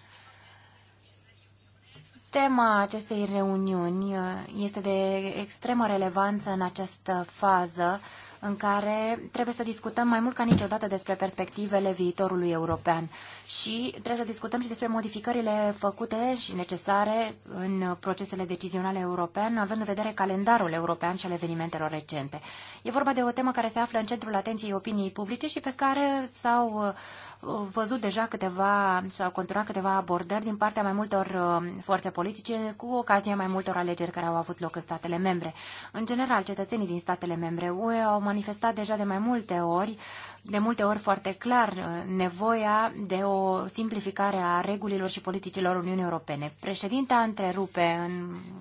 Tema acestei reuniuni uh, este de extremă relevanță în această fază în care trebuie să discutăm mai mult ca niciodată despre perspectivele viitorului european și trebuie să discutăm și despre modificările făcute și necesare în procesele decizionale europene, având în vedere calendarul european și al evenimentelor recente. E vorba de o temă care se află în centrul atenției opiniei publice și pe care s-au uh, văzut deja câteva, s-au conturat câteva abordări din partea mai multor uh, forțe politice cu ocazia mai multor alegeri care au avut loc în statele membre. În general, cetățenii din statele membre UE au manifestat deja de mai multe ori, de multe ori foarte clar, uh, nevoia de o simplificare a regulilor și politicilor Uniunii Europene. Președinta întrerupe în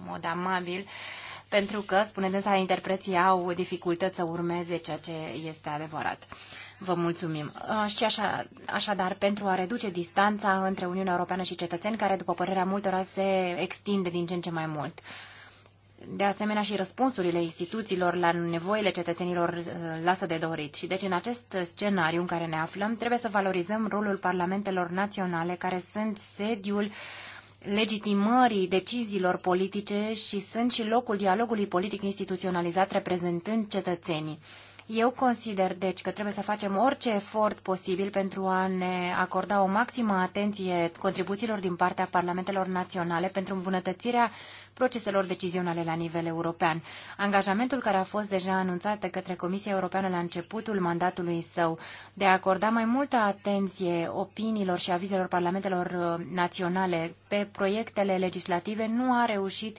mod amabil pentru că, spune dânsa, interpreții au dificultăți să urmeze ceea ce este adevărat. Vă mulțumim. Uh, și așa, așadar, pentru a reduce distanța între Uniunea Europeană și cetățeni, care, după părerea multora, se extinde din ce în ce mai mult de asemenea și răspunsurile instituțiilor la nevoile cetățenilor uh, lasă de dorit. Și deci în acest scenariu în care ne aflăm trebuie să valorizăm rolul parlamentelor naționale care sunt sediul legitimării deciziilor politice și sunt și locul dialogului politic instituționalizat reprezentând cetățenii. Eu consider, deci, că trebuie să facem orice efort posibil pentru a ne acorda o maximă atenție contribuțiilor din partea parlamentelor naționale pentru îmbunătățirea proceselor decizionale la nivel european. Angajamentul care a fost deja anunțat de către Comisia Europeană la începutul mandatului său de a acorda mai multă atenție opiniilor și avizelor parlamentelor uh, naționale pe proiectele legislative nu a reușit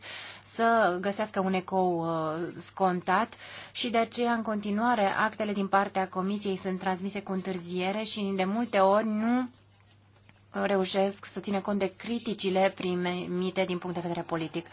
să găsească un ecou uh, scontat și de aceea în continuare actele din partea comisiei sunt transmise cu întârziere și de multe ori nu reușesc să țină cont de criticile primite din punct de vedere politic.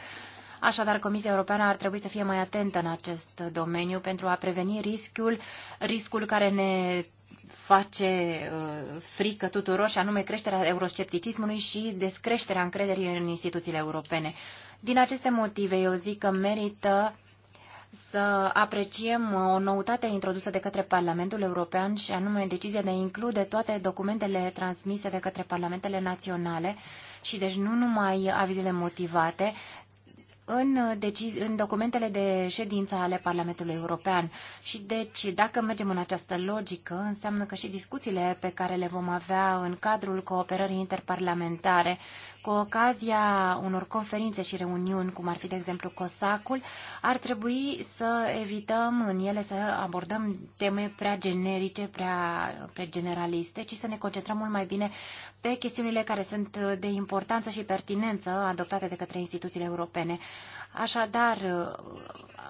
Așadar, Comisia Europeană ar trebui să fie mai atentă în acest domeniu pentru a preveni riscul, riscul care ne face uh, frică tuturor, și anume creșterea euroscepticismului și descreșterea încrederii în instituțiile europene. Din aceste motive, eu zic că merită să apreciem o noutate introdusă de către Parlamentul European și anume decizia de a include toate documentele transmise de către parlamentele naționale și deci nu numai avizele motivate, în, decizi, în documentele de ședință ale Parlamentului European. Și deci, dacă mergem în această logică, înseamnă că și discuțiile pe care le vom avea în cadrul cooperării interparlamentare cu ocazia unor conferințe și reuniuni, cum ar fi, de exemplu, COSAC-ul, ar trebui să evităm în ele să abordăm teme prea generice, prea, prea generaliste, ci să ne concentrăm mult mai bine pe chestiunile care sunt de importanță și pertinență adoptate de către instituțiile europene. Așadar,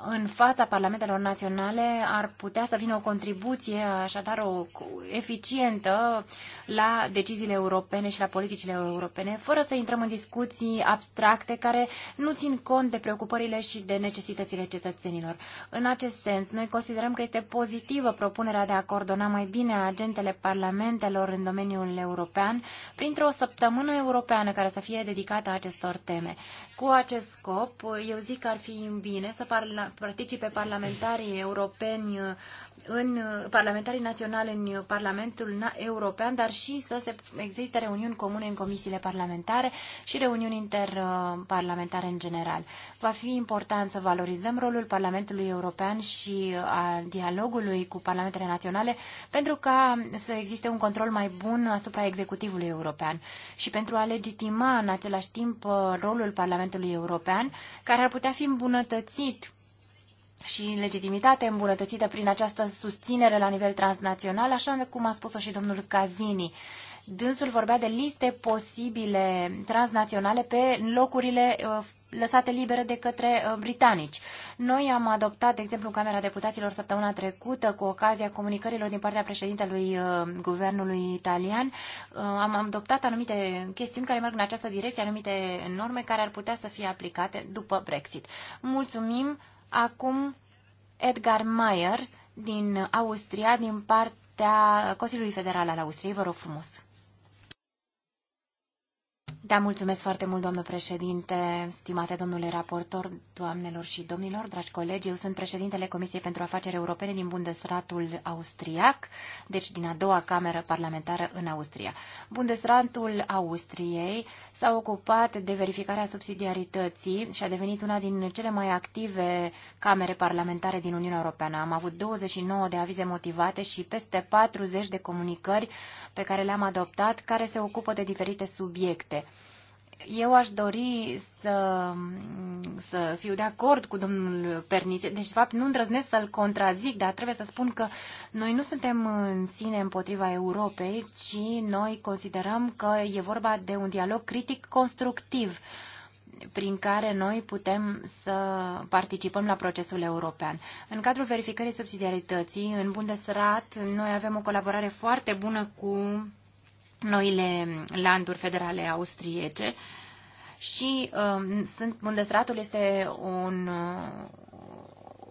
în fața parlamentelor naționale ar putea să vină o contribuție, așadar, o, eficientă la deciziile europene și la politicile europene, fără să intrăm în discuții abstracte care nu țin cont de preocupările și de necesitățile cetățenilor. În acest sens, noi considerăm că este pozitivă propunerea de a coordona mai bine agentele parlamentelor în domeniul european printr-o săptămână europeană care să fie dedicată acestor teme. Cu acest scop, eu zic că ar fi bine să participe parlamentarii europeni uh, în uh, parlamentarii naționali în uh, Parlamentul European, dar și să se existe reuniuni comune în comisiile parlamentare și reuniuni interparlamentare în general. Va fi important să valorizăm rolul Parlamentului European și uh, a dialogului cu parlamentele naționale pentru ca să existe un control mai bun asupra executivului european și pentru a legitima în același timp rolul Parlamentului European, care ar putea fi îmbunătățit și legitimitate îmbunătățită prin această susținere la nivel transnațional, așa cum a spus-o și domnul Cazini. Dânsul vorbea de liste posibile transnaționale pe locurile uh, lăsate libere de către uh, britanici. Noi am adoptat, de exemplu, în Camera Deputaților săptămâna trecută, cu ocazia comunicărilor din partea președintelui uh, guvernului italian, am adoptat anumite chestiuni care merg în această direcție, anumite norme care ar putea să fie aplicate după Brexit. Mulțumim! Acum Edgar Mayer din Austria, din partea Consiliului Federal al Austriei. Vă rog frumos. Da, mulțumesc foarte mult, domnul președinte, stimate domnule raportor, doamnelor și domnilor, dragi colegi. Eu sunt președintele Comisiei pentru Afaceri Europene din Bundesratul Austriac, deci din a doua cameră parlamentară în Austria. Bundesratul Austriei s-a ocupat de verificarea subsidiarității și a devenit una din cele mai active camere parlamentare din Uniunea Europeană. Am avut 29 de avize motivate și peste 40 de comunicări pe care le-am adoptat, care se ocupă de diferite subiecte. Eu aș dori să, să fiu de acord cu domnul Pernițe. Deci, de fapt, nu îndrăznesc să-l contrazic, dar trebuie să spun că noi nu suntem în sine împotriva Europei, ci noi considerăm că e vorba de un dialog critic-constructiv prin care noi putem să participăm la procesul european. În cadrul verificării subsidiarității, în Bundesrat, noi avem o colaborare foarte bună cu noile landuri federale austriece și um, sunt, Bundesratul este un,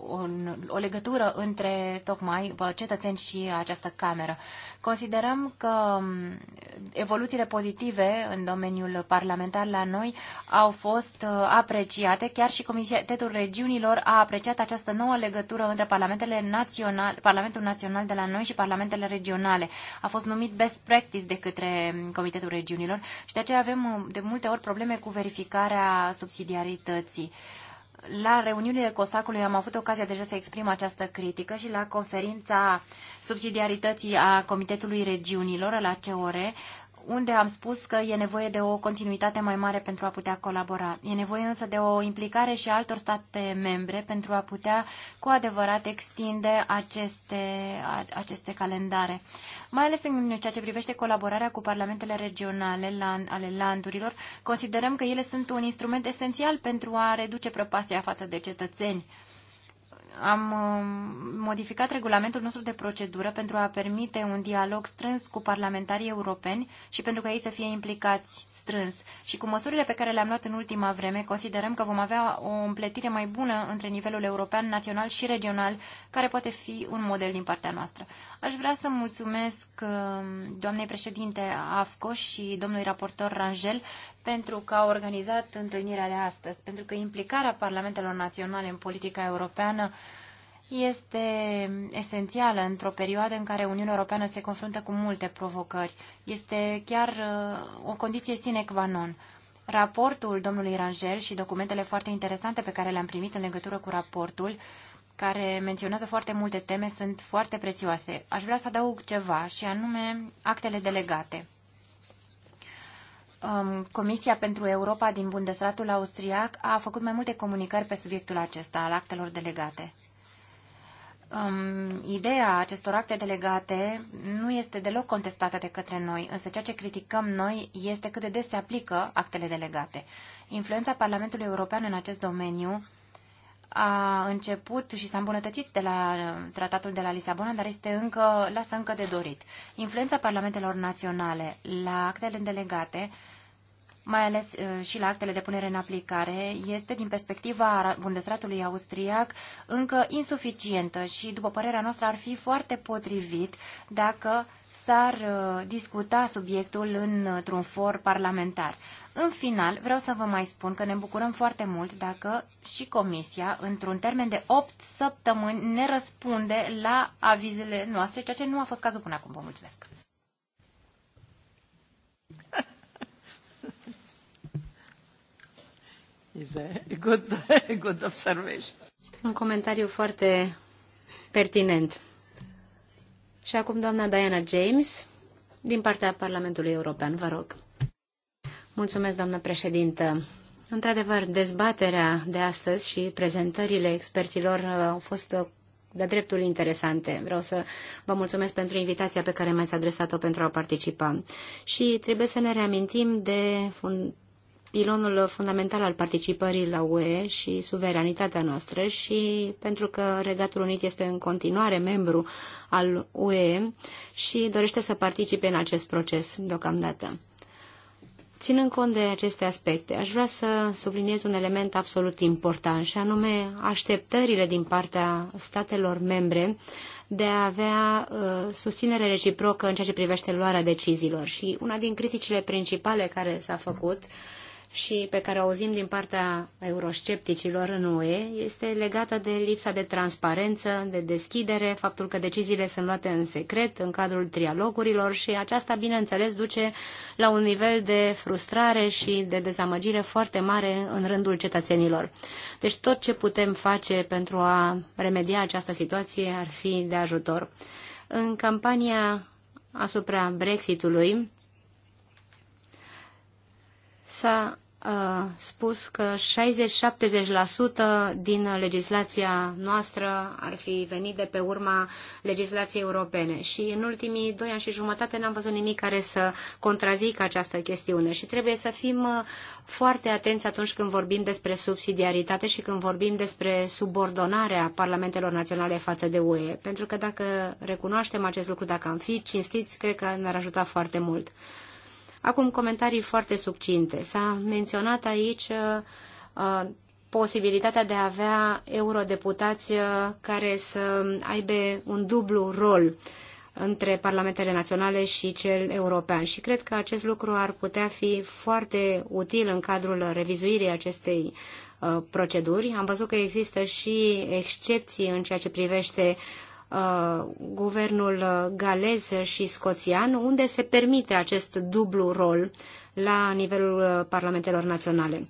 un, o legătură între tocmai cetățeni și această cameră. Considerăm că um, evoluțiile pozitive în domeniul parlamentar la noi au fost uh, apreciate, chiar și Comitetul Regiunilor a apreciat această nouă legătură între parlamentele național, Parlamentul Național de la noi și parlamentele regionale. A fost numit best practice de către um, Comitetul Regiunilor și de aceea avem um, de multe ori probleme cu verificarea subsidiarității. Uh, la reuniunile COSAC-ului am avut ocazia deja să exprim această critică și la conferința subsidiarității a Comitetului Regiunilor la COR unde am spus că e nevoie de o continuitate mai mare pentru a putea colabora. E nevoie însă de o implicare și altor state membre pentru a putea cu adevărat extinde aceste, aceste calendare. Mai ales în ceea ce privește colaborarea cu parlamentele regionale ale landurilor, considerăm că ele sunt un instrument esențial pentru a reduce prăpastia față de cetățeni am um, modificat regulamentul nostru de procedură pentru a permite un dialog strâns cu parlamentarii europeni și pentru ca ei să fie implicați strâns. Și cu măsurile pe care le-am luat în ultima vreme, considerăm că vom avea o împletire mai bună între nivelul european, național și regional, care poate fi un model din partea noastră. Aș vrea să mulțumesc um, doamnei președinte AFCO și domnului raportor Rangel pentru că au organizat întâlnirea de astăzi, pentru că implicarea parlamentelor naționale în politica europeană este esențială într-o perioadă în care Uniunea Europeană se confruntă cu multe provocări. Este chiar uh, o condiție sine qua non. Raportul domnului Rangel și documentele foarte interesante pe care le-am primit în legătură cu raportul, care menționează foarte multe teme, sunt foarte prețioase. Aș vrea să adaug ceva, și anume actele delegate. Um, Comisia pentru Europa din Bundesratul Austriac a făcut mai multe comunicări pe subiectul acesta al actelor delegate. Um, ideea acestor acte delegate nu este deloc contestată de către noi, însă ceea ce criticăm noi este cât de des se aplică actele delegate. Influența Parlamentului European în acest domeniu a început și s-a îmbunătățit de la uh, tratatul de la Lisabona, dar este încă, lasă încă de dorit. Influența parlamentelor naționale la actele delegate, mai ales uh, și la actele de punere în aplicare, este din perspectiva Bundesratului austriac încă insuficientă și, după părerea noastră, ar fi foarte potrivit dacă s-ar uh, discuta subiectul într-un for parlamentar. În final, vreau să vă mai spun că ne bucurăm foarte mult dacă și Comisia, într-un termen de 8 săptămâni, ne răspunde la avizele noastre, ceea ce nu a fost cazul până acum. Vă mulțumesc! Is a good, good observation. Un comentariu foarte pertinent. Și acum doamna Diana James, din partea Parlamentului European, vă rog. Mulțumesc, doamnă președintă. Într-adevăr, dezbaterea de astăzi și prezentările experților uh, au fost uh, de dreptul interesante. Vreau să vă mulțumesc pentru invitația pe care mi-ați adresat-o pentru a participa. Și trebuie să ne reamintim de un pilonul fundamental al participării la UE și suveranitatea noastră și pentru că Regatul Unit este în continuare membru al UE și dorește să participe în acest proces deocamdată. Ținând cont de aceste aspecte, aș vrea să subliniez un element absolut important, și anume așteptările din partea statelor membre de a avea uh, susținere reciprocă în ceea ce privește luarea deciziilor. Și una din criticile principale care s-a făcut uh, și pe care o auzim din partea euroscepticilor în UE este legată de lipsa de transparență, de deschidere, faptul că deciziile sunt luate în secret în cadrul trialogurilor și aceasta, bineînțeles, duce la un nivel de frustrare și de dezamăgire foarte mare în rândul cetățenilor. Deci tot ce putem face pentru a remedia această situație ar fi de ajutor. În campania asupra Brexitului, S-a uh, spus că 60-70% din legislația noastră ar fi venit de pe urma legislației europene și în ultimii doi ani și jumătate n-am văzut nimic care să contrazică această chestiune și trebuie să fim uh, foarte atenți atunci când vorbim despre subsidiaritate și când vorbim despre subordonarea parlamentelor naționale față de UE, pentru că dacă recunoaștem acest lucru, dacă am fi cinstiți, cred că ne-ar ajuta foarte mult. Acum comentarii foarte subcinte. S-a menționat aici uh, uh, posibilitatea de a avea eurodeputați uh, care să aibă un dublu rol între parlamentele naționale și cel european. Și cred că acest lucru ar putea fi foarte util în cadrul revizuirii acestei uh, proceduri. Am văzut că există și excepții în ceea ce privește uh, Uh, guvernul galez și scoțian, unde se permite acest dublu rol la nivelul uh, parlamentelor naționale.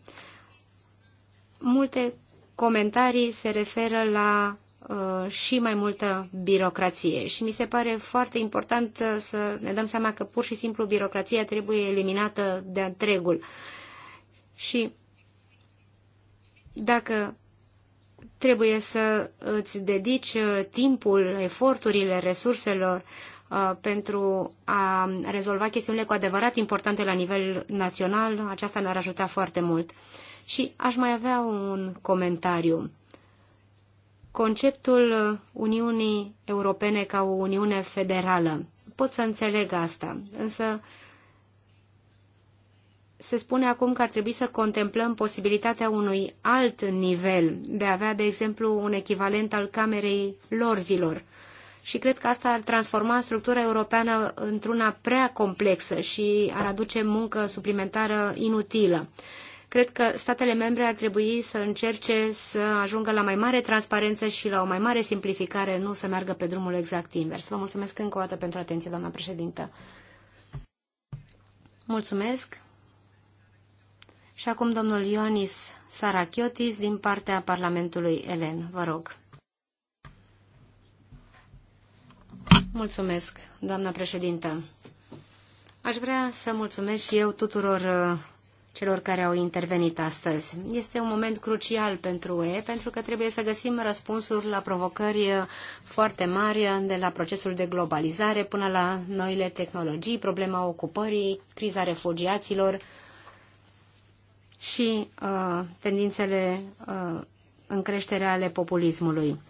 Multe comentarii se referă la uh, și mai multă birocrație. Și mi se pare foarte important să ne dăm seama că pur și simplu birocrația trebuie eliminată de întregul. Și dacă trebuie să îți dedici uh, timpul, eforturile, resurselor uh, pentru a rezolva chestiunile cu adevărat importante la nivel național, aceasta ne-ar ajuta foarte mult. Și aș mai avea un comentariu. Conceptul uh, Uniunii Europene ca o Uniune Federală. Pot să înțeleg asta, însă se spune acum că ar trebui să contemplăm posibilitatea unui alt nivel, de a avea, de exemplu, un echivalent al Camerei Lorzilor. Și cred că asta ar transforma structura europeană într-una prea complexă și ar aduce muncă suplimentară inutilă. Cred că statele membre ar trebui să încerce să ajungă la mai mare transparență și la o mai mare simplificare, nu să meargă pe drumul exact invers. Vă mulțumesc încă o dată pentru atenție, doamna președintă. Mulțumesc. Și acum domnul Ioanis Sarachiotis din partea Parlamentului Elen. Vă rog. Mulțumesc, doamna președintă. Aș vrea să mulțumesc și eu tuturor uh, celor care au intervenit astăzi. Este un moment crucial pentru UE, pentru că trebuie să găsim răspunsuri la provocări uh, foarte mari, uh, de la procesul de globalizare până la noile tehnologii, problema ocupării, criza refugiaților, și uh, tendințele uh, în creștere ale populismului.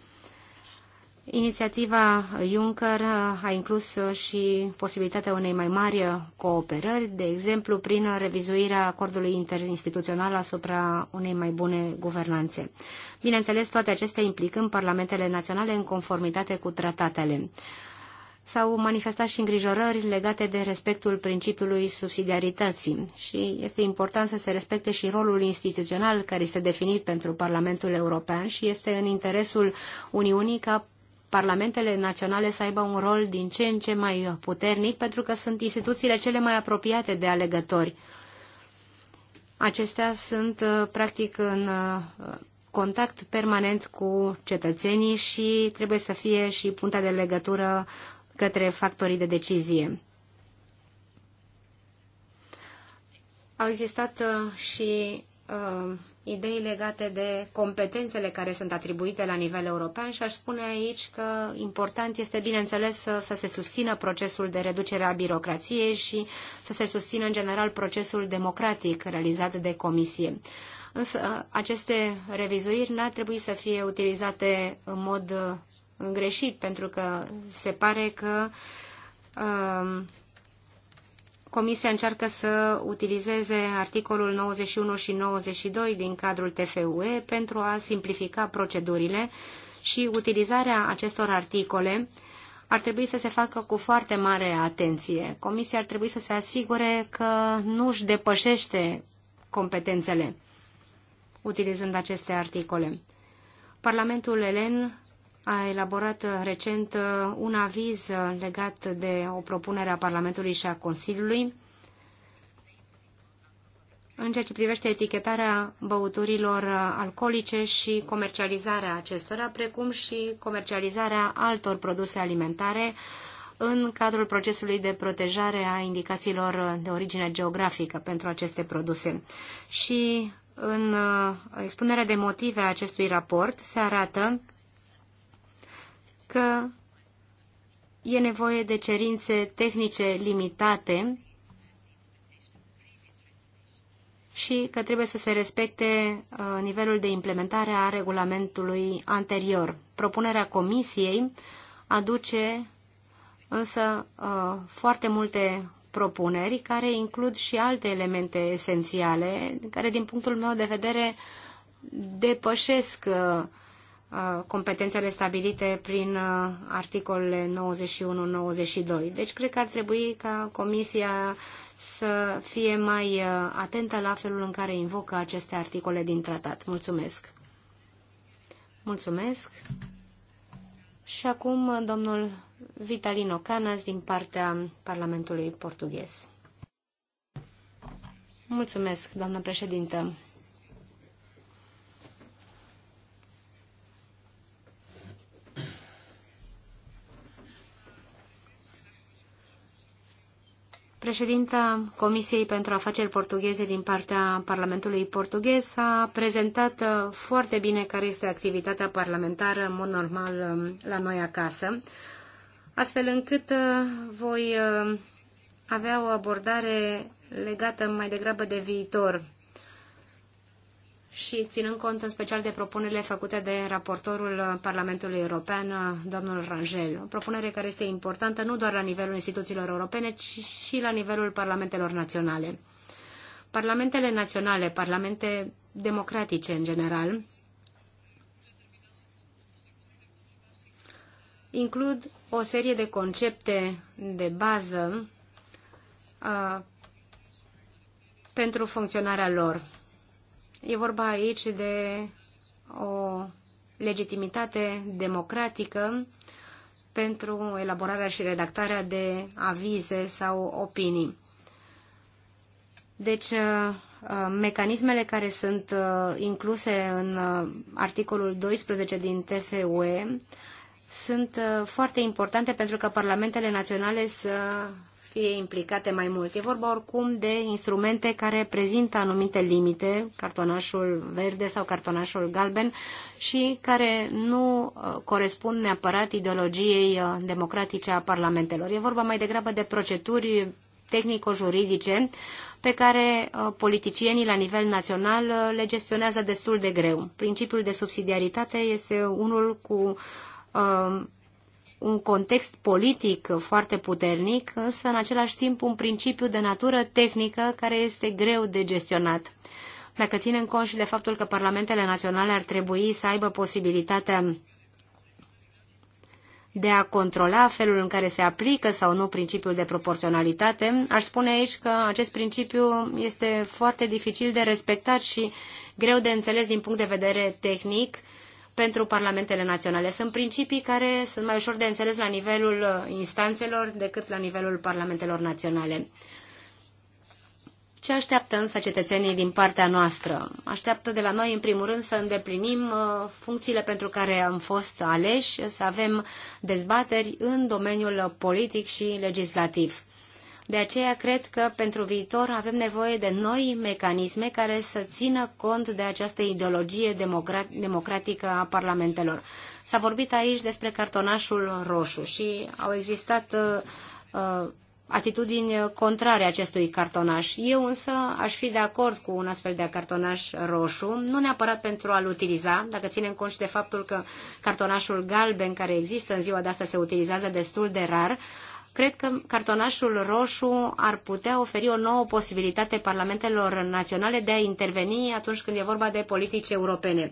Inițiativa Juncker a inclus și posibilitatea unei mai mari cooperări, de exemplu prin revizuirea acordului interinstituțional asupra unei mai bune guvernanțe. Bineînțeles, toate acestea implicând parlamentele naționale în conformitate cu tratatele. S-au manifestat și îngrijorări legate de respectul principiului subsidiarității și este important să se respecte și rolul instituțional care este definit pentru Parlamentul European și este în interesul Uniunii ca parlamentele naționale să aibă un rol din ce în ce mai puternic pentru că sunt instituțiile cele mai apropiate de alegători. Acestea sunt uh, practic în uh, contact permanent cu cetățenii și trebuie să fie și puntea de legătură către factorii de decizie. Au existat uh, și uh, idei legate de competențele care sunt atribuite la nivel european și aș spune aici că important este, bineînțeles, să, să se susțină procesul de reducere a birocrației și să se susțină, în general, procesul democratic realizat de comisie. Însă aceste revizuiri n-ar trebui să fie utilizate în mod uh, greșit, pentru că se pare că um, Comisia încearcă să utilizeze articolul 91 și 92 din cadrul TFUE pentru a simplifica procedurile și utilizarea acestor articole ar trebui să se facă cu foarte mare atenție. Comisia ar trebui să se asigure că nu își depășește competențele utilizând aceste articole. Parlamentul Elen a elaborat recent un aviz legat de o propunere a Parlamentului și a Consiliului în ceea ce privește etichetarea băuturilor alcoolice și comercializarea acestora, precum și comercializarea altor produse alimentare în cadrul procesului de protejare a indicațiilor de origine geografică pentru aceste produse. Și în uh, expunerea de motive a acestui raport se arată că e nevoie de cerințe tehnice limitate și că trebuie să se respecte uh, nivelul de implementare a regulamentului anterior. Propunerea comisiei aduce însă uh, foarte multe propuneri care includ și alte elemente esențiale care, din punctul meu de vedere, depășesc uh, Uh, competențele stabilite prin uh, articolele 91-92. Deci cred că ar trebui ca Comisia să fie mai uh, atentă la felul în care invocă aceste articole din tratat. Mulțumesc! Mulțumesc! Și acum domnul Vitalino Canas din partea Parlamentului Portughez. Mulțumesc, doamnă președintă! Președinta Comisiei pentru Afaceri Portugheze din partea Parlamentului Portughez a prezentat uh, foarte bine care este activitatea parlamentară, în mod normal, um, la noi acasă, astfel încât uh, voi uh, avea o abordare legată mai degrabă de viitor și ținând cont în special de propunerile făcute de raportorul Parlamentului European, domnul Rangel. O propunere care este importantă nu doar la nivelul instituțiilor europene, ci și la nivelul parlamentelor naționale. Parlamentele naționale, parlamente democratice în general, includ o serie de concepte de bază a, uh, pentru funcționarea lor E vorba aici de o legitimitate democratică pentru elaborarea și redactarea de avize sau opinii. Deci, uh, mecanismele care sunt uh, incluse în uh, articolul 12 din TFUE sunt foarte importante pentru că parlamentele naționale să fie implicate mai mult. E vorba oricum de instrumente care prezintă anumite limite, cartonașul verde sau cartonașul galben, și care nu uh, corespund neapărat ideologiei uh, democratice a parlamentelor. E vorba mai degrabă de proceduri tehnico-juridice pe care uh, politicienii la nivel național le gestionează destul de greu. Principiul de subsidiaritate este unul cu un context politic foarte puternic, însă în același timp un principiu de natură tehnică care este greu de gestionat. Dacă ținem cont și de faptul că parlamentele naționale ar trebui să aibă posibilitatea de a controla felul în care se aplică sau nu principiul de proporționalitate, aș spune aici că acest principiu este foarte dificil de respectat și greu de înțeles din punct de vedere tehnic, pentru parlamentele naționale. Sunt principii care sunt mai ușor de înțeles la nivelul uh, instanțelor decât la nivelul parlamentelor naționale. Ce așteaptă însă cetățenii din partea noastră? Așteaptă de la noi, în primul rând, să îndeplinim uh, funcțiile pentru care am fost aleși, să avem dezbateri în domeniul politic și legislativ. De aceea cred că pentru viitor avem nevoie de noi mecanisme care să țină cont de această ideologie democratică a parlamentelor. S-a vorbit aici despre cartonașul roșu și au existat uh, uh, atitudini contrare acestui cartonaș. Eu însă aș fi de acord cu un astfel de cartonaș roșu, nu neapărat pentru a-l utiliza, dacă ținem cont și de faptul că cartonașul galben care există în ziua de astăzi se utilizează destul de rar, Cred că cartonașul roșu ar putea oferi o nouă posibilitate parlamentelor naționale de a interveni atunci când e vorba de politici europene.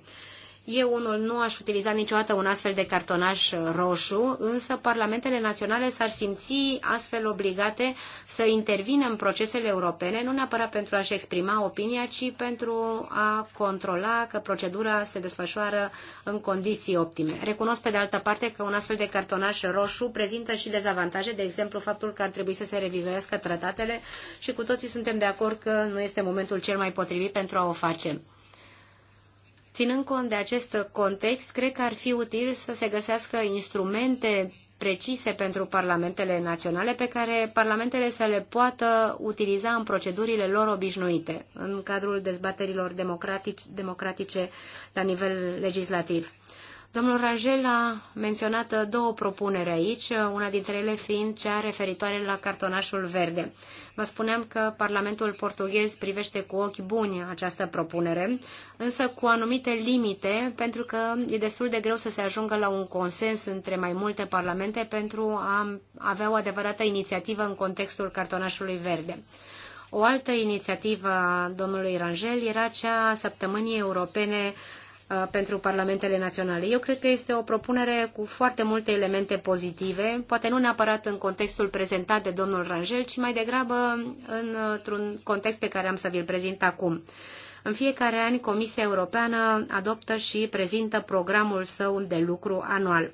Eu unul nu aș utiliza niciodată un astfel de cartonaș roșu, însă parlamentele naționale s-ar simți astfel obligate să intervină în procesele europene, nu neapărat pentru a-și exprima opinia, ci pentru a controla că procedura se desfășoară în condiții optime. Recunosc pe de altă parte că un astfel de cartonaș roșu prezintă și dezavantaje, de exemplu faptul că ar trebui să se revizuiască tratatele și cu toții suntem de acord că nu este momentul cel mai potrivit pentru a o face. Ținând cont de acest context, cred că ar fi util să se găsească instrumente precise pentru parlamentele naționale pe care parlamentele să le poată utiliza în procedurile lor obișnuite, în cadrul dezbaterilor democratice la nivel legislativ. Domnul Rangel a menționat două propuneri aici, una dintre ele fiind cea referitoare la cartonașul verde. Vă spuneam că Parlamentul portughez privește cu ochi buni această propunere, însă cu anumite limite, pentru că e destul de greu să se ajungă la un consens între mai multe parlamente pentru a avea o adevărată inițiativă în contextul cartonașului verde. O altă inițiativă a domnului Rangel era cea a săptămânii europene Uh, pentru parlamentele naționale. Eu cred că este o propunere cu foarte multe elemente pozitive, poate nu neapărat în contextul prezentat de domnul Rangel, ci mai degrabă într-un context pe care am să vi-l prezint acum. În fiecare an, Comisia Europeană adoptă și prezintă programul său de lucru anual.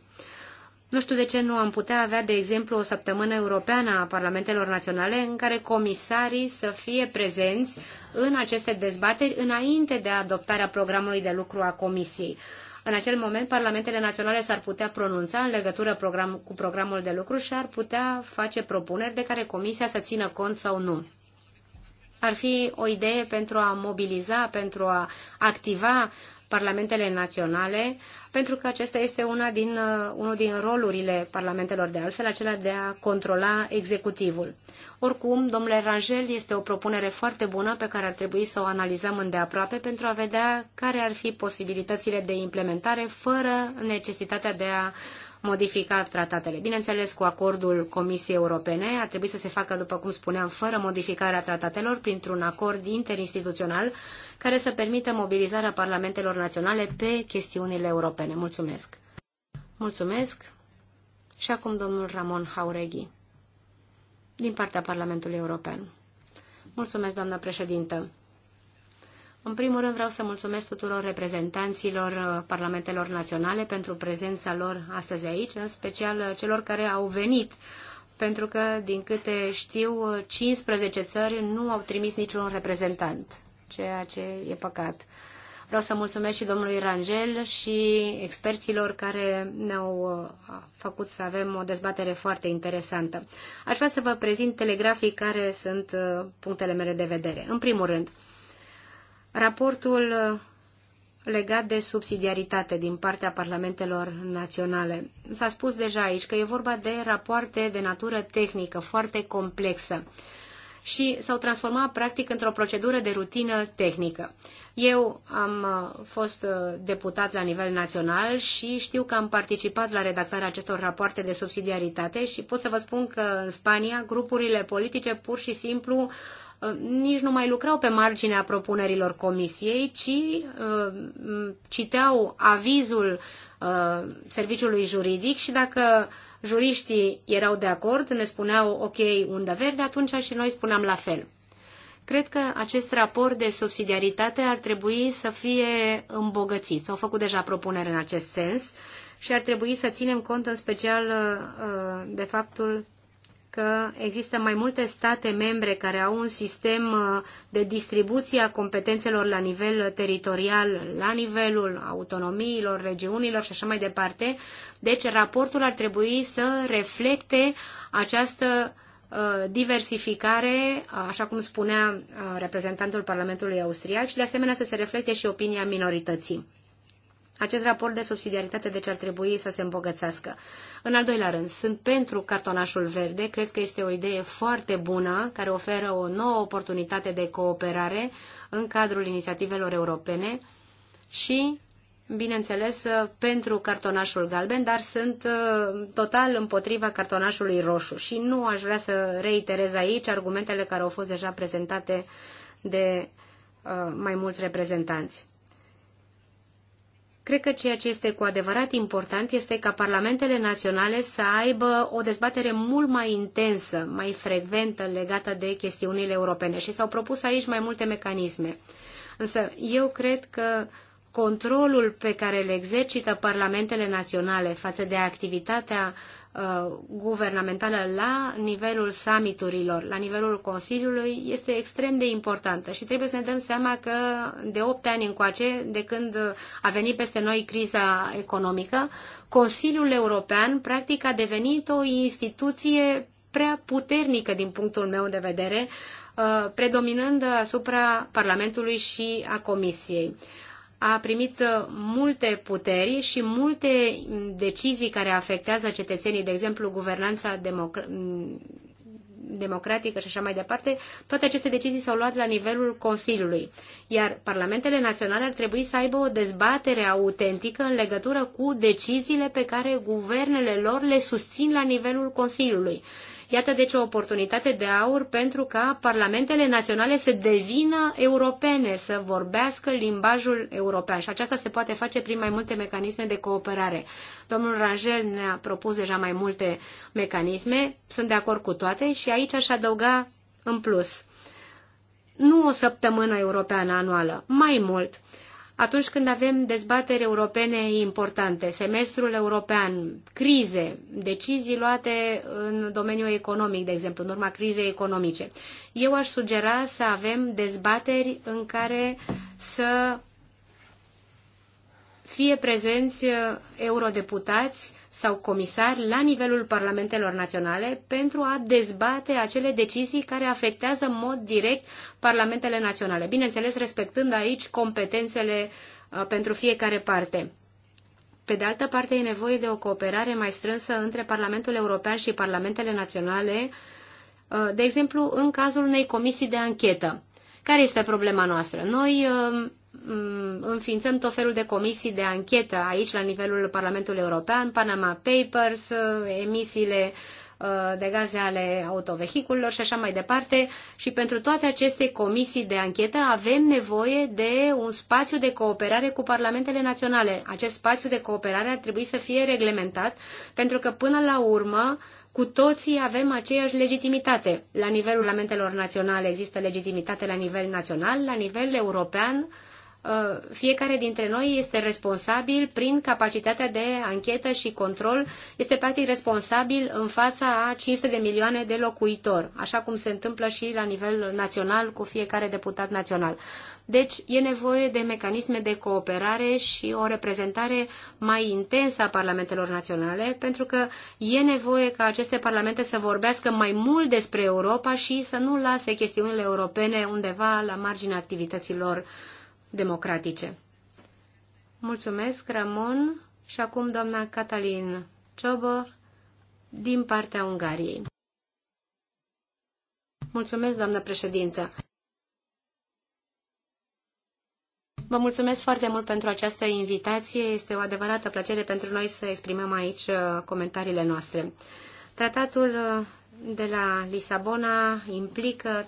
Nu știu de ce nu am putea avea, de exemplu, o săptămână europeană a Parlamentelor Naționale în care comisarii să fie prezenți în aceste dezbateri înainte de adoptarea programului de lucru a Comisiei. În acel moment, parlamentele naționale s-ar putea pronunța în legătură program, cu programul de lucru și ar putea face propuneri de care Comisia să țină cont sau nu. Ar fi o idee pentru a mobiliza, pentru a activa parlamentele naționale, pentru că acesta este una din, uh, unul din rolurile parlamentelor de altfel, acela de a controla executivul. Oricum, domnule Rangel, este o propunere foarte bună pe care ar trebui să o analizăm îndeaproape pentru a vedea care ar fi posibilitățile de implementare fără necesitatea de a modifica tratatele. Bineînțeles, cu acordul Comisiei Europene ar trebui să se facă, după cum spuneam, fără modificarea tratatelor, printr-un acord interinstituțional care să permită mobilizarea parlamentelor naționale pe chestiunile europene. Mulțumesc! Mulțumesc! Și acum domnul Ramon Haureghi, din partea Parlamentului European. Mulțumesc, doamnă președintă! În primul rând vreau să mulțumesc tuturor reprezentanților uh, parlamentelor naționale pentru prezența lor astăzi aici, în special uh, celor care au venit, pentru că, din câte știu, 15 uh, țări nu au trimis niciun reprezentant, ceea ce e păcat. Vreau să mulțumesc și domnului Rangel și experților care ne-au făcut să avem o dezbatere foarte interesantă. Aș vrea să vă prezint telegrafii care sunt punctele mele de vedere. În primul rând, raportul uh, legat de subsidiaritate din partea parlamentelor naționale. S-a spus deja aici că e vorba de rapoarte de natură tehnică, foarte complexă și s-au transformat practic într-o procedură de rutină tehnică. Eu am uh, fost uh, deputat la nivel național și știu că am participat la redactarea acestor rapoarte de subsidiaritate și pot să vă spun că în Spania grupurile politice pur și simplu Uh, nici nu mai lucrau pe marginea propunerilor comisiei, ci uh, citeau avizul uh, serviciului juridic și dacă juriștii erau de acord, ne spuneau ok, undă verde, atunci și noi spuneam la fel. Cred că acest raport de subsidiaritate ar trebui să fie îmbogățit. S-au făcut deja propuneri în acest sens și ar trebui să ținem cont în special de faptul că există mai multe state membre care au un sistem uh, de distribuție a competențelor la nivel teritorial, la nivelul autonomiilor, regiunilor și așa mai departe. Deci raportul ar trebui să reflecte această uh, diversificare, așa cum spunea uh, reprezentantul Parlamentului Austriac și de asemenea să se reflecte și opinia minorității. Acest raport de subsidiaritate deci ar trebui să se îmbogățească. În al doilea rând, sunt pentru cartonașul verde. Cred că este o idee foarte bună care oferă o nouă oportunitate de cooperare în cadrul inițiativelor europene și bineînțeles, pentru cartonașul galben, dar sunt uh, total împotriva cartonașului roșu. Și nu aș vrea să reiterez aici argumentele care au fost deja prezentate de uh, mai mulți reprezentanți. Cred că ceea ce este cu adevărat important este ca parlamentele naționale să aibă o dezbatere mult mai intensă, mai frecventă legată de chestiunile europene și s-au propus aici mai multe mecanisme. Însă eu cred că controlul pe care îl exercită parlamentele naționale față de activitatea Uh, guvernamentală la nivelul summiturilor, la nivelul Consiliului, este extrem de importantă și trebuie să ne dăm seama că de 8 ani încoace, de când a venit peste noi criza economică, Consiliul European practic a devenit o instituție prea puternică din punctul meu de vedere, uh, predominând asupra Parlamentului și a Comisiei a primit uh, multe puteri și multe decizii care afectează cetățenii, de exemplu, guvernanța democ- democratică și așa mai departe, toate aceste decizii s-au luat la nivelul Consiliului. Iar parlamentele naționale ar trebui să aibă o dezbatere autentică în legătură cu deciziile pe care guvernele lor le susțin la nivelul Consiliului. Iată deci o oportunitate de aur pentru ca parlamentele naționale să devină europene, să vorbească limbajul european și aceasta se poate face prin mai multe mecanisme de cooperare. Domnul Rangel ne-a propus deja mai multe mecanisme, sunt de acord cu toate și aici aș adăuga în plus. Nu o săptămână europeană anuală, mai mult atunci când avem dezbateri europene importante, semestrul european, crize, decizii luate în domeniul economic, de exemplu, în urma crizei economice. Eu aș sugera să avem dezbateri în care să fie prezenți eurodeputați sau comisari la nivelul parlamentelor naționale pentru a dezbate acele decizii care afectează în mod direct parlamentele naționale, bineînțeles respectând aici competențele uh, pentru fiecare parte. Pe de altă parte, e nevoie de o cooperare mai strânsă între Parlamentul European și Parlamentele Naționale, uh, de exemplu, în cazul unei comisii de anchetă. Care este problema noastră? Noi uh, Mm, înființăm tot felul de comisii de anchetă aici la nivelul Parlamentului European, Panama Papers, uh, emisiile uh, de gaze ale autovehiculelor și așa mai departe. Și pentru toate aceste comisii de anchetă avem nevoie de un spațiu de cooperare cu parlamentele naționale. Acest spațiu de cooperare ar trebui să fie reglementat pentru că până la urmă cu toții avem aceeași legitimitate. La nivelul Parlamentelor naționale există legitimitate la nivel național, la nivel european Uh, fiecare dintre noi este responsabil prin capacitatea de anchetă și control, este practic responsabil în fața a 500 de milioane de locuitori, așa cum se întâmplă și la nivel național cu fiecare deputat național. Deci e nevoie de mecanisme de cooperare și o reprezentare mai intensă a parlamentelor naționale, pentru că e nevoie ca aceste parlamente să vorbească mai mult despre Europa și să nu lase chestiunile europene undeva la marginea activităților uh, democratice. Mulțumesc, Ramon, și acum doamna Catalin Ciobor din partea Ungariei. Mulțumesc, doamnă președintă. Vă mulțumesc foarte mult pentru această invitație. Este o adevărată plăcere pentru noi să exprimăm aici uh, comentariile noastre. Tratatul uh, de la Lisabona implică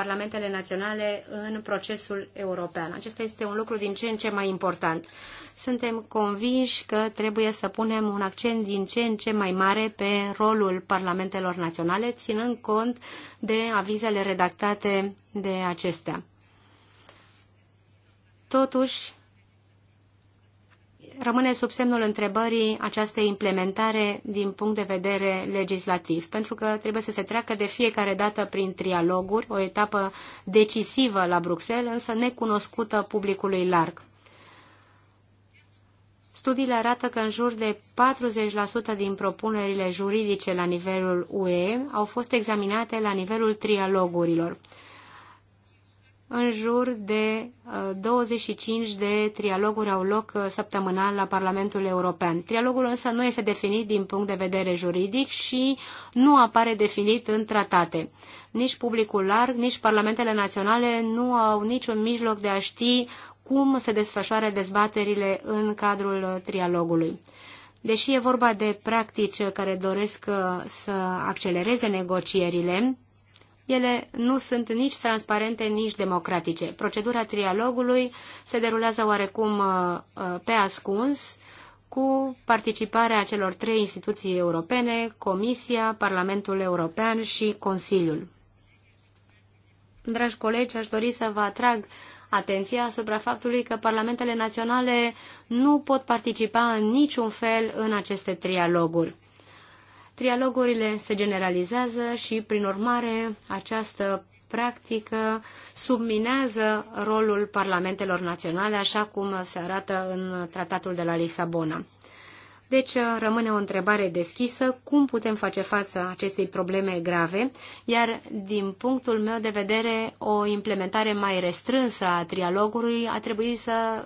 parlamentele naționale în procesul european. Acesta este un lucru din ce în ce mai important. Suntem convinși că trebuie să punem un accent din ce în ce mai mare pe rolul parlamentelor naționale, ținând cont de avizele redactate de acestea. Totuși, rămâne sub semnul întrebării această implementare din punct de vedere legislativ, pentru că trebuie să se treacă de fiecare dată prin trialoguri, o etapă decisivă la Bruxelles, însă necunoscută publicului larg. Studiile arată că în jur de 40% din propunerile juridice la nivelul UE au fost examinate la nivelul trialogurilor în jur de 25 uh, de trialoguri au loc uh, săptămânal la Parlamentul European. Trialogul însă nu este definit din punct de vedere juridic și nu apare definit în tratate. Nici publicul larg, nici parlamentele naționale nu au niciun mijloc de a ști cum se desfășoară dezbaterile în cadrul uh, trialogului. Deși e vorba de practici care doresc să accelereze negocierile, ele nu sunt nici transparente, nici democratice. Procedura trialogului se derulează oarecum uh, uh, pe ascuns, cu participarea celor trei instituții europene, Comisia, Parlamentul European și Consiliul. Dragi colegi, aș dori să vă atrag atenția asupra faptului că parlamentele naționale nu pot participa în niciun fel în aceste trialoguri. Trialogurile se generalizează și, prin urmare, această practică subminează rolul parlamentelor naționale, așa cum se arată în tratatul de la Lisabona. Deci rămâne o întrebare deschisă, cum putem face față acestei probleme grave, iar din punctul meu de vedere o implementare mai restrânsă a trialogului a trebuit să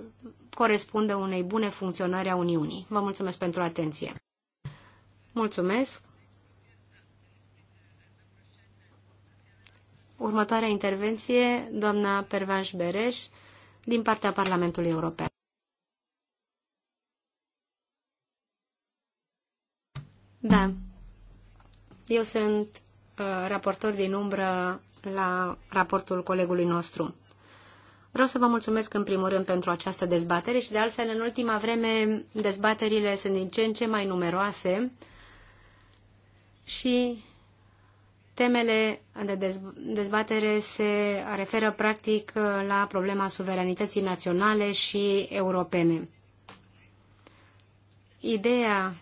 corespundă unei bune funcționări a Uniunii. Vă mulțumesc pentru atenție. Mulțumesc. Următoarea intervenție, doamna Pervanș Bereș, din partea Parlamentului European. Da. Eu sunt uh, raportor din umbră la raportul colegului nostru. Vreau să vă mulțumesc în primul rând pentru această dezbatere și de altfel în ultima vreme dezbaterile sunt din ce în ce mai numeroase uh, și temele de dezbatere se referă practic la problema suveranității naționale și europene ideea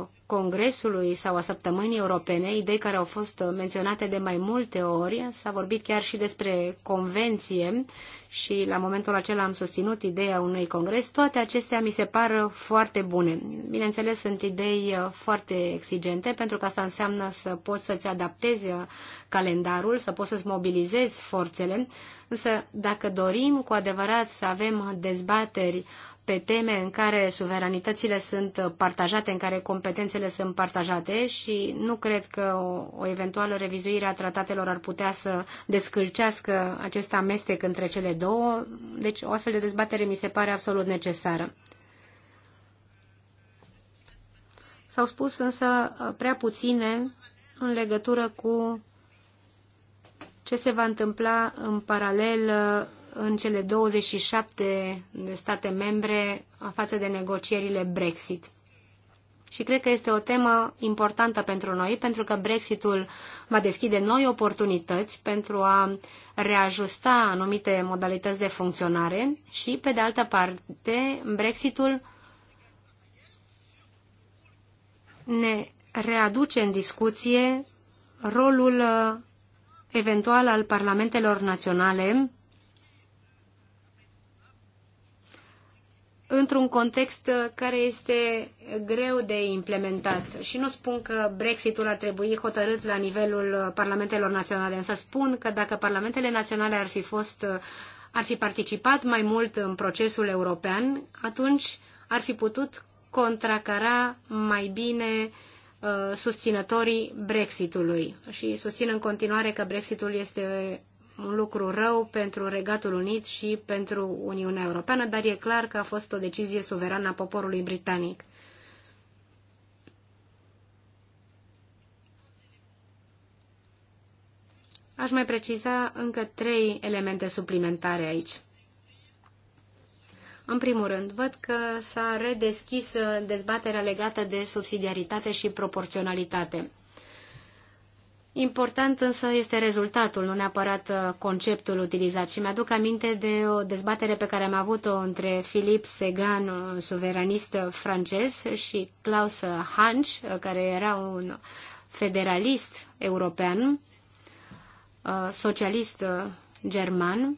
uh, Congresului sau a Săptămânii Europene, idei care au fost uh, menționate de mai multe ori. S-a vorbit chiar și despre convenție și la momentul acela am susținut ideea unui congres. Toate acestea mi se par foarte bune. Bineînțeles, sunt idei uh, foarte exigente, pentru că asta înseamnă să poți să-ți adaptezi calendarul, să poți să-ți mobilizezi forțele, însă dacă dorim cu adevărat să avem dezbateri pe teme în care suveranitățile sunt partajate, în care competențele sunt partajate și nu cred că o, o eventuală revizuire a tratatelor ar putea să descâlcească acest amestec între cele două. Deci o astfel de dezbatere mi se pare absolut necesară. S-au spus însă prea puține în legătură cu ce se va întâmpla în paralel în cele 27 de state membre față de negocierile Brexit. Și cred că este o temă importantă pentru noi, pentru că Brexitul va deschide noi oportunități pentru a reajusta anumite modalități de funcționare și, pe de altă parte, Brexitul ne readuce în discuție rolul eventual al parlamentelor naționale într-un context uh, care este greu de implementat. Și nu spun că Brexitul ar trebui hotărât la nivelul uh, parlamentelor naționale, însă spun că dacă parlamentele naționale ar fi fost uh, ar fi participat mai mult în procesul european, atunci ar fi putut contracara mai bine uh, susținătorii Brexitului. Și susțin în continuare că Brexitul este un lucru rău pentru Regatul Unit și pentru Uniunea Europeană, dar e clar că a fost o decizie suverană a poporului britanic. Aș mai preciza încă trei elemente suplimentare aici. În primul rând, văd că s-a redeschis uh, dezbaterea legată de subsidiaritate și proporționalitate. Important însă este rezultatul, nu neapărat uh, conceptul utilizat. Și mi-aduc aminte de o dezbatere pe care am avut-o între Philippe Segan, uh, suveranist uh, francez, și Klaus Hansch, care era un federalist european, socialist german.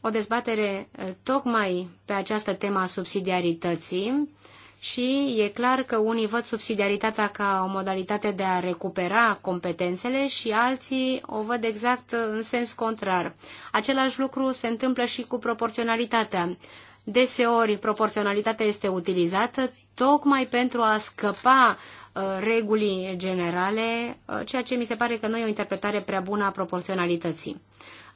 O dezbatere tocmai pe această temă a subsidiarității, și e clar că unii văd subsidiaritatea ca o modalitate de a recupera competențele și alții o văd exact în sens contrar. Același lucru se întâmplă și cu proporționalitatea. Deseori proporționalitatea este utilizată tocmai pentru a scăpa uh, regulii generale, uh, ceea ce mi se pare că nu e o interpretare prea bună a proporționalității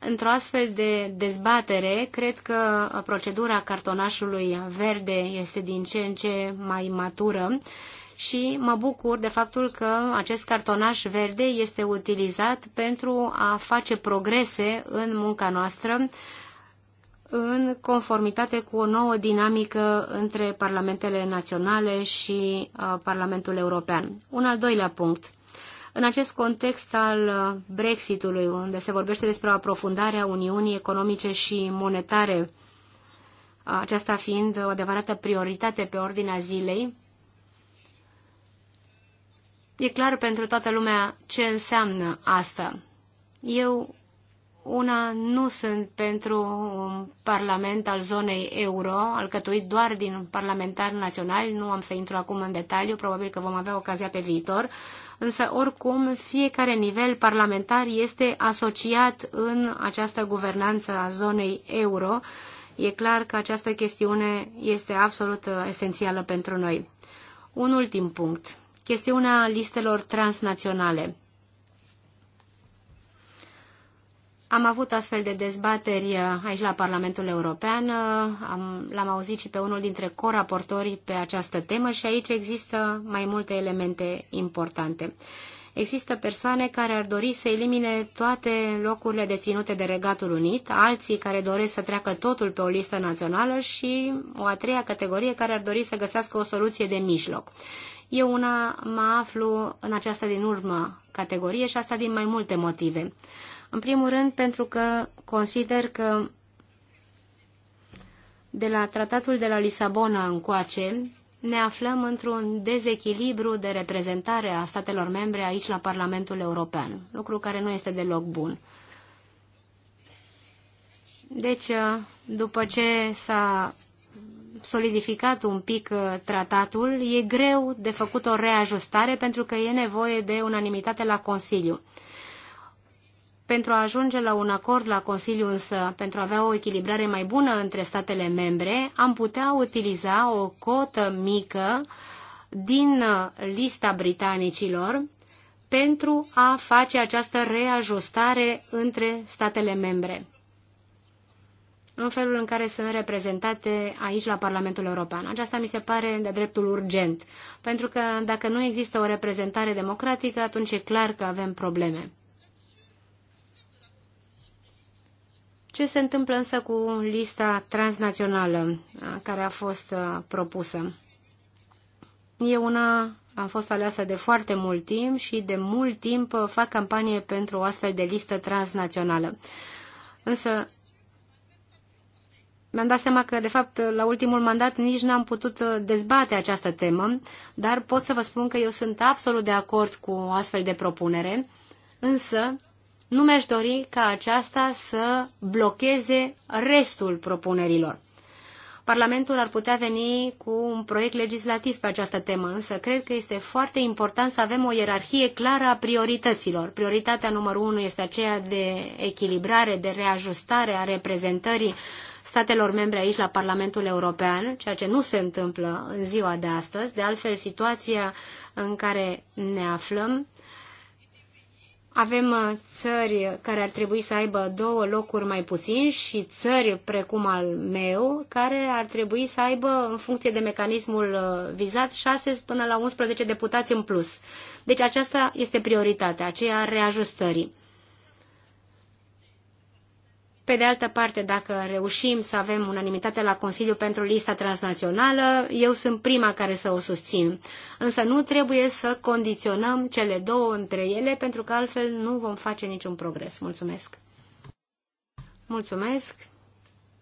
într-o astfel de dezbatere, cred că procedura cartonașului verde este din ce în ce mai matură și mă bucur de faptul că acest cartonaș verde este utilizat pentru a face progrese în munca noastră în conformitate cu o nouă dinamică între parlamentele naționale și uh, Parlamentul European. Un al doilea punct în acest context al uh, Brexitului, unde se vorbește despre aprofundarea Uniunii Economice și Monetare, uh, aceasta fiind o adevărată prioritate pe ordinea zilei, e clar pentru toată lumea ce înseamnă asta. Eu una nu sunt pentru un parlament al zonei euro, alcătuit doar din parlamentari naționali, nu am să intru acum în detaliu, probabil că vom avea ocazia pe viitor, însă oricum fiecare nivel parlamentar este asociat în această guvernanță a zonei euro. E clar că această chestiune este absolut esențială pentru noi. Un ultim punct. Chestiunea listelor transnaționale. Am avut astfel de dezbateri uh, aici la Parlamentul European, uh, l-am auzit și pe unul dintre coraportorii pe această temă și aici există mai multe elemente importante. Există persoane care ar dori să elimine toate locurile deținute de Regatul Unit, alții care doresc să treacă totul pe o listă națională și o a treia categorie care ar dori să găsească o soluție de mijloc. Eu una mă aflu în această din urmă categorie și asta din mai multe motive. În primul rând, pentru că consider că de la tratatul de la Lisabona încoace, ne aflăm într-un dezechilibru de reprezentare a statelor membre aici la Parlamentul European, lucru care nu este deloc bun. Deci, după ce s-a solidificat un pic uh, tratatul, e greu de făcut o reajustare pentru că e nevoie de unanimitate la Consiliu. Pentru a ajunge la un acord la Consiliu însă, pentru a avea o echilibrare mai bună între statele membre, am putea utiliza o cotă mică din lista britanicilor pentru a face această reajustare între statele membre în felul în care sunt reprezentate aici la Parlamentul European. Aceasta mi se pare de dreptul urgent, pentru că dacă nu există o reprezentare democratică, atunci e clar că avem probleme. Ce se întâmplă însă cu lista transnațională care a fost propusă? Eu una am fost aleasă de foarte mult timp și de mult timp fac campanie pentru o astfel de listă transnațională. Însă mi-am dat seama că, de fapt, la ultimul mandat nici n-am putut dezbate această temă, dar pot să vă spun că eu sunt absolut de acord cu o astfel de propunere, însă nu mi-aș dori ca aceasta să blocheze restul propunerilor. Parlamentul ar putea veni cu un proiect legislativ pe această temă, însă cred că este foarte important să avem o ierarhie clară a priorităților. Prioritatea numărul unu este aceea de echilibrare, de reajustare a reprezentării statelor membre aici la Parlamentul European, ceea ce nu se întâmplă în ziua de astăzi. De altfel, situația în care ne aflăm avem uh, țări care ar trebui să aibă două locuri mai puțin și țări precum al meu care ar trebui să aibă, în funcție de mecanismul uh, vizat, 6 până la 11 deputați în plus. Deci aceasta este prioritatea, aceea reajustării. Pe de altă parte, dacă reușim să avem unanimitate la Consiliu pentru lista transnațională, eu sunt prima care să o susțin. Însă nu trebuie să condiționăm cele două între ele, pentru că altfel nu vom face niciun progres. Mulțumesc! Mulțumesc!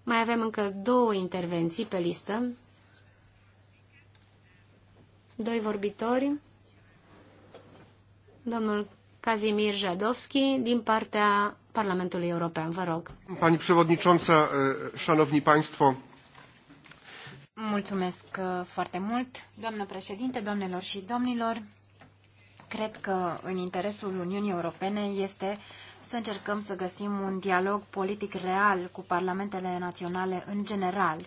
Mai avem încă două intervenții pe listă. Doi vorbitori. Domnul Kazimir Jadovski din partea Parlamentului European. Vă rog. Pani Przewodnicząca, Szanowni Państwo. Mulțumesc foarte mult, doamnă președinte, doamnelor și domnilor. Cred că în interesul Uniunii Europene este să încercăm să găsim un dialog politic real cu parlamentele naționale în general,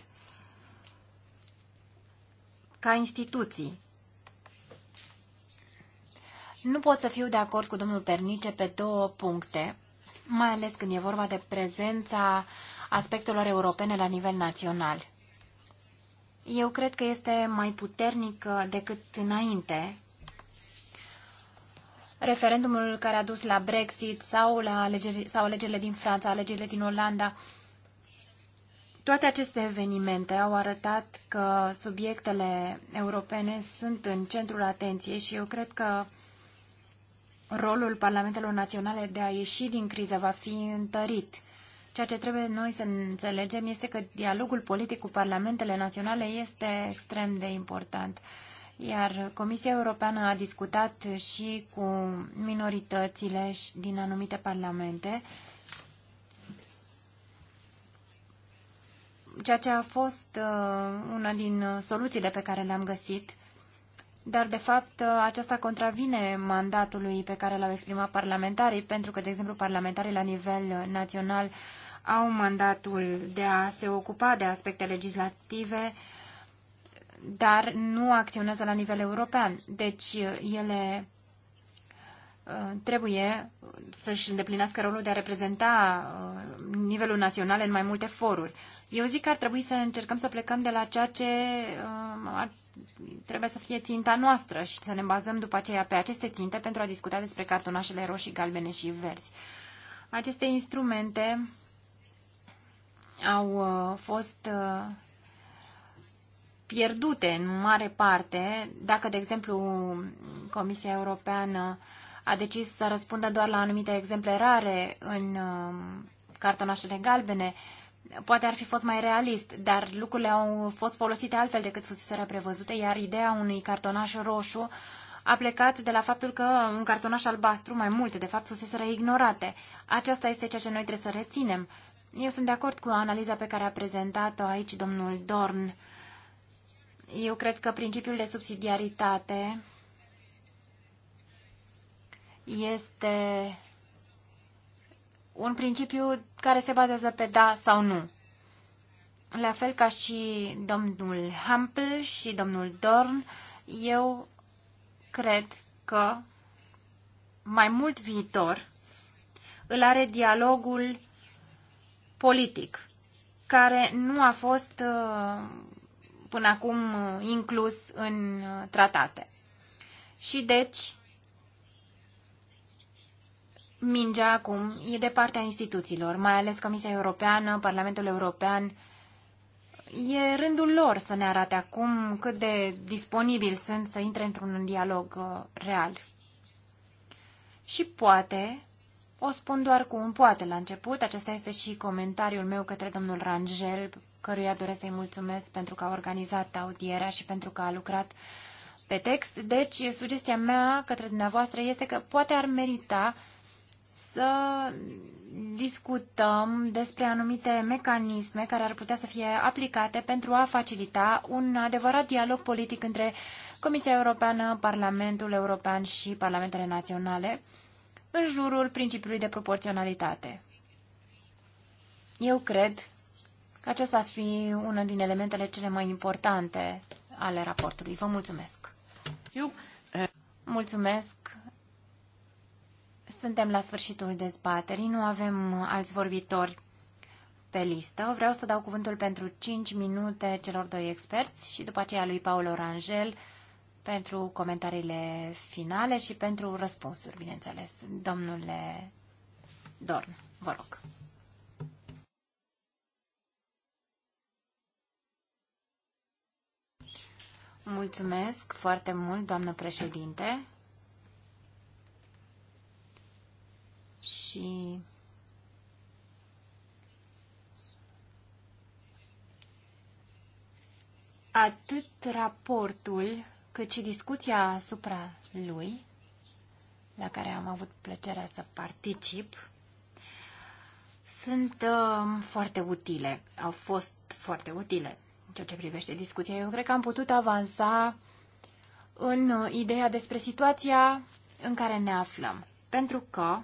ca instituții. Nu pot să fiu de acord cu domnul Pernice pe două puncte mai ales când e vorba de prezența aspectelor europene la nivel național. Eu cred că este mai puternic uh, decât înainte referendumul care a dus la Brexit sau la alegeri, sau alegerile din Franța, alegerile din Olanda. Toate aceste evenimente au arătat că subiectele europene sunt în centrul atenției și eu cred că rolul parlamentelor naționale de a ieși din criză va fi întărit. Ceea ce trebuie noi să înțelegem este că dialogul politic cu parlamentele naționale este extrem de important. Iar Comisia Europeană a discutat și cu minoritățile din anumite parlamente, ceea ce a fost uh, una din soluțiile pe care le-am găsit dar de fapt aceasta contravine mandatului pe care l-au exprimat parlamentarii, pentru că, de exemplu, parlamentarii la nivel național au mandatul de a se ocupa de aspecte legislative, dar nu acționează la nivel european. Deci ele uh, trebuie să-și îndeplinească rolul de a reprezenta uh, nivelul național în mai multe foruri. Eu zic că ar trebui să încercăm să plecăm de la ceea ce uh, ar trebuie să fie ținta noastră și să ne bazăm după aceea pe aceste ținte pentru a discuta despre cartonașele roșii, galbene și verzi. Aceste instrumente au uh, fost uh, pierdute în mare parte dacă, de exemplu, Comisia Europeană a decis să răspundă doar la anumite exemple rare în uh, cartonașele galbene, poate ar fi fost mai realist, dar lucrurile au fost folosite altfel decât fuseseră prevăzute, iar ideea unui cartonaș roșu a plecat de la faptul că un cartonaș albastru, mai multe, de fapt, fuseseră ignorate. Aceasta este ceea ce noi trebuie să reținem. Eu sunt de acord cu analiza pe care a prezentat-o aici domnul Dorn. Eu cred că principiul de subsidiaritate este un principiu care se bazează pe da sau nu. La fel ca și domnul Hampel și domnul Dorn, eu cred că mai mult viitor îl are dialogul politic, care nu a fost uh, până acum uh, inclus în uh, tratate. Și deci mingea acum e de partea instituțiilor, mai ales Comisia Europeană, Parlamentul European. E rândul lor să ne arate acum cât de disponibili sunt să intre într-un dialog uh, real. Și poate, o spun doar cu un poate la început, acesta este și comentariul meu către domnul Rangel, căruia doresc să-i mulțumesc pentru că a organizat audierea și pentru că a lucrat pe text. Deci, sugestia mea către dumneavoastră este că poate ar merita să discutăm despre anumite mecanisme care ar putea să fie aplicate pentru a facilita un adevărat dialog politic între Comisia Europeană, Parlamentul European și Parlamentele Naționale în jurul principiului de proporționalitate. Eu cred că acesta ar fi una din elementele cele mai importante ale raportului. Vă mulțumesc! Eu... Eh, mulțumesc! Suntem la sfârșitul dezbaterii, nu avem alți vorbitori pe listă. Vreau să dau cuvântul pentru 5 minute celor doi experți și după aceea lui Paul Orangel pentru comentariile finale și pentru răspunsuri, bineînțeles. Domnule Dorn, vă rog. Mulțumesc foarte mult, doamnă președinte. și atât raportul cât și discuția asupra lui, la care am avut plăcerea să particip, sunt uh, foarte utile, au fost foarte utile în ceea ce privește discuția. Eu cred că am putut avansa în uh, ideea despre situația în care ne aflăm, pentru că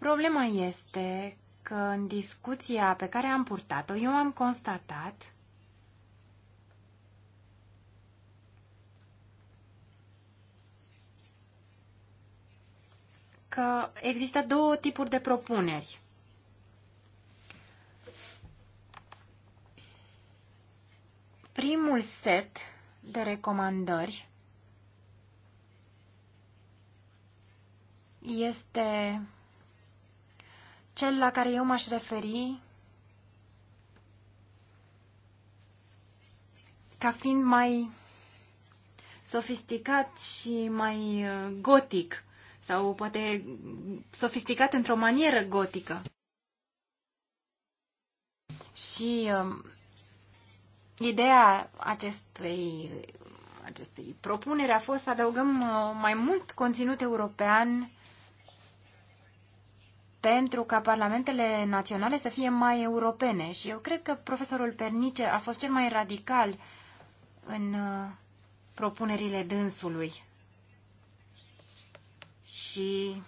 Problema este că în discuția pe care am purtat-o, eu am constatat că există două tipuri de propuneri. Primul set de recomandări este cel la care eu m-aș referi ca fiind mai sofisticat și mai uh, gotic sau poate sofisticat într-o manieră gotică. Și uh, ideea acestei, acestei propuneri a fost să adăugăm uh, mai mult conținut european pentru ca parlamentele naționale să fie mai europene. Și eu cred că profesorul Pernice a fost cel mai radical în uh, propunerile dânsului. Și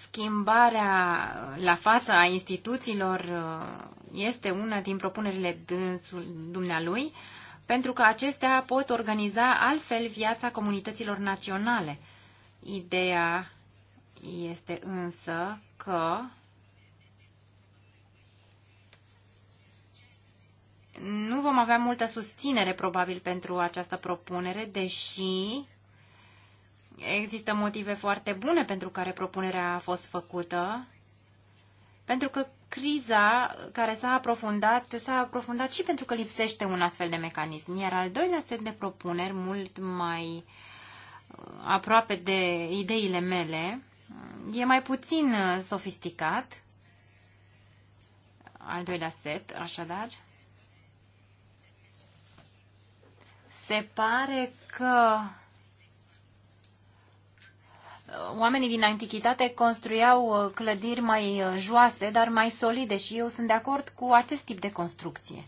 schimbarea la față a instituțiilor uh, este una din propunerile dânsul, dumnealui, pentru că acestea pot organiza altfel viața comunităților naționale. Ideea este însă că nu vom avea multă susținere probabil pentru această propunere, deși există motive foarte bune pentru care propunerea a fost făcută, pentru că criza care s-a aprofundat, s-a aprofundat și pentru că lipsește un astfel de mecanism. Iar al doilea set de propuneri, mult mai uh, aproape de ideile mele, Uh, e mai puțin uh, sofisticat, al doilea set, așadar. Se pare că uh, oamenii din antichitate construiau clădiri mai joase, dar mai solide și eu sunt de acord cu acest tip de construcție.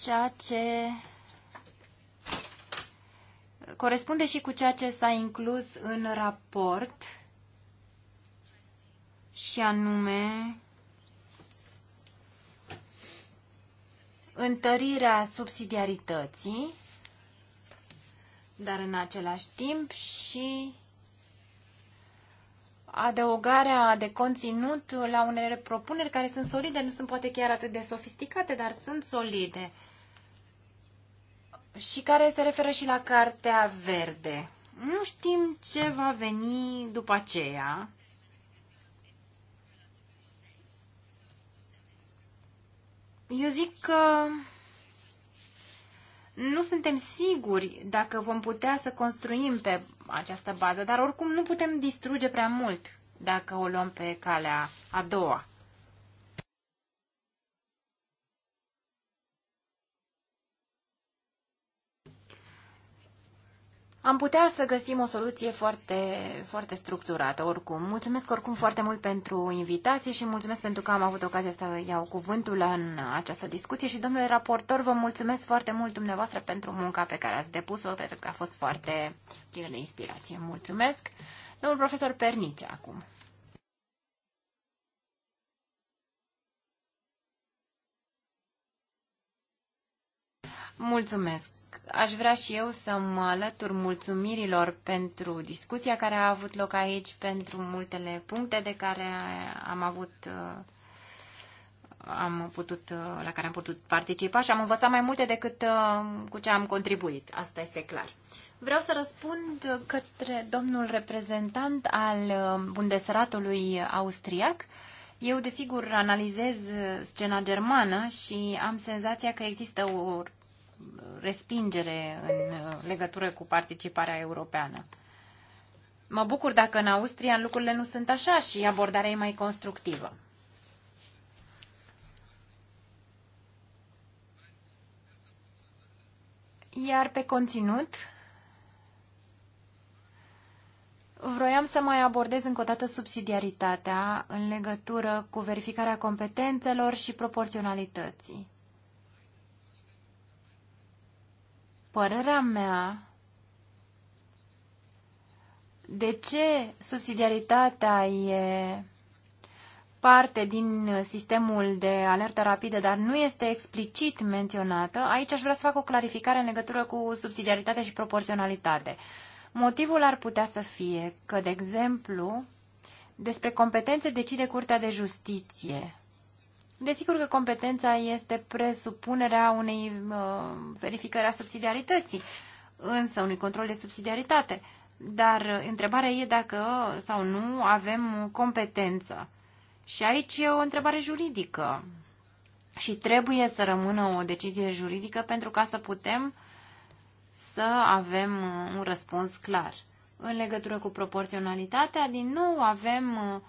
Ceea ce corespunde și cu ceea ce s-a inclus în raport și anume întărirea subsidiarității, dar în același timp și adăugarea de conținut la unele propuneri care sunt solide, nu sunt poate chiar atât de sofisticate, dar sunt solide și care se referă și la Cartea Verde. Nu știm ce va veni după aceea. Eu zic că nu suntem siguri dacă vom putea să construim pe această bază, dar oricum nu putem distruge prea mult dacă o luăm pe calea a doua. Am putea să găsim o soluție foarte, foarte structurată, oricum. Mulțumesc oricum foarte mult pentru invitație și mulțumesc pentru că am avut ocazia să iau cuvântul în această discuție și, domnule raportor, vă mulțumesc foarte mult dumneavoastră pentru munca pe care ați depus-o, pentru că a fost foarte plină de inspirație. Mulțumesc. Domnul profesor Pernice, acum. Mulțumesc. Aș vrea și eu să mă alătur mulțumirilor pentru discuția care a avut loc aici, pentru multele puncte de care am avut am putut, la care am putut participa și am învățat mai multe decât cu ce am contribuit. Asta este clar. Vreau să răspund către domnul reprezentant al Bundesratului austriac. Eu, desigur, analizez scena germană și am senzația că există o respingere în uh, legătură cu participarea europeană. Mă bucur dacă în Austria lucrurile nu sunt așa și abordarea e mai constructivă. Iar pe conținut, vroiam să mai abordez încă o dată subsidiaritatea în legătură cu verificarea competențelor și proporționalității. Părerea mea, de ce subsidiaritatea e parte din sistemul de alertă rapidă, dar nu este explicit menționată, aici aș vrea să fac o clarificare în legătură cu subsidiaritate și proporționalitate. Motivul ar putea să fie că, de exemplu, despre competențe decide Curtea de Justiție Desigur că competența este presupunerea unei uh, verificări a subsidiarității, însă unui control de subsidiaritate. Dar uh, întrebarea e dacă sau nu avem competență. Și aici e o întrebare juridică. Și trebuie să rămână o decizie juridică pentru ca să putem să avem uh, un răspuns clar. În legătură cu proporționalitatea, din nou avem uh,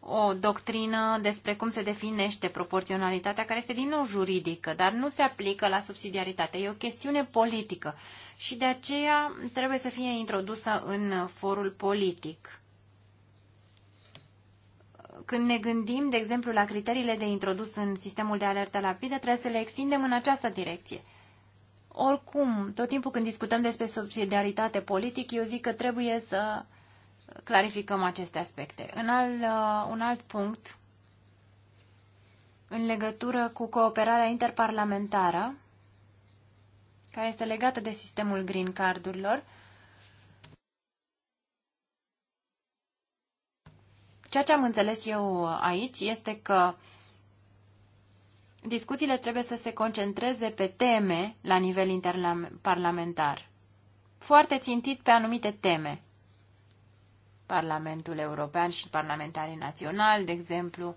o doctrină despre cum se definește proporționalitatea, care este din nou juridică, dar nu se aplică la subsidiaritate. E o chestiune politică și de aceea trebuie să fie introdusă în forul politic. Când ne gândim, de exemplu, la criteriile de introdus în sistemul de alertă rapidă, trebuie să le extindem în această direcție. Oricum, tot timpul când discutăm despre subsidiaritate politic, eu zic că trebuie să uh, clarificăm aceste aspecte. În al, uh, un alt punct, în legătură cu cooperarea interparlamentară, care este legată de sistemul green cardurilor, Ceea ce am înțeles eu aici este că discuțiile trebuie să se concentreze pe teme la nivel interparlamentar, foarte țintit pe anumite teme. Parlamentul European și parlamentarii naționali, de exemplu,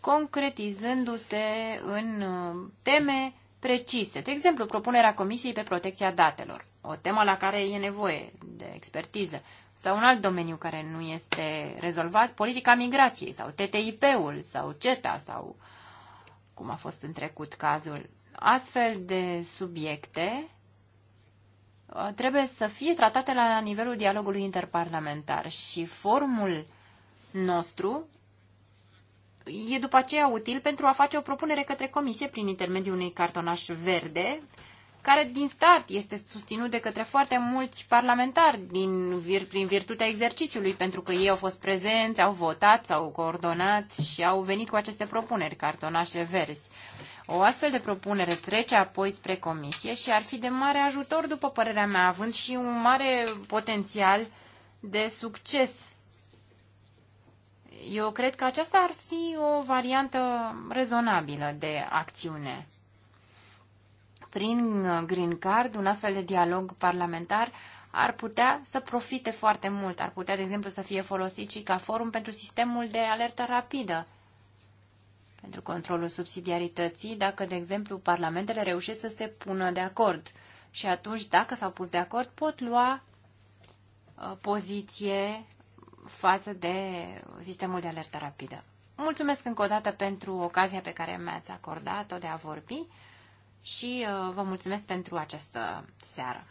concretizându-se în uh, teme precise. De exemplu, propunerea Comisiei pe protecția datelor, o temă la care e nevoie de expertiză, sau un alt domeniu care nu este rezolvat, politica migrației, sau TTIP-ul, sau CETA, sau cum a fost în trecut cazul. Astfel de subiecte trebuie să fie tratate la nivelul dialogului interparlamentar și formul nostru e după aceea util pentru a face o propunere către comisie prin intermediul unui cartonaș verde, care din start este susținut de către foarte mulți parlamentari din, vir, prin virtutea exercițiului, pentru că ei au fost prezenți, au votat, s-au coordonat și au venit cu aceste propuneri, cartonașe verzi. O astfel de propunere trece apoi spre comisie și ar fi de mare ajutor, după părerea mea, având și un mare potențial de succes. Eu cred că aceasta ar fi o variantă rezonabilă de acțiune. Prin Green Card, un astfel de dialog parlamentar ar putea să profite foarte mult. Ar putea, de exemplu, să fie folosit și ca forum pentru sistemul de alertă rapidă pentru controlul subsidiarității, dacă, de exemplu, parlamentele reușesc să se pună de acord. Și atunci, dacă s-au pus de acord, pot lua uh, poziție față de sistemul de alertă rapidă. Mulțumesc încă o dată pentru ocazia pe care mi-ați acordat-o de a vorbi și uh, vă mulțumesc pentru această seară.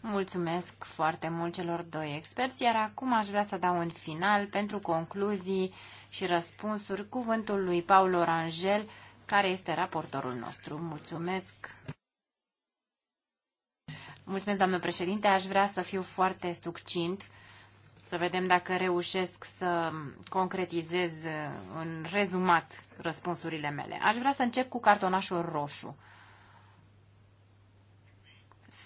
Mulțumesc foarte mult celor doi experți, iar acum aș vrea să dau un final pentru concluzii și răspunsuri cuvântul lui Paul Orangel, care este raportorul nostru. Mulțumesc! Mulțumesc, doamnă președinte. Aș vrea să fiu foarte succint, să vedem dacă reușesc să concretizez în rezumat răspunsurile mele. Aș vrea să încep cu cartonașul roșu.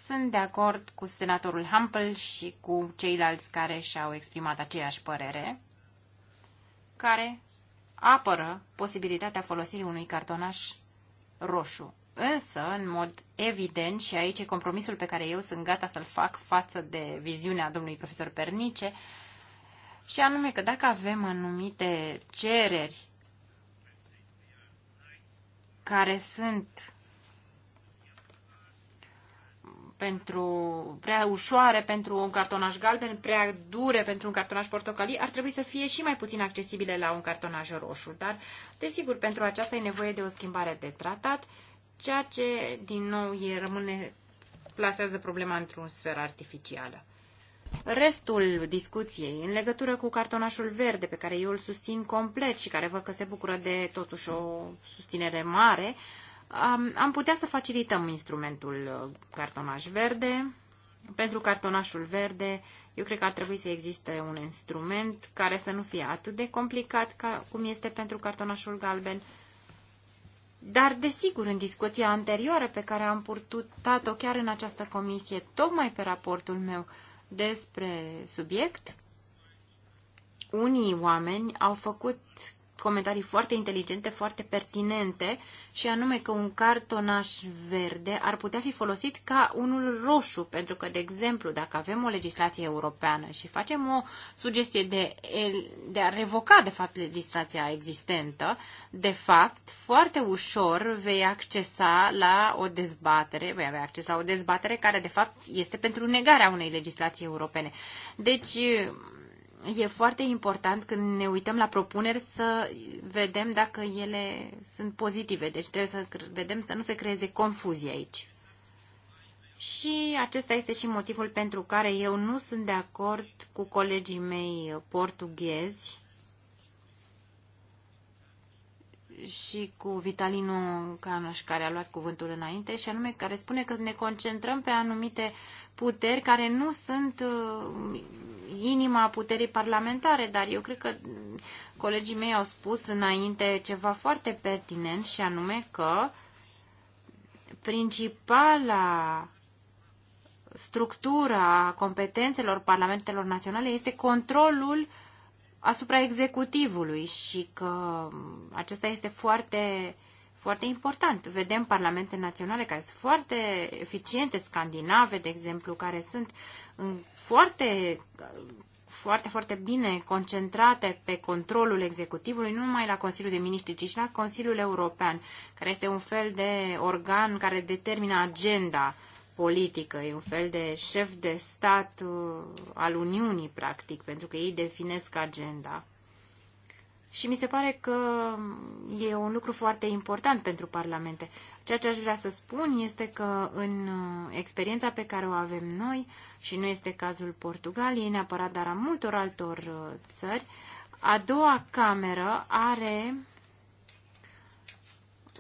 Sunt de acord cu senatorul Hampel și cu ceilalți care și-au exprimat aceeași părere care apără posibilitatea folosirii unui cartonaș roșu. Însă, în mod evident, și aici e compromisul pe care eu sunt gata să-l fac față de viziunea domnului profesor Pernice, și anume că dacă avem anumite cereri care sunt pentru prea ușoare pentru un cartonaj galben, prea dure pentru un cartonaj portocalii, ar trebui să fie și mai puțin accesibile la un cartonaj roșu. Dar, desigur, pentru aceasta e nevoie de o schimbare de tratat, ceea ce, din nou, e, rămâne, plasează problema într-o sferă artificială. Restul discuției, în legătură cu cartonașul verde, pe care eu îl susțin complet și care văd că se bucură de totuși o susținere mare, uh, am putea să facilităm instrumentul uh, cartonaș verde. Pentru cartonașul verde, eu cred că ar trebui să existe un instrument care să nu fie atât de complicat ca cum este pentru cartonașul galben. Dar, desigur, în discuția anterioară pe care am purtat-o chiar în această comisie, tocmai pe raportul meu despre subiect, unii oameni au făcut comentarii foarte inteligente, foarte pertinente, și anume că un cartonaș verde ar putea fi folosit ca unul roșu, pentru că, de exemplu, dacă avem o legislație europeană și facem o sugestie de, de a revoca, de fapt, legislația existentă, de fapt, foarte ușor vei accesa la o dezbatere, vei avea acces la o dezbatere care, de fapt, este pentru negarea unei legislații europene. Deci, e foarte important când ne uităm la propuneri să vedem dacă ele sunt pozitive. Deci trebuie să vedem să nu se creeze confuzie aici. Și acesta este și motivul pentru care eu nu sunt de acord cu colegii mei portughezi și cu Vitalino Canoș, care a luat cuvântul înainte, și anume care spune că ne concentrăm pe anumite puteri care nu sunt uh, inima puterii parlamentare, dar eu cred că colegii mei au spus înainte ceva foarte pertinent și anume că principala structura competențelor parlamentelor naționale este controlul uh, asupra executivului și că acesta este foarte, foarte important. Vedem parlamente naționale care sunt foarte eficiente, scandinave, de exemplu, care sunt foarte, foarte, foarte bine concentrate pe controlul executivului, nu numai la Consiliul de Miniștri, ci și la Consiliul European, care este un fel de organ care determină agenda uh, politică, e un fel de șef de stat uh, al Uniunii, practic, pentru că ei definesc agenda. Și mi se pare că e un lucru foarte important pentru parlamente. Ceea ce aș vrea să spun este că în uh, experiența pe care o avem noi, și nu este cazul Portugaliei neapărat, dar a multor altor uh, țări, a doua cameră are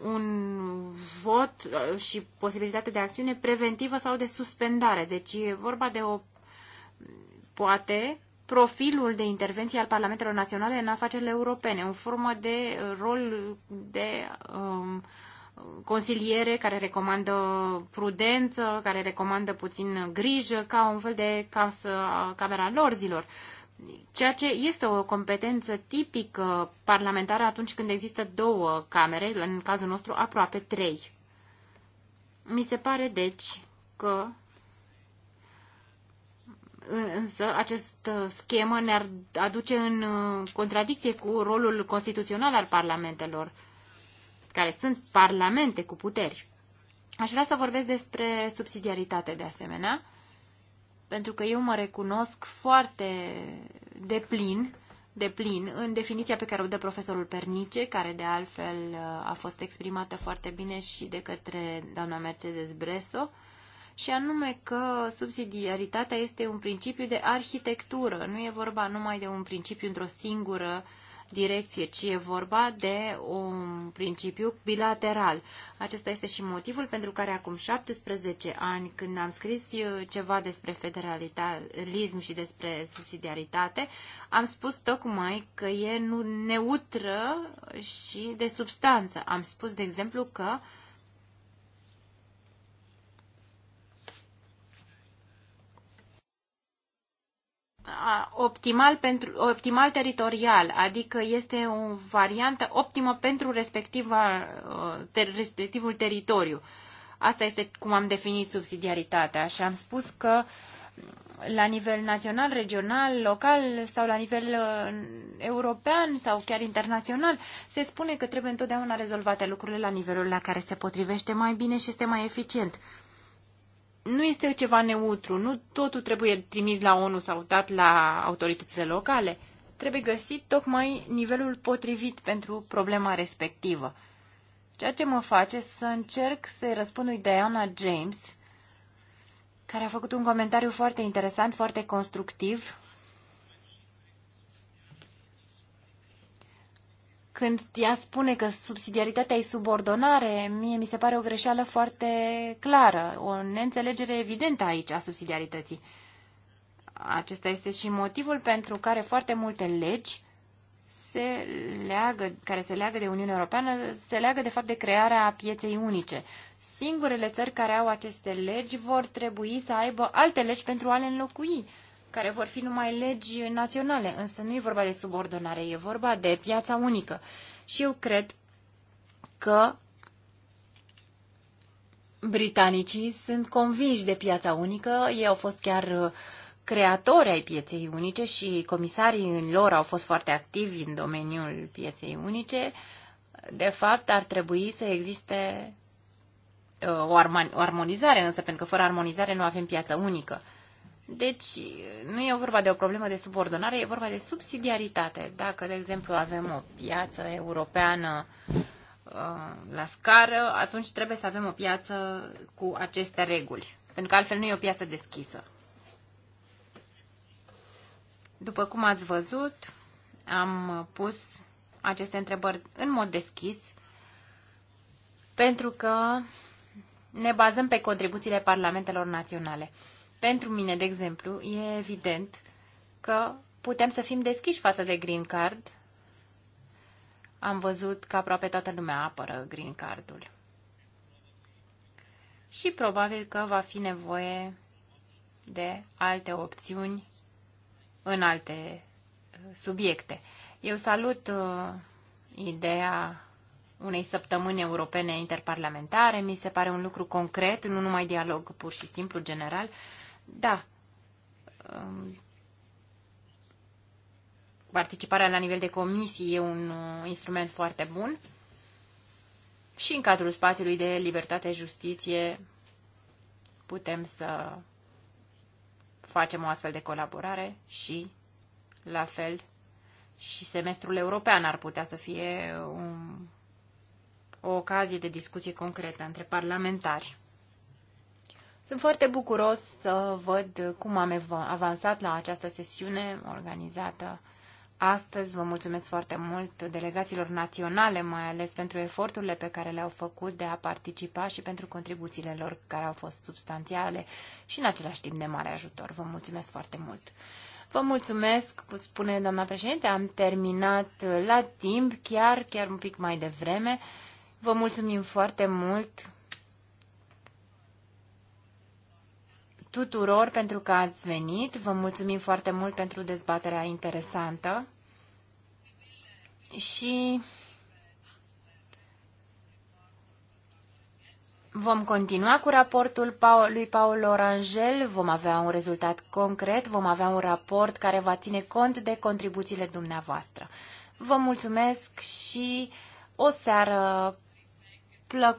un vot uh, și posibilitate de acțiune preventivă sau de suspendare. Deci e vorba de o, poate, profilul de intervenție al Parlamentelor Naționale în afacerile europene, în formă de rol de um, consiliere care recomandă prudență, care recomandă puțin grijă, ca un fel de casă, camera lorzilor ceea ce este o competență tipică parlamentară atunci când există două camere, în cazul nostru aproape trei. Mi se pare, deci, că însă această uh, schemă ne-ar aduce în uh, contradicție cu rolul constituțional al parlamentelor, care sunt parlamente cu puteri. Aș vrea să vorbesc despre subsidiaritate de asemenea pentru că eu mă recunosc foarte de plin, de plin în definiția pe care o dă profesorul Pernice, care de altfel uh, a fost exprimată foarte bine și de către doamna Mercedes Bresso, și anume că subsidiaritatea este un principiu de arhitectură, nu e vorba numai de un principiu într-o singură uh, direcție, ci e vorba de un principiu bilateral. Acesta este și motivul pentru care acum 17 ani, când am scris uh, ceva despre federalism și despre subsidiaritate, am spus tocmai că e neutră și de substanță. Am spus, de exemplu, că uh, optimal, pentru, optimal teritorial, adică este o variantă optimă pentru respectiva, ter, respectivul teritoriu. Asta este cum am definit subsidiaritatea și am spus că la nivel național, regional, local sau la nivel uh, european sau chiar internațional, se spune că trebuie întotdeauna rezolvate lucrurile la nivelul la care se potrivește mai bine și este mai eficient nu este ceva neutru, nu totul trebuie trimis la ONU sau dat la autoritățile locale. Trebuie găsit tocmai nivelul potrivit pentru problema respectivă. Ceea ce mă face să încerc să-i răspund lui Diana James, care a făcut un comentariu foarte interesant, foarte constructiv, Când ea spune că subsidiaritatea e subordonare, mie mi se pare o greșeală foarte clară, o neînțelegere evidentă aici a subsidiarității. Acesta este și motivul pentru care foarte multe legi se leagă, care se leagă de Uniunea Europeană se leagă de fapt de crearea pieței unice. Singurele țări care au aceste legi vor trebui să aibă alte legi pentru a le înlocui care vor fi numai legi naționale, însă nu e vorba de subordonare, e vorba de piața unică. Și eu cred că britanicii sunt convinși de piața unică, ei au fost chiar uh, creatori ai pieței unice și comisarii lor au fost foarte activi în domeniul pieței unice. De fapt, ar trebui să existe uh, o, armonizare, însă pentru că fără armonizare nu avem piață unică. Deci, nu e vorba de o problemă de subordonare, e vorba de subsidiaritate. Dacă, de exemplu, avem o piață europeană uh, la scară, atunci trebuie să avem o piață cu aceste reguli, pentru că altfel nu e o piață deschisă. După cum ați văzut, am pus aceste întrebări în mod deschis, pentru că ne bazăm pe contribuțiile parlamentelor naționale. Pentru mine, de exemplu, e evident că putem să fim deschiși față de green card. Am văzut că aproape toată lumea apără green cardul. Și probabil că va fi nevoie de alte opțiuni în alte uh, subiecte. Eu salut uh, ideea unei săptămâni europene interparlamentare. Mi se pare un lucru concret, nu numai dialog pur și simplu general, da, um, participarea la nivel de comisii e un uh, instrument foarte bun și în cadrul spațiului de libertate, justiție, putem să facem o astfel de colaborare și, la fel, și semestrul european ar putea să fie un, o ocazie de discuție concretă între parlamentari. Sunt foarte bucuros să văd cum am avansat la această sesiune organizată astăzi. Vă mulțumesc foarte mult delegațiilor naționale, mai ales pentru eforturile pe care le-au făcut de a participa și pentru contribuțiile lor care au fost substanțiale și în același timp de mare ajutor. Vă mulțumesc foarte mult! Vă mulțumesc, spune doamna președinte, am terminat la timp, chiar, chiar un pic mai devreme. Vă mulțumim foarte mult tuturor pentru că ați venit. Vă mulțumim foarte mult pentru dezbaterea interesantă. Și Vom continua cu raportul lui Paul Orangel, vom avea un rezultat concret, vom avea un raport care va ține cont de contribuțiile dumneavoastră. Vă mulțumesc și o seară plăcută.